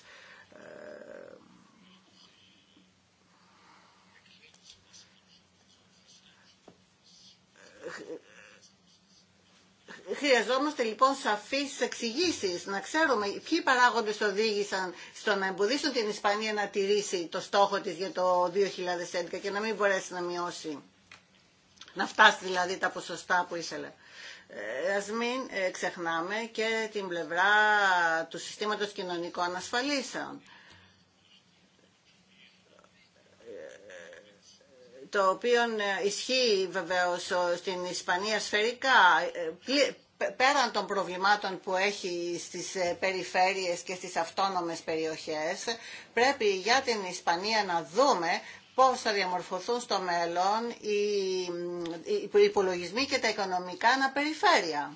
Χρειαζόμαστε λοιπόν σαφείς εξηγήσει, να ξέρουμε ποιοι παράγοντες οδήγησαν στο να εμποδίσουν την Ισπανία να τηρήσει το στόχο της για το 2011 και να μην μπορέσει να μειώσει, να φτάσει δηλαδή τα ποσοστά που ήθελε. Ε, Α μην ε, ξεχνάμε και την πλευρά του συστήματος κοινωνικών ασφαλίσεων. Ε, το οποίο ισχύει βεβαίως στην Ισπανία σφαιρικά, πέραν των προβλημάτων που έχει στις ε, περιφέρειες και στις αυτόνομες περιοχές, πρέπει για την Ισπανία να δούμε πώς θα διαμορφωθούν στο μέλλον οι υπολογισμοί και τα οικονομικά αναπεριφέρεια.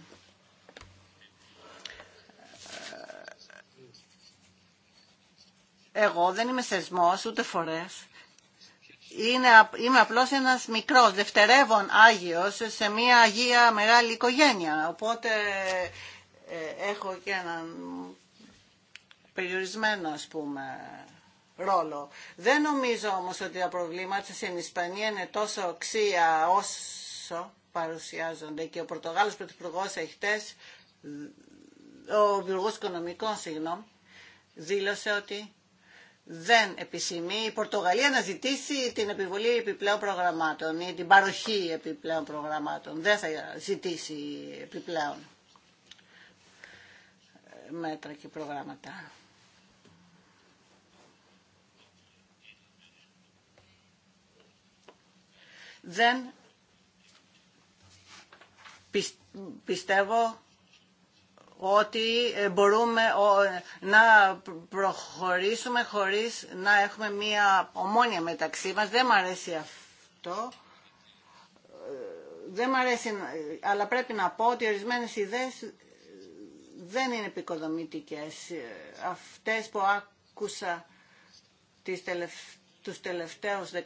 Ε, εγώ δεν είμαι σεσμός ούτε φορές είναι, είμαι απλώς ένας μικρός δευτερεύων Άγιος σε μια Αγία μεγάλη οικογένεια. Οπότε ε, έχω και έναν περιορισμένο ας πούμε ρόλο. Δεν νομίζω όμως ότι τα προβλήματα στην Ισπανία είναι τόσο αξία όσο παρουσιάζονται και ο Πορτογάλος Πρωθυπουργός εχθές, ο Υπουργός Οικονομικών, συγγνώμη, δήλωσε ότι δεν επισημεί η Πορτογαλία να ζητήσει την επιβολή επιπλέον προγραμμάτων ή την παροχή επιπλέον προγραμμάτων. Δεν θα ζητήσει επιπλέον μέτρα και προγράμματα. Δεν πιστεύω ότι ε, μπορούμε να προχωρήσουμε χωρίς να έχουμε μία ομόνια μεταξύ μας. Δεν μ' αρέσει αυτό. Ε, δεν αρέσει, αλλά πρέπει να πω ότι ορισμένες ιδέες δεν είναι επικοδομητικές. Ε, αυτές που άκουσα τις τους τελευταίους 14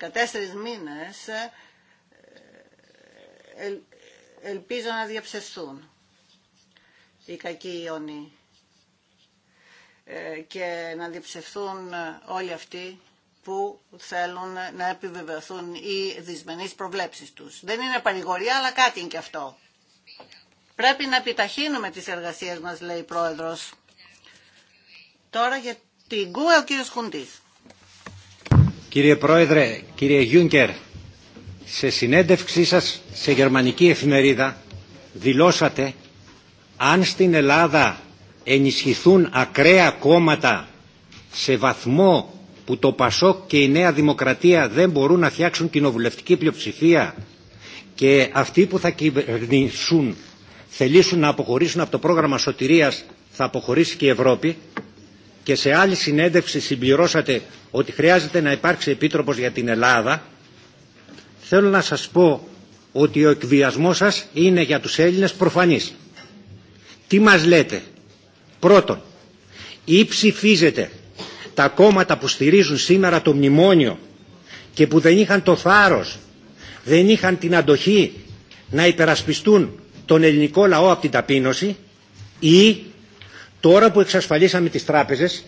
μήνες ελπίζω να διαψευθούν οι κακοί ιονοί ε, και να διψευθούν όλοι αυτοί που θέλουν να επιβεβαιωθούν οι δυσμενείς προβλέψεις τους. Δεν είναι παρηγορία, αλλά κάτι είναι και αυτό. Πρέπει να επιταχύνουμε τις εργασίες μας, λέει η Πρόεδρος. Τώρα για την ΚΟΕ ο κύριος Χουντής. Κύριε Πρόεδρε, κύριε Γιούνκερ, σε συνέντευξή σας σε γερμανική εφημερίδα δηλώσατε αν στην Ελλάδα ενισχυθούν ακραία κόμματα σε βαθμό που το Πασόκ και η Νέα Δημοκρατία δεν μπορούν να φτιάξουν κοινοβουλευτική πλειοψηφία και αυτοί που θα κυβερνήσουν θελήσουν να αποχωρήσουν από το πρόγραμμα σωτηρίας θα αποχωρήσει και η Ευρώπη και σε άλλη συνέντευξη συμπληρώσατε ότι χρειάζεται να υπάρξει επίτροπος για την Ελλάδα θέλω να σας πω ότι ο εκβιασμός σας είναι για τους Έλληνες προφανής τι μας λέτε. Πρώτον, ή ψηφίζετε τα κόμματα που στηρίζουν σήμερα το μνημόνιο και που δεν είχαν το θάρρος, δεν είχαν την αντοχή να υπερασπιστούν τον ελληνικό λαό από την ταπείνωση ή τώρα που εξασφαλίσαμε τις τράπεζες,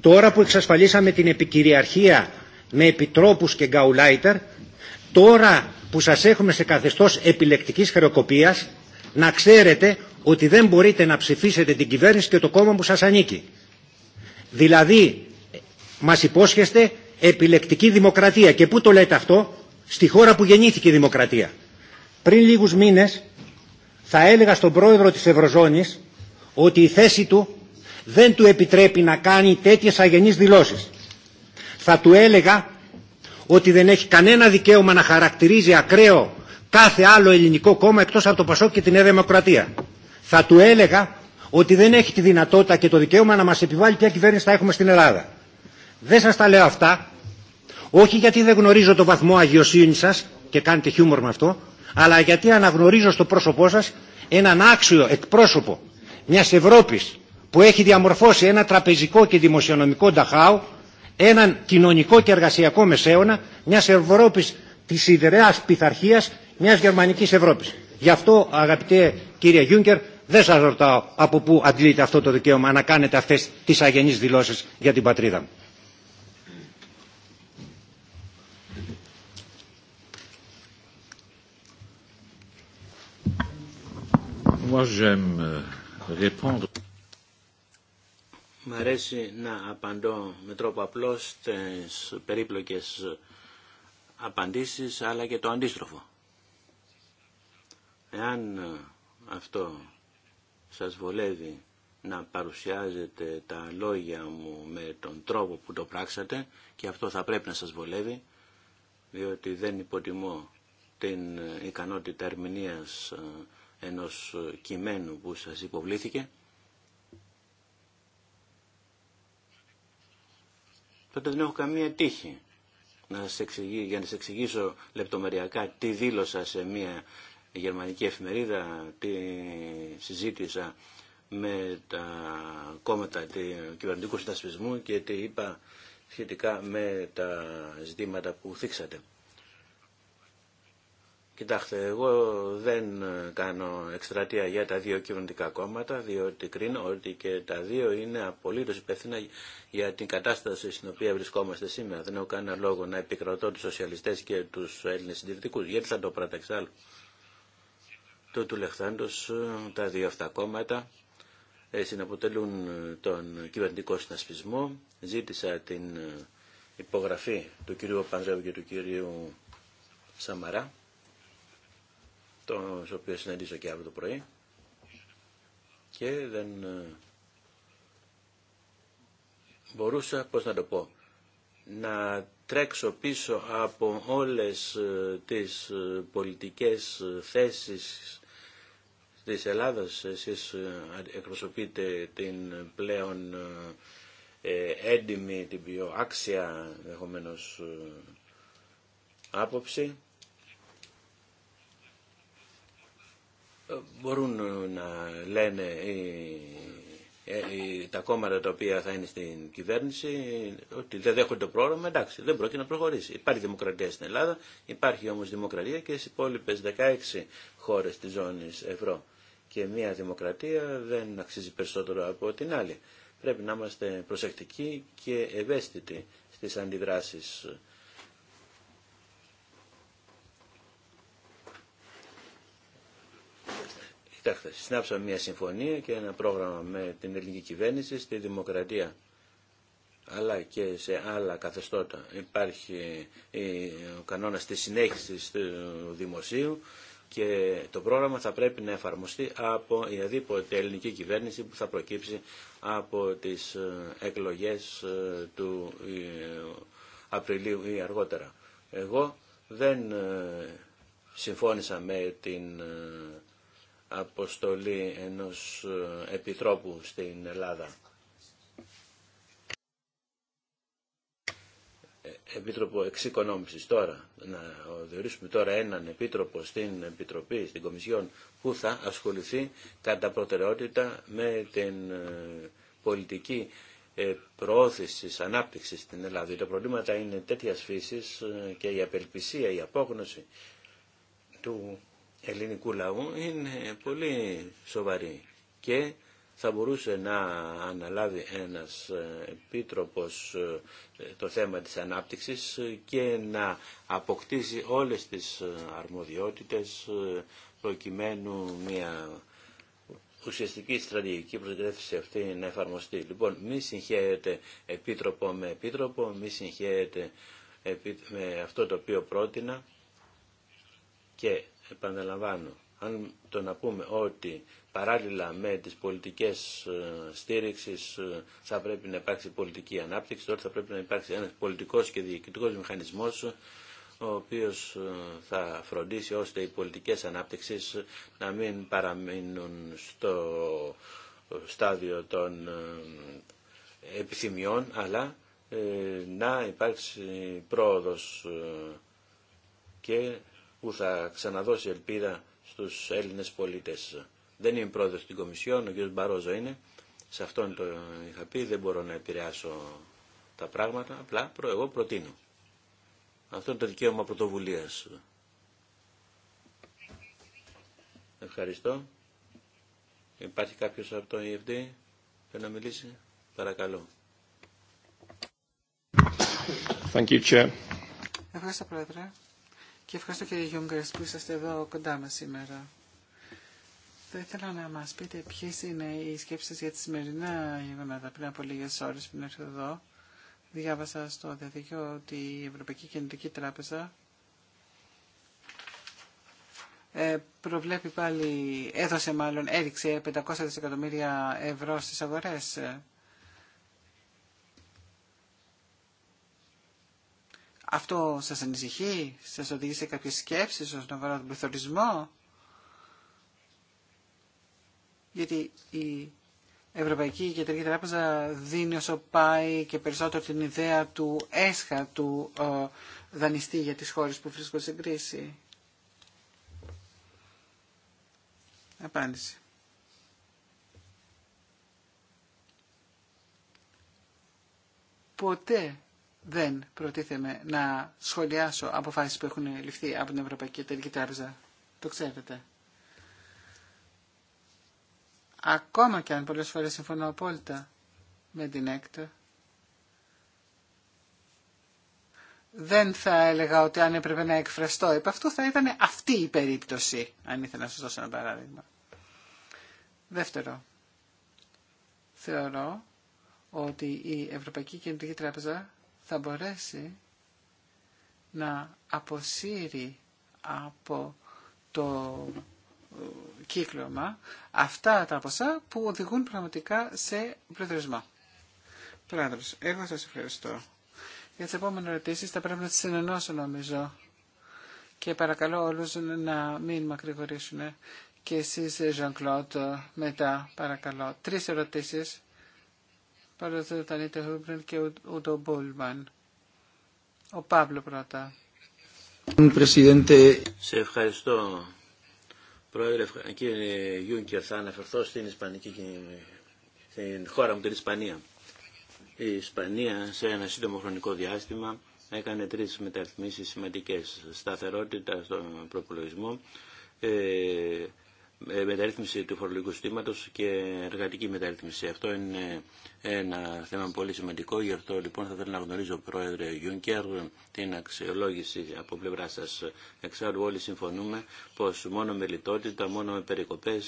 τώρα που εξασφαλίσαμε την επικυριαρχία με επιτρόπους και γκαουλάιτερ, τώρα που σας έχουμε σε καθεστώς επιλεκτικής χρεοκοπίας, να ξέρετε ότι δεν μπορείτε να ψηφίσετε την κυβέρνηση και το κόμμα που σας ανήκει. Δηλαδή, μας υπόσχεστε επιλεκτική δημοκρατία. Και πού το λέτε αυτό, στη χώρα που γεννήθηκε η δημοκρατία. Πριν λίγους μήνες θα έλεγα στον πρόεδρο της Ευρωζώνης ότι η θέση του δεν του επιτρέπει να κάνει τέτοιες αγενείς δηλώσεις. Θα του έλεγα ότι δεν έχει κανένα δικαίωμα να χαρακτηρίζει ακραίο κάθε άλλο ελληνικό κόμμα εκτός από το Πασόκ και την Νέα Δημοκρατία θα του έλεγα ότι δεν έχει τη δυνατότητα και το δικαίωμα να μας επιβάλλει ποια κυβέρνηση θα έχουμε στην Ελλάδα. Δεν σας τα λέω αυτά, όχι γιατί δεν γνωρίζω το βαθμό αγιοσύνη σας και κάνετε χιούμορ με αυτό, αλλά γιατί αναγνωρίζω στο πρόσωπό σας έναν άξιο εκπρόσωπο μιας Ευρώπης που έχει διαμορφώσει ένα τραπεζικό και δημοσιονομικό νταχάου, έναν κοινωνικό και εργασιακό μεσαίωνα, μιας Ευρώπης της ιδεραίας πειθαρχία μιας γερμανικής Ευρώπης. Γι' αυτό αγαπητέ κύριε Γιούγκερ δεν σας ρωτάω από πού αντλείτε αυτό το δικαίωμα να κάνετε αυτές τις αγενείς δηλώσεις για την πατρίδα μου. Euh, Μ' αρέσει να απαντώ με τρόπο απλό στις περίπλοκες απαντήσεις αλλά και το αντίστροφο. Εάν ε, αυτό σας βολεύει να παρουσιάζετε τα λόγια μου με τον τρόπο που το πράξατε και αυτό θα πρέπει να σας βολεύει διότι δεν υποτιμώ την ε, ικανότητα ερμηνείας ε, ενός ε, κειμένου που σας υποβλήθηκε. Τότε δεν έχω καμία τύχη να σας εξηγήσω, για να σας εξηγήσω λεπτομεριακά τι δήλωσα σε μία γερμανική εφημερίδα, τη συζήτησα με τα κόμματα του κυβερνητικού συντασπισμού και τι είπα σχετικά με τα ζητήματα που θίξατε. Κοιτάξτε, εγώ δεν κάνω εξτρατεία για τα δύο κυβερνητικά κόμματα, διότι κρίνω ότι και τα δύο είναι απολύτω υπεύθυνα για την κατάσταση στην οποία βρισκόμαστε σήμερα. Δεν έχω κανένα λόγο να επικρατώ του σοσιαλιστέ και του Έλληνε συντηρητικού, γιατί θα το πράταξα το Λεχθάντος, ε, τα δύο αυτά κόμματα ε, συναποτελούν ε, τον κυβερνητικό συνασπισμό. Ζήτησα την υπογραφή του κυρίου Πανδρέου και του κυρίου Σαμαρά, τον οποίο συναντήσω και αύριο το πρωί και δεν μπορούσα, πώς να το πω, να τρέξω πίσω από όλες ε, τις ε, πολιτικές ε, θέσεις της Ελλάδας. Εσείς εκπροσωπείτε την πλέον έντιμη, την πιο άξια ενδεχομένω άποψη. Μπορούν να λένε οι ε, τα κόμματα τα οποία θα είναι στην κυβέρνηση ότι δεν δέχονται το πρόγραμμα, εντάξει, δεν πρόκειται να προχωρήσει. Υπάρχει δημοκρατία στην Ελλάδα, υπάρχει όμως δημοκρατία και στις υπόλοιπε 16 χώρες της ζώνης ευρώ. Και μία δημοκρατία δεν αξίζει περισσότερο από την άλλη. Πρέπει να είμαστε προσεκτικοί και ευαίσθητοι στις αντιδράσεις συνάψαμε μια συμφωνία και ένα πρόγραμμα με την ελληνική κυβέρνηση στη δημοκρατία αλλά και σε άλλα καθεστώτα υπάρχει ο κανόνας της συνέχισης του δημοσίου και το πρόγραμμα θα πρέπει να εφαρμοστεί από η ελληνική κυβέρνηση που θα προκύψει από τις ε, εκλογές ε, του ε, Απριλίου ή αργότερα. Εγώ δεν συμφώνησα με την αποστολή ενός ε, επιτρόπου στην Ελλάδα. Ε, επίτροπο εξοικονόμησης τώρα, να διορίσουμε τώρα έναν επίτροπο στην Επιτροπή, στην Κομισιόν, που θα ασχοληθεί κατά προτεραιότητα με την ε, πολιτική προώθησης, ανάπτυξης στην Ελλάδα. Τα προβλήματα είναι τέτοια φύσης και η απελπισία, η απόγνωση του ελληνικού λαού είναι πολύ σοβαρή και θα μπορούσε να αναλάβει ένας ε, επίτροπος ε, το θέμα της ανάπτυξης και να αποκτήσει όλες τις ε, αρμοδιότητες προκειμένου μια ουσιαστική στρατηγική προσδεύση αυτή να εφαρμοστεί. Λοιπόν, μη συγχαίρεται επίτροπο με επίτροπο, μη συγχαίρεται με αυτό το οποίο πρότεινα και επαναλαμβάνω, αν το να πούμε ότι παράλληλα με τις πολιτικές ε, στήριξης ε, θα πρέπει να υπάρξει πολιτική ανάπτυξη, τότε θα πρέπει να υπάρξει ένας πολιτικός και διοικητικός μηχανισμός ο οποίος ε, θα φροντίσει ώστε οι πολιτικές ανάπτυξης να μην παραμείνουν στο στάδιο των επιθυμιών, αλλά να υπάρξει πρόοδος και που θα ξαναδώσει ελπίδα στους Έλληνες πολίτες. Δεν είμαι πρόεδρος στην Κομισιόν, ο κ. Μπαρόζο είναι, σε αυτόν το είχα πει, δεν μπορώ να επηρεάσω τα πράγματα, απλά εγώ προτείνω. Αυτό είναι το δικαίωμα πρωτοβουλίας. Ευχαριστώ. Υπάρχει κάποιος από το EFD θέλει να μιλήσει. Παρακαλώ. Thank you, Chair. Ευχαριστώ, Πρόεδρε. Και ευχαριστώ κύριε Γιούγκερς που είσαστε εδώ κοντά μας σήμερα. Θα ήθελα να μας πείτε ποιες είναι οι σκέψεις για τη σημερινά γεγονότα. Πριν από λίγες ώρες πριν έρθω εδώ, διάβασα στο διαδίκτυο ότι η Ευρωπαϊκή Κεντρική Τράπεζα ε, προβλέπει πάλι, έδωσε μάλλον, έριξε 500 δισεκατομμύρια ευρώ στις αγορές Αυτό σας ανησυχεί, σας οδηγεί σε κάποιες σκέψεις όσον αφορά τον πληθωρισμό. Γιατί η Ευρωπαϊκή Κεντρική Τράπεζα δίνει όσο πάει και περισσότερο την ιδέα του έσχα του ε, δανειστή για τις χώρες που βρίσκονται σε κρίση. Απάντηση. Ποτέ δεν προτίθεμαι να σχολιάσω αποφάσεις που έχουν ληφθεί από την Ευρωπαϊκή Εταιρική Τράπεζα. Το ξέρετε. Ακόμα και αν πολλές φορές συμφωνώ απόλυτα με την έκτα, δεν θα έλεγα ότι αν έπρεπε να εκφραστώ επ' αυτού θα ήταν αυτή η περίπτωση, αν ήθελα να σας δώσω ένα παράδειγμα. Δεύτερο, θεωρώ ότι η Ευρωπαϊκή Κεντρική Τράπεζα θα μπορέσει να αποσύρει από το ε, κύκλωμα αυτά τα ποσά που οδηγούν πραγματικά σε πληθωρισμό. Πρόεδρος, εγώ σας ευχαριστώ. Για τις επόμενες ερωτήσεις θα πρέπει να τις συνενώσω νομίζω και παρακαλώ όλους να μην μακρηγορήσουν και εσείς Jean-Claude μετά παρακαλώ. Τρεις ερωτήσεις Παρότι τα και ο Μπούλμαν. Ο Παύλο πρώτα. Σε ευχαριστώ. Πρόεδρε, κύριε Γιούνκερ, θα αναφερθώ στην Ισπανική στην χώρα μου, την Ισπανία. Η Ισπανία σε ένα σύντομο χρονικό διάστημα έκανε τρεις μεταρρυθμίσεις σημαντικές. Σταθερότητα στον προπολογισμό, ε, ε, μεταρρύθμιση του φορολογικού συστήματο και εργατική μεταρρύθμιση. Αυτό είναι ένα θέμα πολύ σημαντικό, γι' αυτό λοιπόν θα ήθελα να γνωρίζω, Πρόεδρε Γιούνκερ, την αξιολόγηση από πλευρά σα. Εξάλλου όλοι συμφωνούμε πω μόνο με λιτότητα, μόνο με περικοπέ,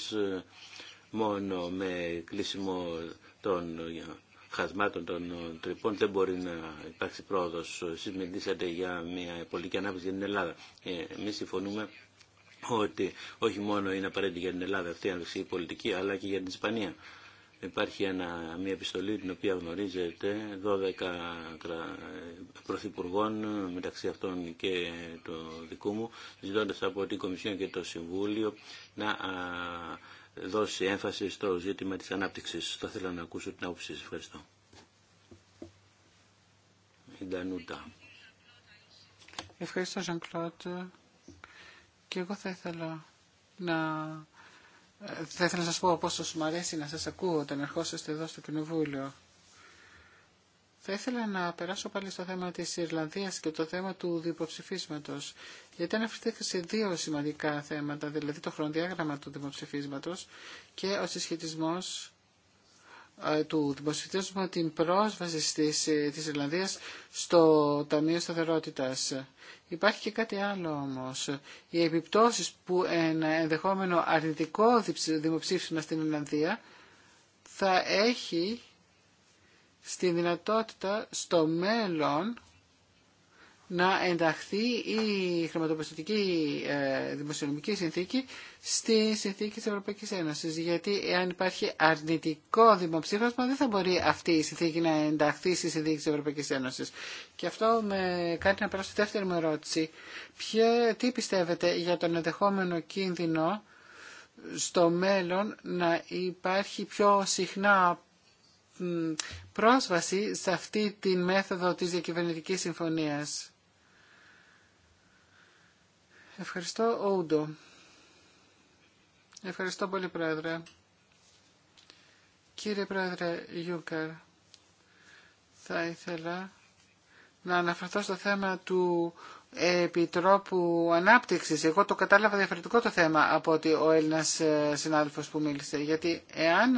μόνο με κλείσιμο των χασμάτων των τρυπών δεν μπορεί να υπάρξει πρόοδος. Εσείς για μια πολιτική ανάπτυξη για την Ελλάδα. Ε, Εμεί συμφωνούμε ότι όχι μόνο είναι απαραίτητη για την Ελλάδα αυτή η πολιτική, αλλά και για την Ισπανία. Υπάρχει ένα, μια επιστολή την οποία γνωρίζετε 12 πρωθυπουργών μεταξύ αυτών και το δικού μου ζητώντας από την Κομισιόν και το Συμβούλιο να δώσει έμφαση στο ζήτημα της ανάπτυξης. Θα ήθελα να ακούσω την άποψη σας. Ευχαριστώ. Ευχαριστώ Ευχαριστώ, και εγώ θα ήθελα να... Θα ήθελα να σας πω πόσο σου αρέσει να σας ακούω όταν ερχόσαστε εδώ στο Κοινοβούλιο. Θα ήθελα να περάσω πάλι στο θέμα της Ιρλανδίας και το θέμα του διποψηφίσματος. Γιατί αναφερθήκα σε δύο σημαντικά θέματα, δηλαδή το χρονοδιάγραμμα του δημοψηφίσματος και ο συσχετισμός ε, του δημοσιοποιήσουμε την πρόσβαση της, ε, της Ιρλανδίας στο Ταμείο Σταθερότητας. Υπάρχει και κάτι άλλο όμως. Οι επιπτώσεις που ένα ενδεχόμενο αρνητικό δημοψήφισμα στην Ιρλανδία θα έχει στη δυνατότητα στο μέλλον να ενταχθεί η χρηματοπιστωτική ε, δημοσιονομική συνθήκη στη συνθήκη της Ευρωπαϊκής Ένωσης. Γιατί εάν υπάρχει αρνητικό δημοψήφισμα δεν θα μπορεί αυτή η συνθήκη να ενταχθεί στη συνθήκη της Ευρωπαϊκής Ένωσης. Και αυτό με κάνει να περάσω στη δεύτερη μου ερώτηση. Ποιο, τι πιστεύετε για τον ενδεχόμενο κίνδυνο στο μέλλον να υπάρχει πιο συχνά πρόσβαση σε αυτή τη μέθοδο της διακυβερνητικής συμφωνίας Ευχαριστώ, Ουντο. Ευχαριστώ πολύ, Πρόεδρε. Κύριε Πρόεδρε Γιούγκερ, θα ήθελα να αναφερθώ στο θέμα του Επιτρόπου Ανάπτυξης. Εγώ το κατάλαβα διαφορετικό το θέμα από ότι ο Έλληνας ε, συνάδελφος που μίλησε. Γιατί εάν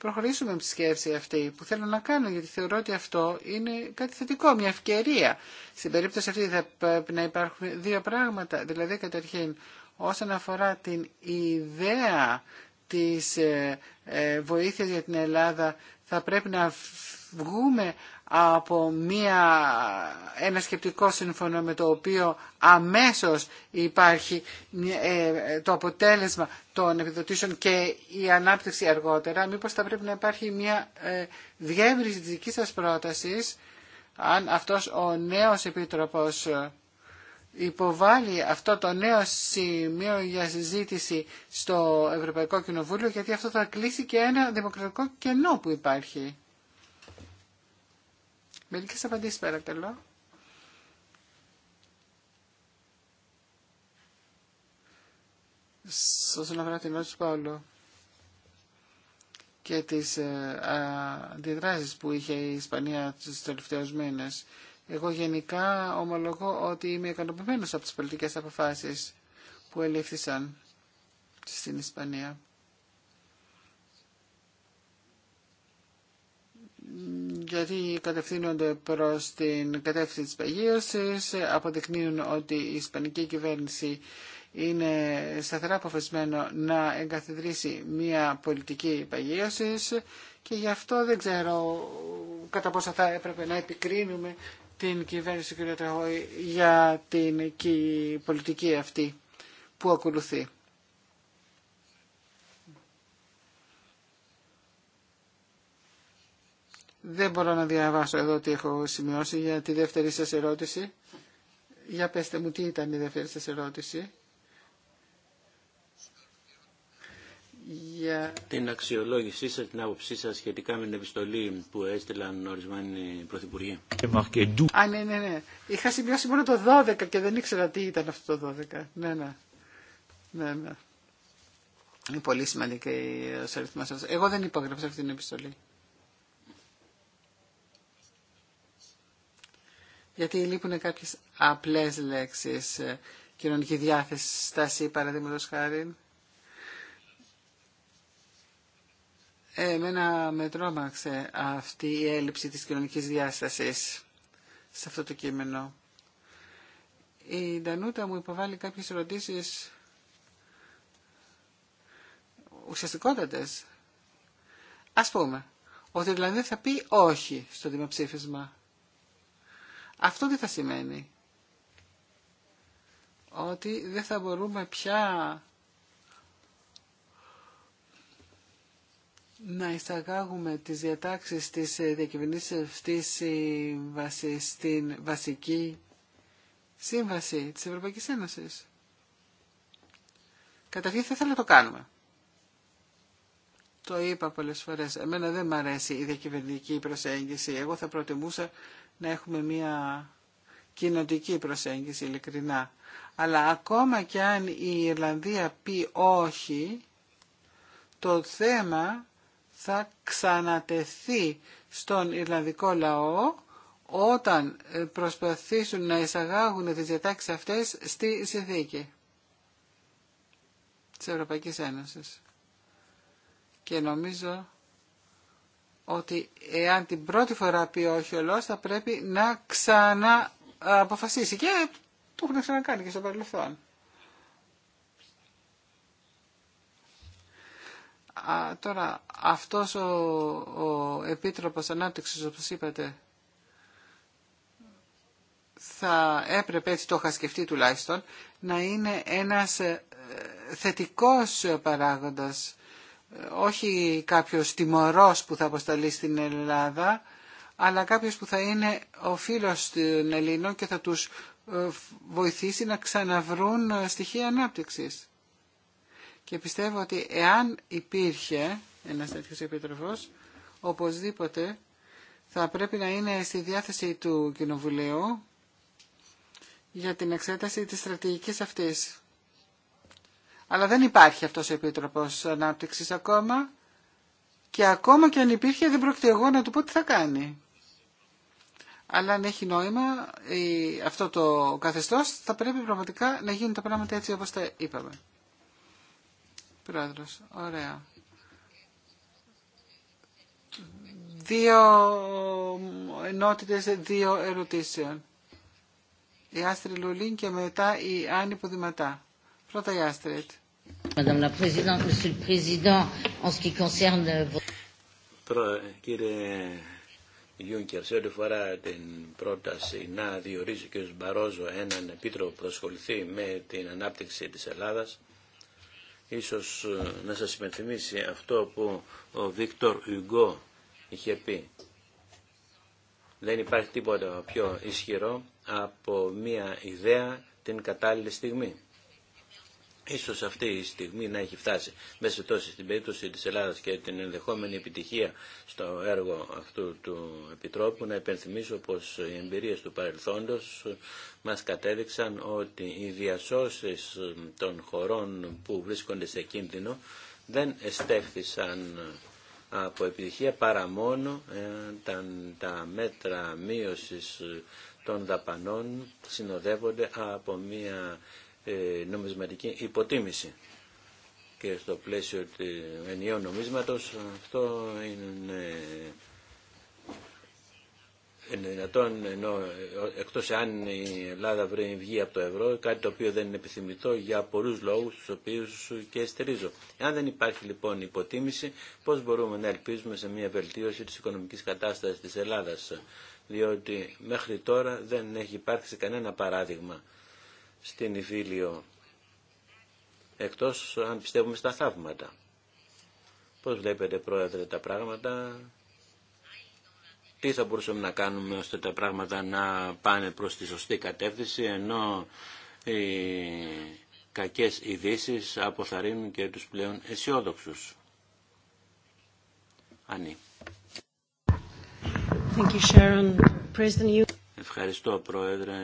προχωρήσουμε με τη σκέψη αυτή που θέλω να κάνω, γιατί θεωρώ ότι αυτό είναι κάτι θετικό, μια ευκαιρία. Στην περίπτωση αυτή θα πρέπει να υπάρχουν δύο πράγματα. Δηλαδή, καταρχήν, όσον αφορά την ιδέα της ε, ε, βοήθειας για την Ελλάδα, θα πρέπει να βγούμε από μια, ένα σκεπτικό σύμφωνο με το οποίο αμέσως υπάρχει ε, το αποτέλεσμα των επιδοτήσεων και η ανάπτυξη αργότερα, μήπως θα πρέπει να υπάρχει μια ε, διεύρυνση της δικής σας πρότασης αν αυτός ο νέος επίτροπος ε, υποβάλλει αυτό το νέο σημείο για συζήτηση στο Ευρωπαϊκό Κοινοβούλιο γιατί αυτό θα κλείσει και ένα δημοκρατικό κενό που υπάρχει. Μερικέ απαντήσει παρακαλώ. Όσον αφορά την ερώτηση του Παύλου και τι ε, που είχε η Ισπανία τους τελευταίου μήνες, εγώ γενικά ομολογώ ότι είμαι ικανοποιημένο από τι πολιτικέ αποφάσει που ελήφθησαν στην Ισπανία. γιατί κατευθύνονται προς την κατεύθυνση της παγίωσης, αποδεικνύουν ότι η Ισπανική κυβέρνηση είναι σταθερά αποφασισμένο να εγκαθιδρύσει μια πολιτική παγίωσης και γι' αυτό δεν ξέρω κατά πόσο θα έπρεπε να επικρίνουμε την κυβέρνηση κ. Τραχώη για την πολιτική αυτή που ακολουθεί. Δεν μπορώ να διαβάσω εδώ τι έχω σημειώσει για τη δεύτερη σας ερώτηση. Για πέστε μου τι ήταν η δεύτερη σας ερώτηση. Για... Την αξιολόγησή σας, την άποψή σας σχετικά με την επιστολή που έστειλαν ορισμένοι πρωθυπουργοί. Α, ναι, ναι, ναι. Είχα σημειώσει μόνο το 12 και δεν ήξερα τι ήταν αυτό το 12. Ναι, ναι. ναι, ναι. Είναι πολύ σημαντική ο αριθμό σα. Εγώ δεν υπόγραψα αυτή την επιστολή. γιατί λείπουν κάποιες απλές λέξεις. Ε, κοινωνική διάθεση, στάση, παραδείγματος χάρη. Εμένα με τρόμαξε αυτή η έλλειψη της κοινωνικής διάστασης σε αυτό το κείμενο. Η Ντανούτα μου υποβάλλει κάποιες ερωτήσεις ουσιαστικότατες. Ας πούμε, ότι δηλαδή θα πει όχι στο δημοψήφισμα. Αυτό τι θα σημαίνει. Ότι δεν θα μπορούμε πια να εισαγάγουμε τις διατάξεις της διακυβερνήσεως αυτής στην βασική σύμβαση της Ευρωπαϊκής Ένωσης. Καταρχήν θα ήθελα να το κάνουμε. Το είπα πολλές φορές. Εμένα δεν μ' αρέσει η διακυβερνητική προσέγγιση. Εγώ θα προτιμούσα να έχουμε μια κοινοτική προσέγγιση ειλικρινά. Αλλά ακόμα και αν η Ιρλανδία πει όχι, το θέμα θα ξανατεθεί στον Ιρλανδικό λαό όταν προσπαθήσουν να εισαγάγουν τις διατάξεις αυτές στη συνθήκη της Ευρωπαϊκής Ένωσης. Και νομίζω ότι εάν την πρώτη φορά πει όχι ολό θα πρέπει να ξανααποφασίσει και το έχουν ξανακάνει και στο παρελθόν. Α, τώρα, αυτός ο, ο Επίτροπος Ανάπτυξης, όπως είπατε, θα έπρεπε, έτσι το είχα σκεφτεί τουλάχιστον, να είναι ένας ε, θετικός παράγοντας όχι κάποιος τιμωρός που θα αποσταλεί στην Ελλάδα, αλλά κάποιος που θα είναι ο φίλος των Ελλήνων και θα τους ε, βοηθήσει να ξαναβρούν ε, στοιχεία ανάπτυξης. Και πιστεύω ότι εάν υπήρχε ένας τέτοιος επίτροφος, οπωσδήποτε θα πρέπει να είναι στη διάθεση του Κοινοβουλίου για την εξέταση της στρατηγικής αυτής. Αλλά δεν υπάρχει αυτός ο Επίτροπος Ανάπτυξης ακόμα και ακόμα και αν υπήρχε δεν πρόκειται εγώ να του πω τι θα κάνει. Αλλά αν έχει νόημα αυτό το καθεστώς θα πρέπει πραγματικά να γίνουν τα πράγματα έτσι όπως τα είπαμε. Πρόεδρος, ωραία. Δύο ενότητες, δύο ερωτήσεων. Η Άστρη Λουλίν και μετά η Άννη Ποδηματά. Πρώτα η Άστρετ. Κύριε Γιούνκερ, σε ό,τι φορά την πρόταση να διορίζει ο κ. Μπαρόζο έναν επίτροπο που με την ανάπτυξη της Ελλάδας, ίσως ε, να σας υπενθυμίσει αυτό που ο Βίκτορ Ουγκό είχε πει. Δεν υπάρχει τίποτα πιο ισχυρό από μία ιδέα την κατάλληλη στιγμή. Ίσως αυτή η στιγμή να έχει φτάσει. Μέσα τόσο στην περίπτωση της Ελλάδας και την ενδεχόμενη επιτυχία στο έργο αυτού του Επιτρόπου να υπενθυμίσω πως οι εμπειρίες του παρελθόντος μας κατέδειξαν ότι οι διασώσεις των χωρών που βρίσκονται σε κίνδυνο δεν εστέφθησαν από επιτυχία παρά μόνο ε, τα μέτρα μείωσης των δαπανών συνοδεύονται από μια ε, νομισματική υποτίμηση. Και στο πλαίσιο του ενιαίου νομίσματος αυτό είναι είναι δυνατόν, ενώ, εκτός αν η Ελλάδα βρει βγει από το ευρώ, κάτι το οποίο δεν είναι επιθυμητό για πολλούς λόγους, τους οποίους και στηρίζω. Αν δεν υπάρχει λοιπόν υποτίμηση, πώς μπορούμε να ελπίζουμε σε μια βελτίωση της οικονομικής κατάστασης της Ελλάδας, διότι μέχρι τώρα δεν έχει υπάρξει κανένα παράδειγμα στην Ιβίλιο εκτός αν πιστεύουμε στα θαύματα. Πώς βλέπετε πρόεδρε τα πράγματα, τι θα μπορούσαμε να κάνουμε ώστε τα πράγματα να πάνε προς τη σωστή κατεύθυνση ενώ οι κακές ειδήσει αποθαρρύνουν και τους πλέον αισιόδοξου. Ανή. Ευχαριστώ Πρόεδρε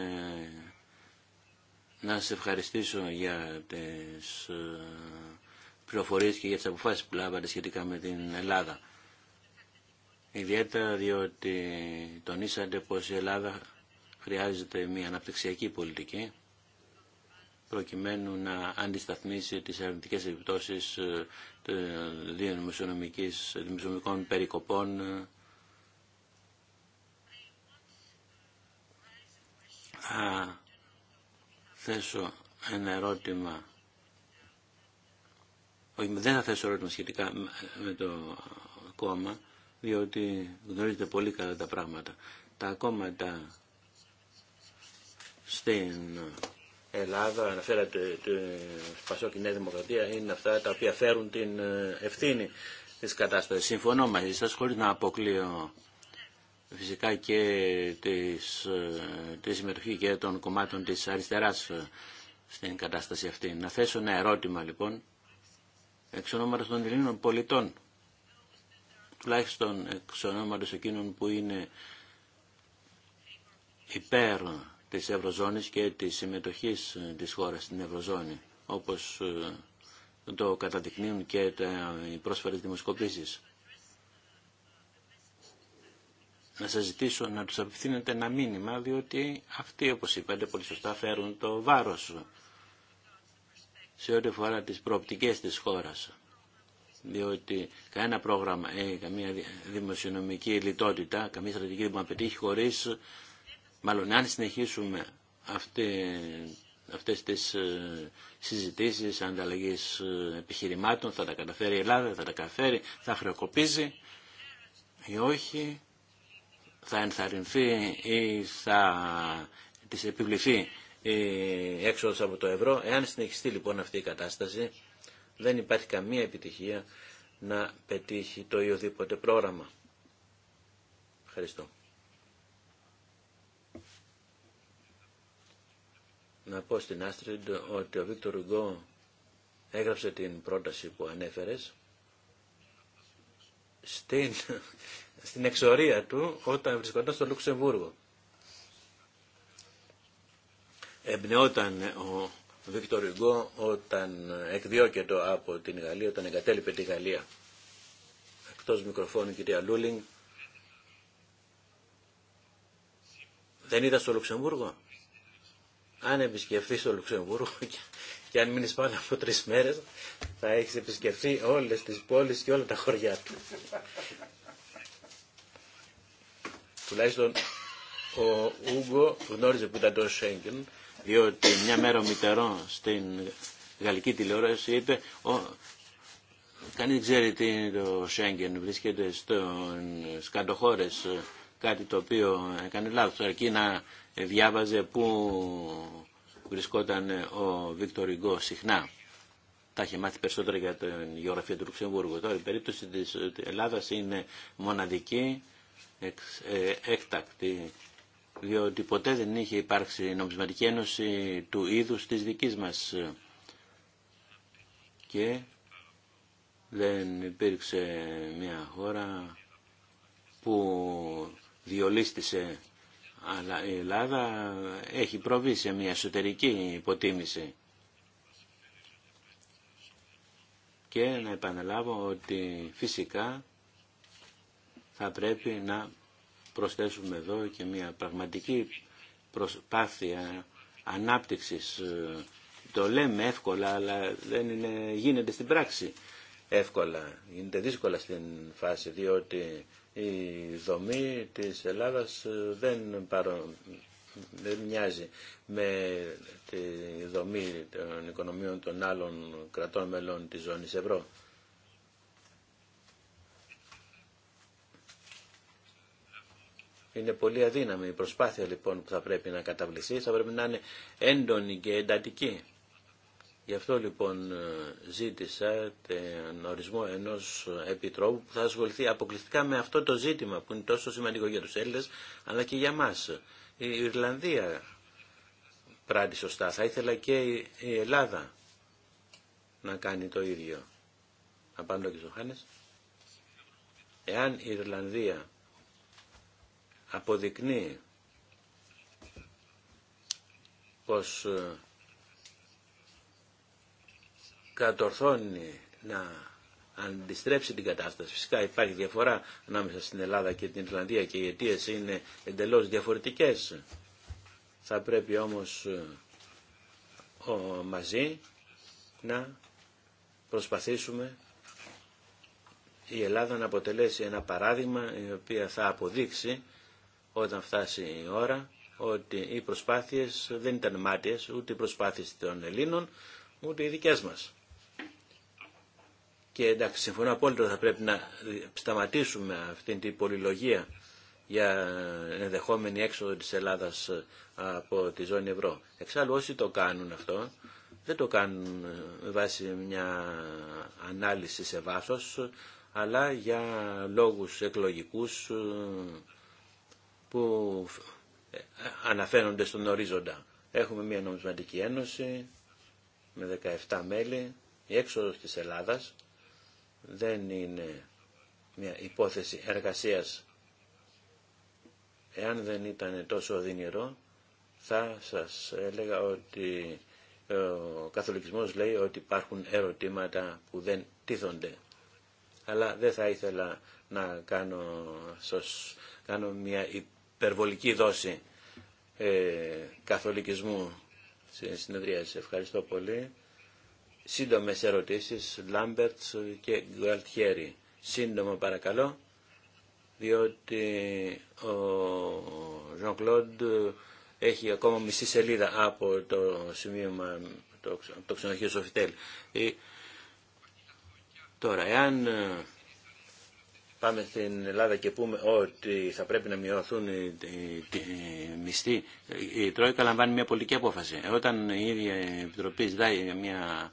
να σε ευχαριστήσω για τις ε, πληροφορίες και για τις αποφάσεις που λάβατε σχετικά με την Ελλάδα. Ιδιαίτερα διότι τονίσατε πως η Ελλάδα χρειάζεται μια αναπτυξιακή πολιτική προκειμένου να αντισταθμίσει τις αρνητικές επιπτώσεις ε, των δημοσιονομικών περικοπών ε, Α, θέσω ένα ερώτημα. Όχι, δεν θα θέσω ερώτημα σχετικά με το κόμμα, διότι γνωρίζετε πολύ καλά τα πράγματα. Τα κόμματα στην Ελλάδα, αναφέρατε το Πασόκη η Νέα Δημοκρατία, είναι αυτά τα οποία φέρουν την ε, ευθύνη της κατάστασης. Συμφωνώ μαζί σας, χωρίς να αποκλείω φυσικά και της, τη συμμετοχή και των κομμάτων της αριστεράς στην κατάσταση αυτή. Να θέσω ένα ερώτημα λοιπόν εξ ονόματος των Ελλήνων πολιτών τουλάχιστον εξ ονόματος εκείνων που είναι υπέρ της Ευρωζώνης και της συμμετοχής της χώρας στην Ευρωζώνη όπως το καταδεικνύουν και οι πρόσφαρες να σας ζητήσω να τους απευθύνετε ένα μήνυμα, διότι αυτοί, όπως είπατε, πολύ σωστά φέρουν το βάρος σε ό,τι αφορά τις προοπτικές της χώρας. Διότι κανένα πρόγραμμα ή ε, καμία δημοσιονομική λιτότητα, καμία στρατηγική δεν να πετύχει χωρίς, μάλλον αν συνεχίσουμε αυτή, αυτές τις ε, συζητήσεις ανταλλαγής ε, επιχειρημάτων, θα τα καταφέρει η Ελλάδα, θα τα καταφέρει, θα χρεοκοπίζει ή όχι θα ενθαρρυνθεί ή θα της επιβληθεί η έξοδος από το ευρώ. Εάν συνεχιστεί λοιπόν αυτή η κατάσταση, δεν υπάρχει καμία επιτυχία να πετύχει το οποιοδήποτε πρόγραμμα. Ευχαριστώ. Να πω στην Άστριντ ότι ο Βίκτορ Ουγκό έγραψε την πρόταση που ανέφερες στην στην εξορία του όταν βρισκόταν στο Λουξεμβούργο. Εμπνεόταν ο Βίκτορ Ιγκό όταν εκδιώκεται από την Γαλλία, όταν εγκατέλειπε τη Γαλλία. Εκτός μικροφώνου κυρία Λούλινγκ. Δεν ήταν στο Λουξεμβούργο. Αν επισκεφθεί στο Λουξεμβούργο [LAUGHS] και αν μείνει πάνω από τρει μέρε, θα έχει επισκεφθεί όλε τι πόλει και όλα τα χωριά του. Τουλάχιστον ο Ούγκο γνώριζε που ήταν το Σέγγεν, διότι μια μέρα ο Μητερό στην γαλλική τηλεόραση είπε ο, κανείς δεν ξέρει τι είναι το Σέγγεν, βρίσκεται στις καντοχώρες, κάτι το οποίο έκανε λάθος, αρκεί να διάβαζε που βρισκόταν ο Βίκτορ Ιγκό συχνά. Τα είχε μάθει περισσότερα για την γεωγραφία του Λουξεμβούργου. Τώρα η περίπτωση της Ελλάδας είναι μοναδική ε, έκτακτη, διότι ποτέ δεν είχε υπάρξει νομισματική ένωση του είδους της δικής μας και δεν υπήρξε μια χώρα που διολίστησε αλλά η Ελλάδα έχει προβεί σε μια εσωτερική υποτίμηση. Και να επαναλάβω ότι φυσικά θα πρέπει να προσθέσουμε εδώ και μια πραγματική προσπάθεια ανάπτυξης. Ε, το λέμε εύκολα, αλλά δεν είναι, γίνεται στην πράξη εύκολα. Γίνεται δύσκολα στην φάση, διότι η δομή της Ελλάδας ε, δεν, παρο... δεν μοιάζει με τη δομή των οικονομίων των άλλων κρατών μελών της ζώνης ευρώ. Είναι πολύ αδύναμη η προσπάθεια λοιπόν που θα πρέπει να καταβληθεί, θα πρέπει να είναι έντονη και εντατική. Γι' αυτό λοιπόν ζήτησα τον ορισμό ενός επιτρόπου που θα ασχοληθεί αποκλειστικά με αυτό το ζήτημα που είναι τόσο σημαντικό για τους Έλληνες αλλά και για μας. Η Ιρλανδία πράττει σωστά. Θα ήθελα και η Ελλάδα να κάνει το ίδιο. Απάντω και Ζωχάνες. Εάν η Ιρλανδία αποδεικνύει πως ε, κατορθώνει να αντιστρέψει την κατάσταση. Φυσικά υπάρχει διαφορά ανάμεσα στην Ελλάδα και την Ιρλανδία και οι αιτίες είναι εντελώς διαφορετικές. Θα πρέπει όμως ε, ο, μαζί να προσπαθήσουμε η Ελλάδα να αποτελέσει ένα παράδειγμα η οποία θα αποδείξει όταν φτάσει η ώρα ότι οι προσπάθειες δεν ήταν μάτιες, ούτε οι προσπάθειες των Ελλήνων, ούτε οι δικές μας. Και εντάξει, συμφωνώ απόλυτα θα πρέπει να σταματήσουμε αυτήν την πολυλογία για ενδεχόμενη έξοδο της Ελλάδας ε, από τη ζώνη ευρώ. Εξάλλου όσοι το κάνουν αυτό, δεν το κάνουν με βάση μια ανάλυση σε βάθος, αλλά για λόγους εκλογικούς ε, που αναφέρονται στον ορίζοντα. Έχουμε μια νομισματική ένωση με 17 μέλη. Η έξοδος της Ελλάδας δεν είναι μια υπόθεση εργασίας. Εάν δεν ήταν τόσο οδυνηρό, θα σας έλεγα ότι ε, ο καθολικισμός λέει ότι υπάρχουν ερωτήματα που δεν τίθονται. Αλλά δεν θα ήθελα να κάνω, σας κάνω μια υπερβολική δόση ε, καθολικισμού στην συνεδρία. σας. ευχαριστώ πολύ. Σύντομες ερωτήσεις, Λάμπερτ και Γκουαλτιέρη. Σύντομα παρακαλώ, διότι ο Ζων Κλοντ έχει ακόμα μισή σελίδα από το σημείο το, το ξενοδοχείο Σοφιτέλ. Ε, τώρα, εάν ε, πάμε στην Ελλάδα και πούμε ότι θα πρέπει να μειωθούν οι μισθοί, η Τρόικα λαμβάνει μια πολιτική απόφαση. Όταν η ίδια η Επιτροπή ζητάει για μια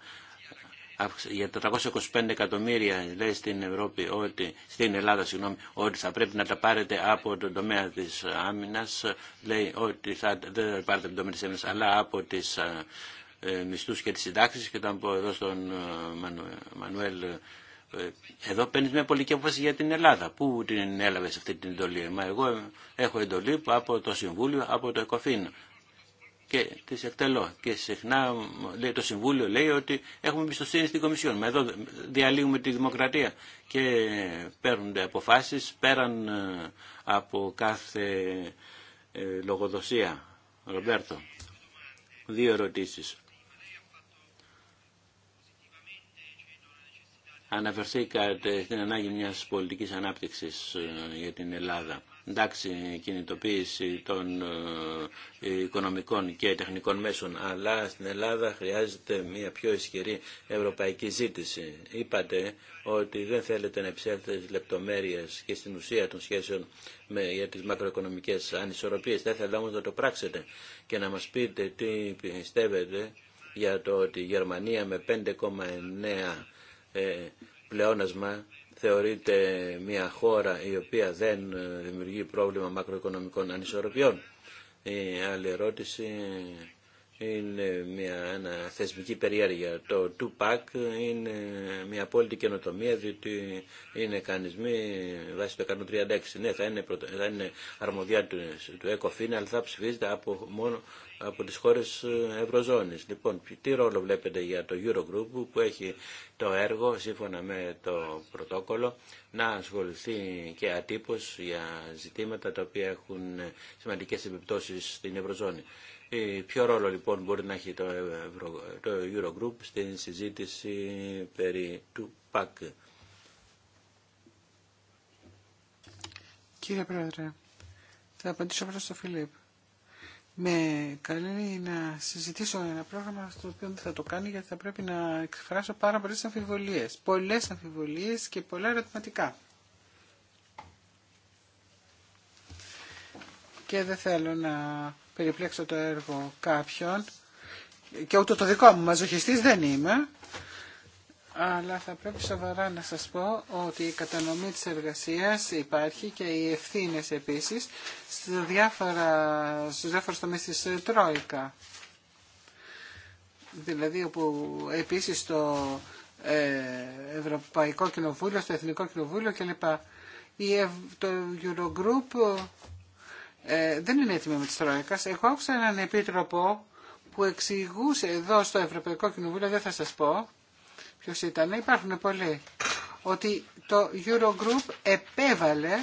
για 425 εκατομμύρια λέει στην Ευρώπη ότι, στην Ελλάδα συγγνώμη, ότι θα πρέπει να τα πάρετε από τον τομέα της άμυνας λέει ότι θα, δεν θα πάρετε από τον τομέα της άμυνας αλλά από τις ε, μισθούς και τι συντάξει. και όταν εδώ στον ε, Μανουέλ ε, εδώ παίρνει μια πολιτική απόφαση για την Ελλάδα. Πού την έλαβε αυτή την εντολή. Μα εγώ έχω εντολή από το Συμβούλιο, από το ΕΚΟΦΗΝ και τι εκτελώ. Και συχνά λέει, το Συμβούλιο λέει ότι έχουμε εμπιστοσύνη στην Κομισιόν. Μα εδώ διαλύουμε τη δημοκρατία και παίρνουν αποφάσει πέραν ε, από κάθε ε, λογοδοσία. Ρομπέρτο, δύο ερωτήσεις. Αναφερθήκατε στην ανάγκη μιας πολιτικής ανάπτυξης ε, για την Ελλάδα. Εντάξει, κινητοποίηση των ε, οικονομικών και τεχνικών μέσων, αλλά στην Ελλάδα χρειάζεται μια πιο ισχυρή ευρωπαϊκή ζήτηση. Είπατε ότι δεν θέλετε να επισέλθετε στις λεπτομέρειες και στην ουσία των σχέσεων με, για τις μακροοικονομικές ανισορροπίες. Θα ήθελα όμως να το πράξετε και να μας πείτε τι πιστεύετε για το ότι η Γερμανία με 5,9 ε, πλεόνασμα θεωρείται μια χώρα η οποία δεν ε, δημιουργεί πρόβλημα μακροοικονομικών ανισορροπιών. Η άλλη ερώτηση είναι μια θεσμική περιέργεια. Το 2PAC είναι μια απόλυτη καινοτομία διότι είναι κανισμή βάσει το 136. Ναι, θα είναι, θα αρμοδιά του, του αλλά θα ψηφίζεται από μόνο από τις χώρες ε, Ευρωζώνης. Λοιπόν, τι ρόλο βλέπετε για το Eurogroup που έχει το έργο, σύμφωνα με το πρωτόκολλο, να ασχοληθεί και ατύπως για ζητήματα τα οποία έχουν ε, σημαντικές επιπτώσεις στην Ευρωζώνη. Ε, ποιο ρόλο λοιπόν μπορεί να έχει το, Eurogroup στην συζήτηση περί του ΠΑΚ. Κύριε Πρόεδρε, θα απαντήσω πρώτα στο Φιλίπ με καλεί να συζητήσω ένα πρόγραμμα στο οποίο δεν θα το κάνει γιατί θα πρέπει να εκφράσω πάρα πολλές αμφιβολίες. Πολλές αμφιβολίες και πολλά ερωτηματικά. Και δεν θέλω να περιπλέξω το έργο κάποιον και ούτε το δικό μου μαζοχιστής δεν είμαι αλλά θα πρέπει σοβαρά να σας πω ότι η κατανομή της εργασίας υπάρχει και οι ευθύνε επίσης στους διάφορα, στους διάφορους τομείς της ε, Τρόικα. Δηλαδή όπου επίσης το ε, Ευρωπαϊκό Κοινοβούλιο, στο Εθνικό Κοινοβούλιο κλπ. Το Eurogroup ε, δεν είναι έτοιμο με τις Τρόικας. Εγώ άκουσα έναν επίτροπο που εξηγούσε εδώ στο Ευρωπαϊκό Κοινοβούλιο, δεν θα σας πω, ποιος ήταν, υπάρχουν πολλοί, ότι το Eurogroup επέβαλε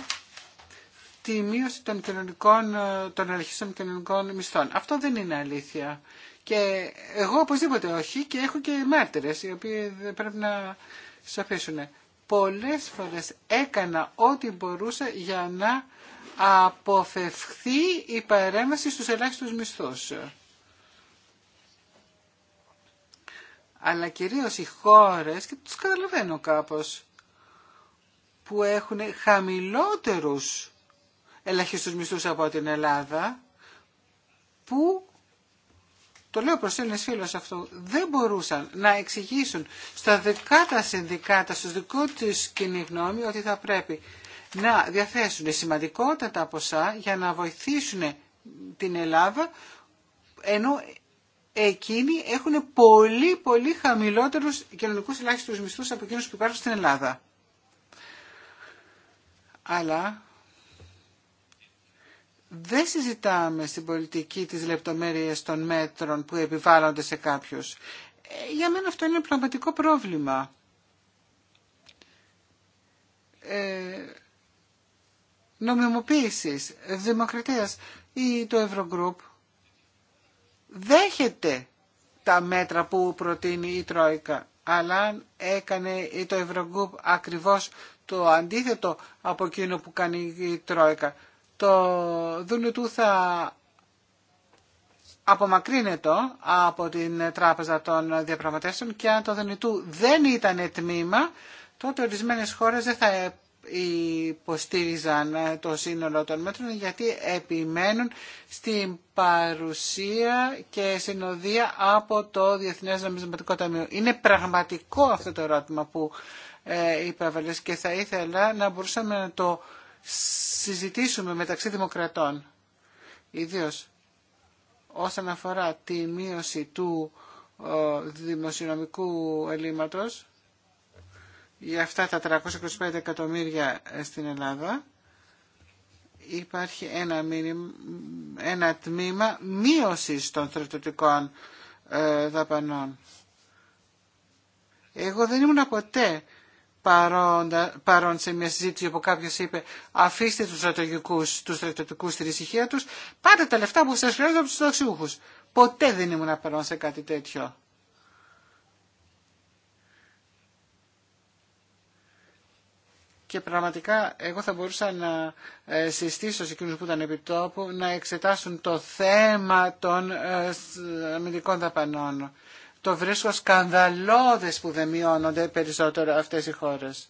τη μείωση των, κοινωνικών, των κοινωνικών μισθών. Αυτό δεν είναι αλήθεια. Και εγώ οπωσδήποτε όχι και έχω και μάρτυρες οι οποίοι δεν πρέπει να αφήσουν. Πολλές φορές έκανα ό,τι μπορούσα για να αποφευχθεί η παρέμβαση στους ελάχιστους μισθούς. αλλά κυρίως οι χώρες, και τους καταλαβαίνω κάπως, που έχουν χαμηλότερους ελαχίστους μισθούς από την Ελλάδα, που, το λέω προς Έλληνες φίλος αυτό, δεν μπορούσαν να εξηγήσουν στα δεκάτα τα συνδικάτα, στους δικό τους κοινή γνώμη, ότι θα πρέπει να διαθέσουν σημαντικότατα ποσά για να βοηθήσουν την Ελλάδα, ενώ εκείνοι έχουν πολύ πολύ χαμηλότερους κοινωνικούς ελάχιστους μισθούς από εκείνους που υπάρχουν στην Ελλάδα. Αλλά δεν συζητάμε στην πολιτική τις λεπτομέρειες των μέτρων που επιβάλλονται σε κάποιους. Ε, για μένα αυτό είναι πραγματικό πρόβλημα. Ε, νομιμοποίησης, δημοκρατίας ή το Eurogroup δέχεται τα μέτρα που προτείνει η Τρόικα. Αλλά αν έκανε το Ευρωγκουπ ακριβώς το αντίθετο από εκείνο που κάνει η Τρόικα, το δούνιο θα απομακρύνεται από την τράπεζα των διαπραγματεύσεων και αν το δονητού δεν ήταν τμήμα, τότε ορισμένες χώρες δεν θα υποστήριζαν ε, το σύνολο των μέτρων γιατί επιμένουν στην παρουσία και συνοδεία από το Διεθνές Νομισματικό Ταμείο. Είναι πραγματικό αυτό το ερώτημα που ε, υπέβαλες και θα ήθελα να μπορούσαμε να το συζητήσουμε μεταξύ δημοκρατών. Ιδίως όσον αφορά τη μείωση του ε, δημοσιονομικού ελλείμματος για αυτά τα 325 εκατομμύρια ε, στην Ελλάδα υπάρχει ένα, μήνυμα, ένα τμήμα μείωσης των στρατιωτικών ε, δαπανών. Εγώ δεν ήμουν ποτέ παρόντα, παρόν σε μια συζήτηση όπου κάποιος είπε αφήστε τους στρατιωτικούς, τους στρατιωτικούς στη ρησυχία τους, πάτε τα λεφτά που σας χρειάζονται από τους δοξιούχους. Ποτέ δεν ήμουν παρόν σε κάτι τέτοιο. και πραγματικά εγώ θα μπορούσα να ε, συστήσω σε εκείνους που ήταν επί τόπου να εξετάσουν το θέμα των ε, αμυντικών δαπανών. Το βρίσκω σκανδαλώδες που δεν μειώνονται περισσότερο αυτές οι χώρες.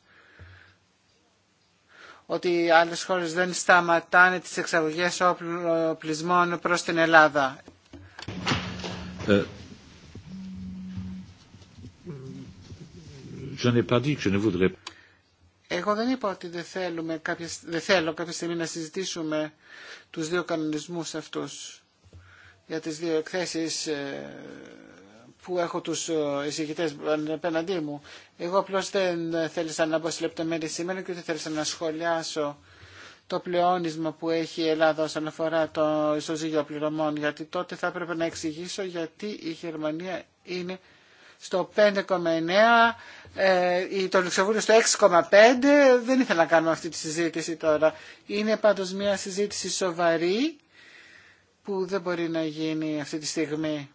Ότι οι άλλες χώρες δεν σταματάνε τις εξαγωγές οπλισμών προς την Ελλάδα. Ε, je εγώ δεν είπα ότι δεν, θέλουμε κάποια, θέλω κάποια στιγμή να συζητήσουμε τους δύο κανονισμούς αυτούς για τις δύο εκθέσεις ε, που έχω τους ε, εισηγητές απέναντί μου. Εγώ απλώς δεν θέλησα να μπω σε λεπτομέρειες σήμερα και δεν θέλησα να σχολιάσω το πλεόνισμα που έχει η Ελλάδα όσον αφορά το ισοζύγιο πληρωμών, γιατί τότε θα έπρεπε να εξηγήσω γιατί η Γερμανία είναι στο 5,9 ε, το Λουξεμβούργο στο 6,5 δεν ήθελα να κάνω αυτή τη συζήτηση τώρα. Είναι πάντως μια συζήτηση σοβαρή που δεν μπορεί να γίνει αυτή τη στιγμή.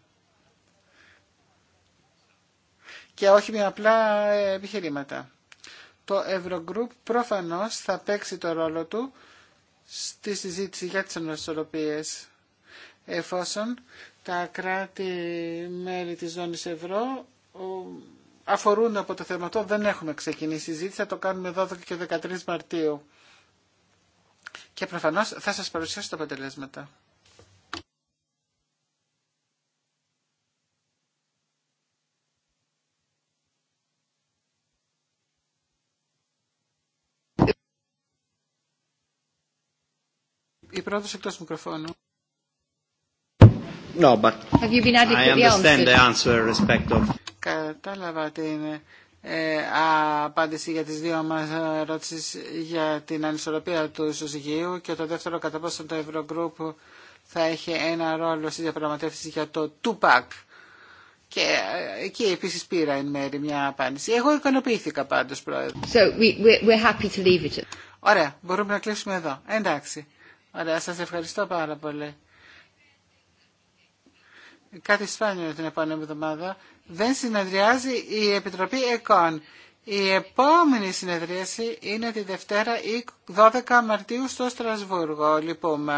Και όχι με απλά ε, επιχειρήματα. Το Eurogroup προφανώς θα παίξει το ρόλο του στη συζήτηση για τις ανοσορροπίες εφόσον τα κράτη-μέλη της ζώνης ευρώ αφορούν από το θέμα Δεν έχουμε ξεκινήσει συζήτηση, θα το κάνουμε 12 και 13 Μαρτίου. Και προφανώς θα σας παρουσιάσω τα αποτελέσματα. Η πρόταση εκτός μικροφώνου. Κατάλαβα την ε, απάντηση για τις δύο μας ερώτησεις για την ανισορροπία του ισοζυγίου και το δεύτερο κατά πόσο το Ευρωγκρουπ θα έχει ένα ρόλο στη διαπραγματεύσεις για το Tupac. Και ε, εκεί επίσης πήρα εν μέρη μια απάντηση. Εγώ ικανοποιήθηκα πάντως, Πρόεδρε. So we, we're happy to leave it. Ωραία, μπορούμε να κλείσουμε εδώ. Εντάξει. Ωραία, σας ευχαριστώ πάρα πολύ κάτι σπάνιο την επόμενη εβδομάδα, δεν συνεδριάζει η Επιτροπή ΕΚΟΝ. Η επόμενη συνεδρίαση είναι τη Δευτέρα 12 Μαρτίου στο Στρασβούργο. λοιπόν.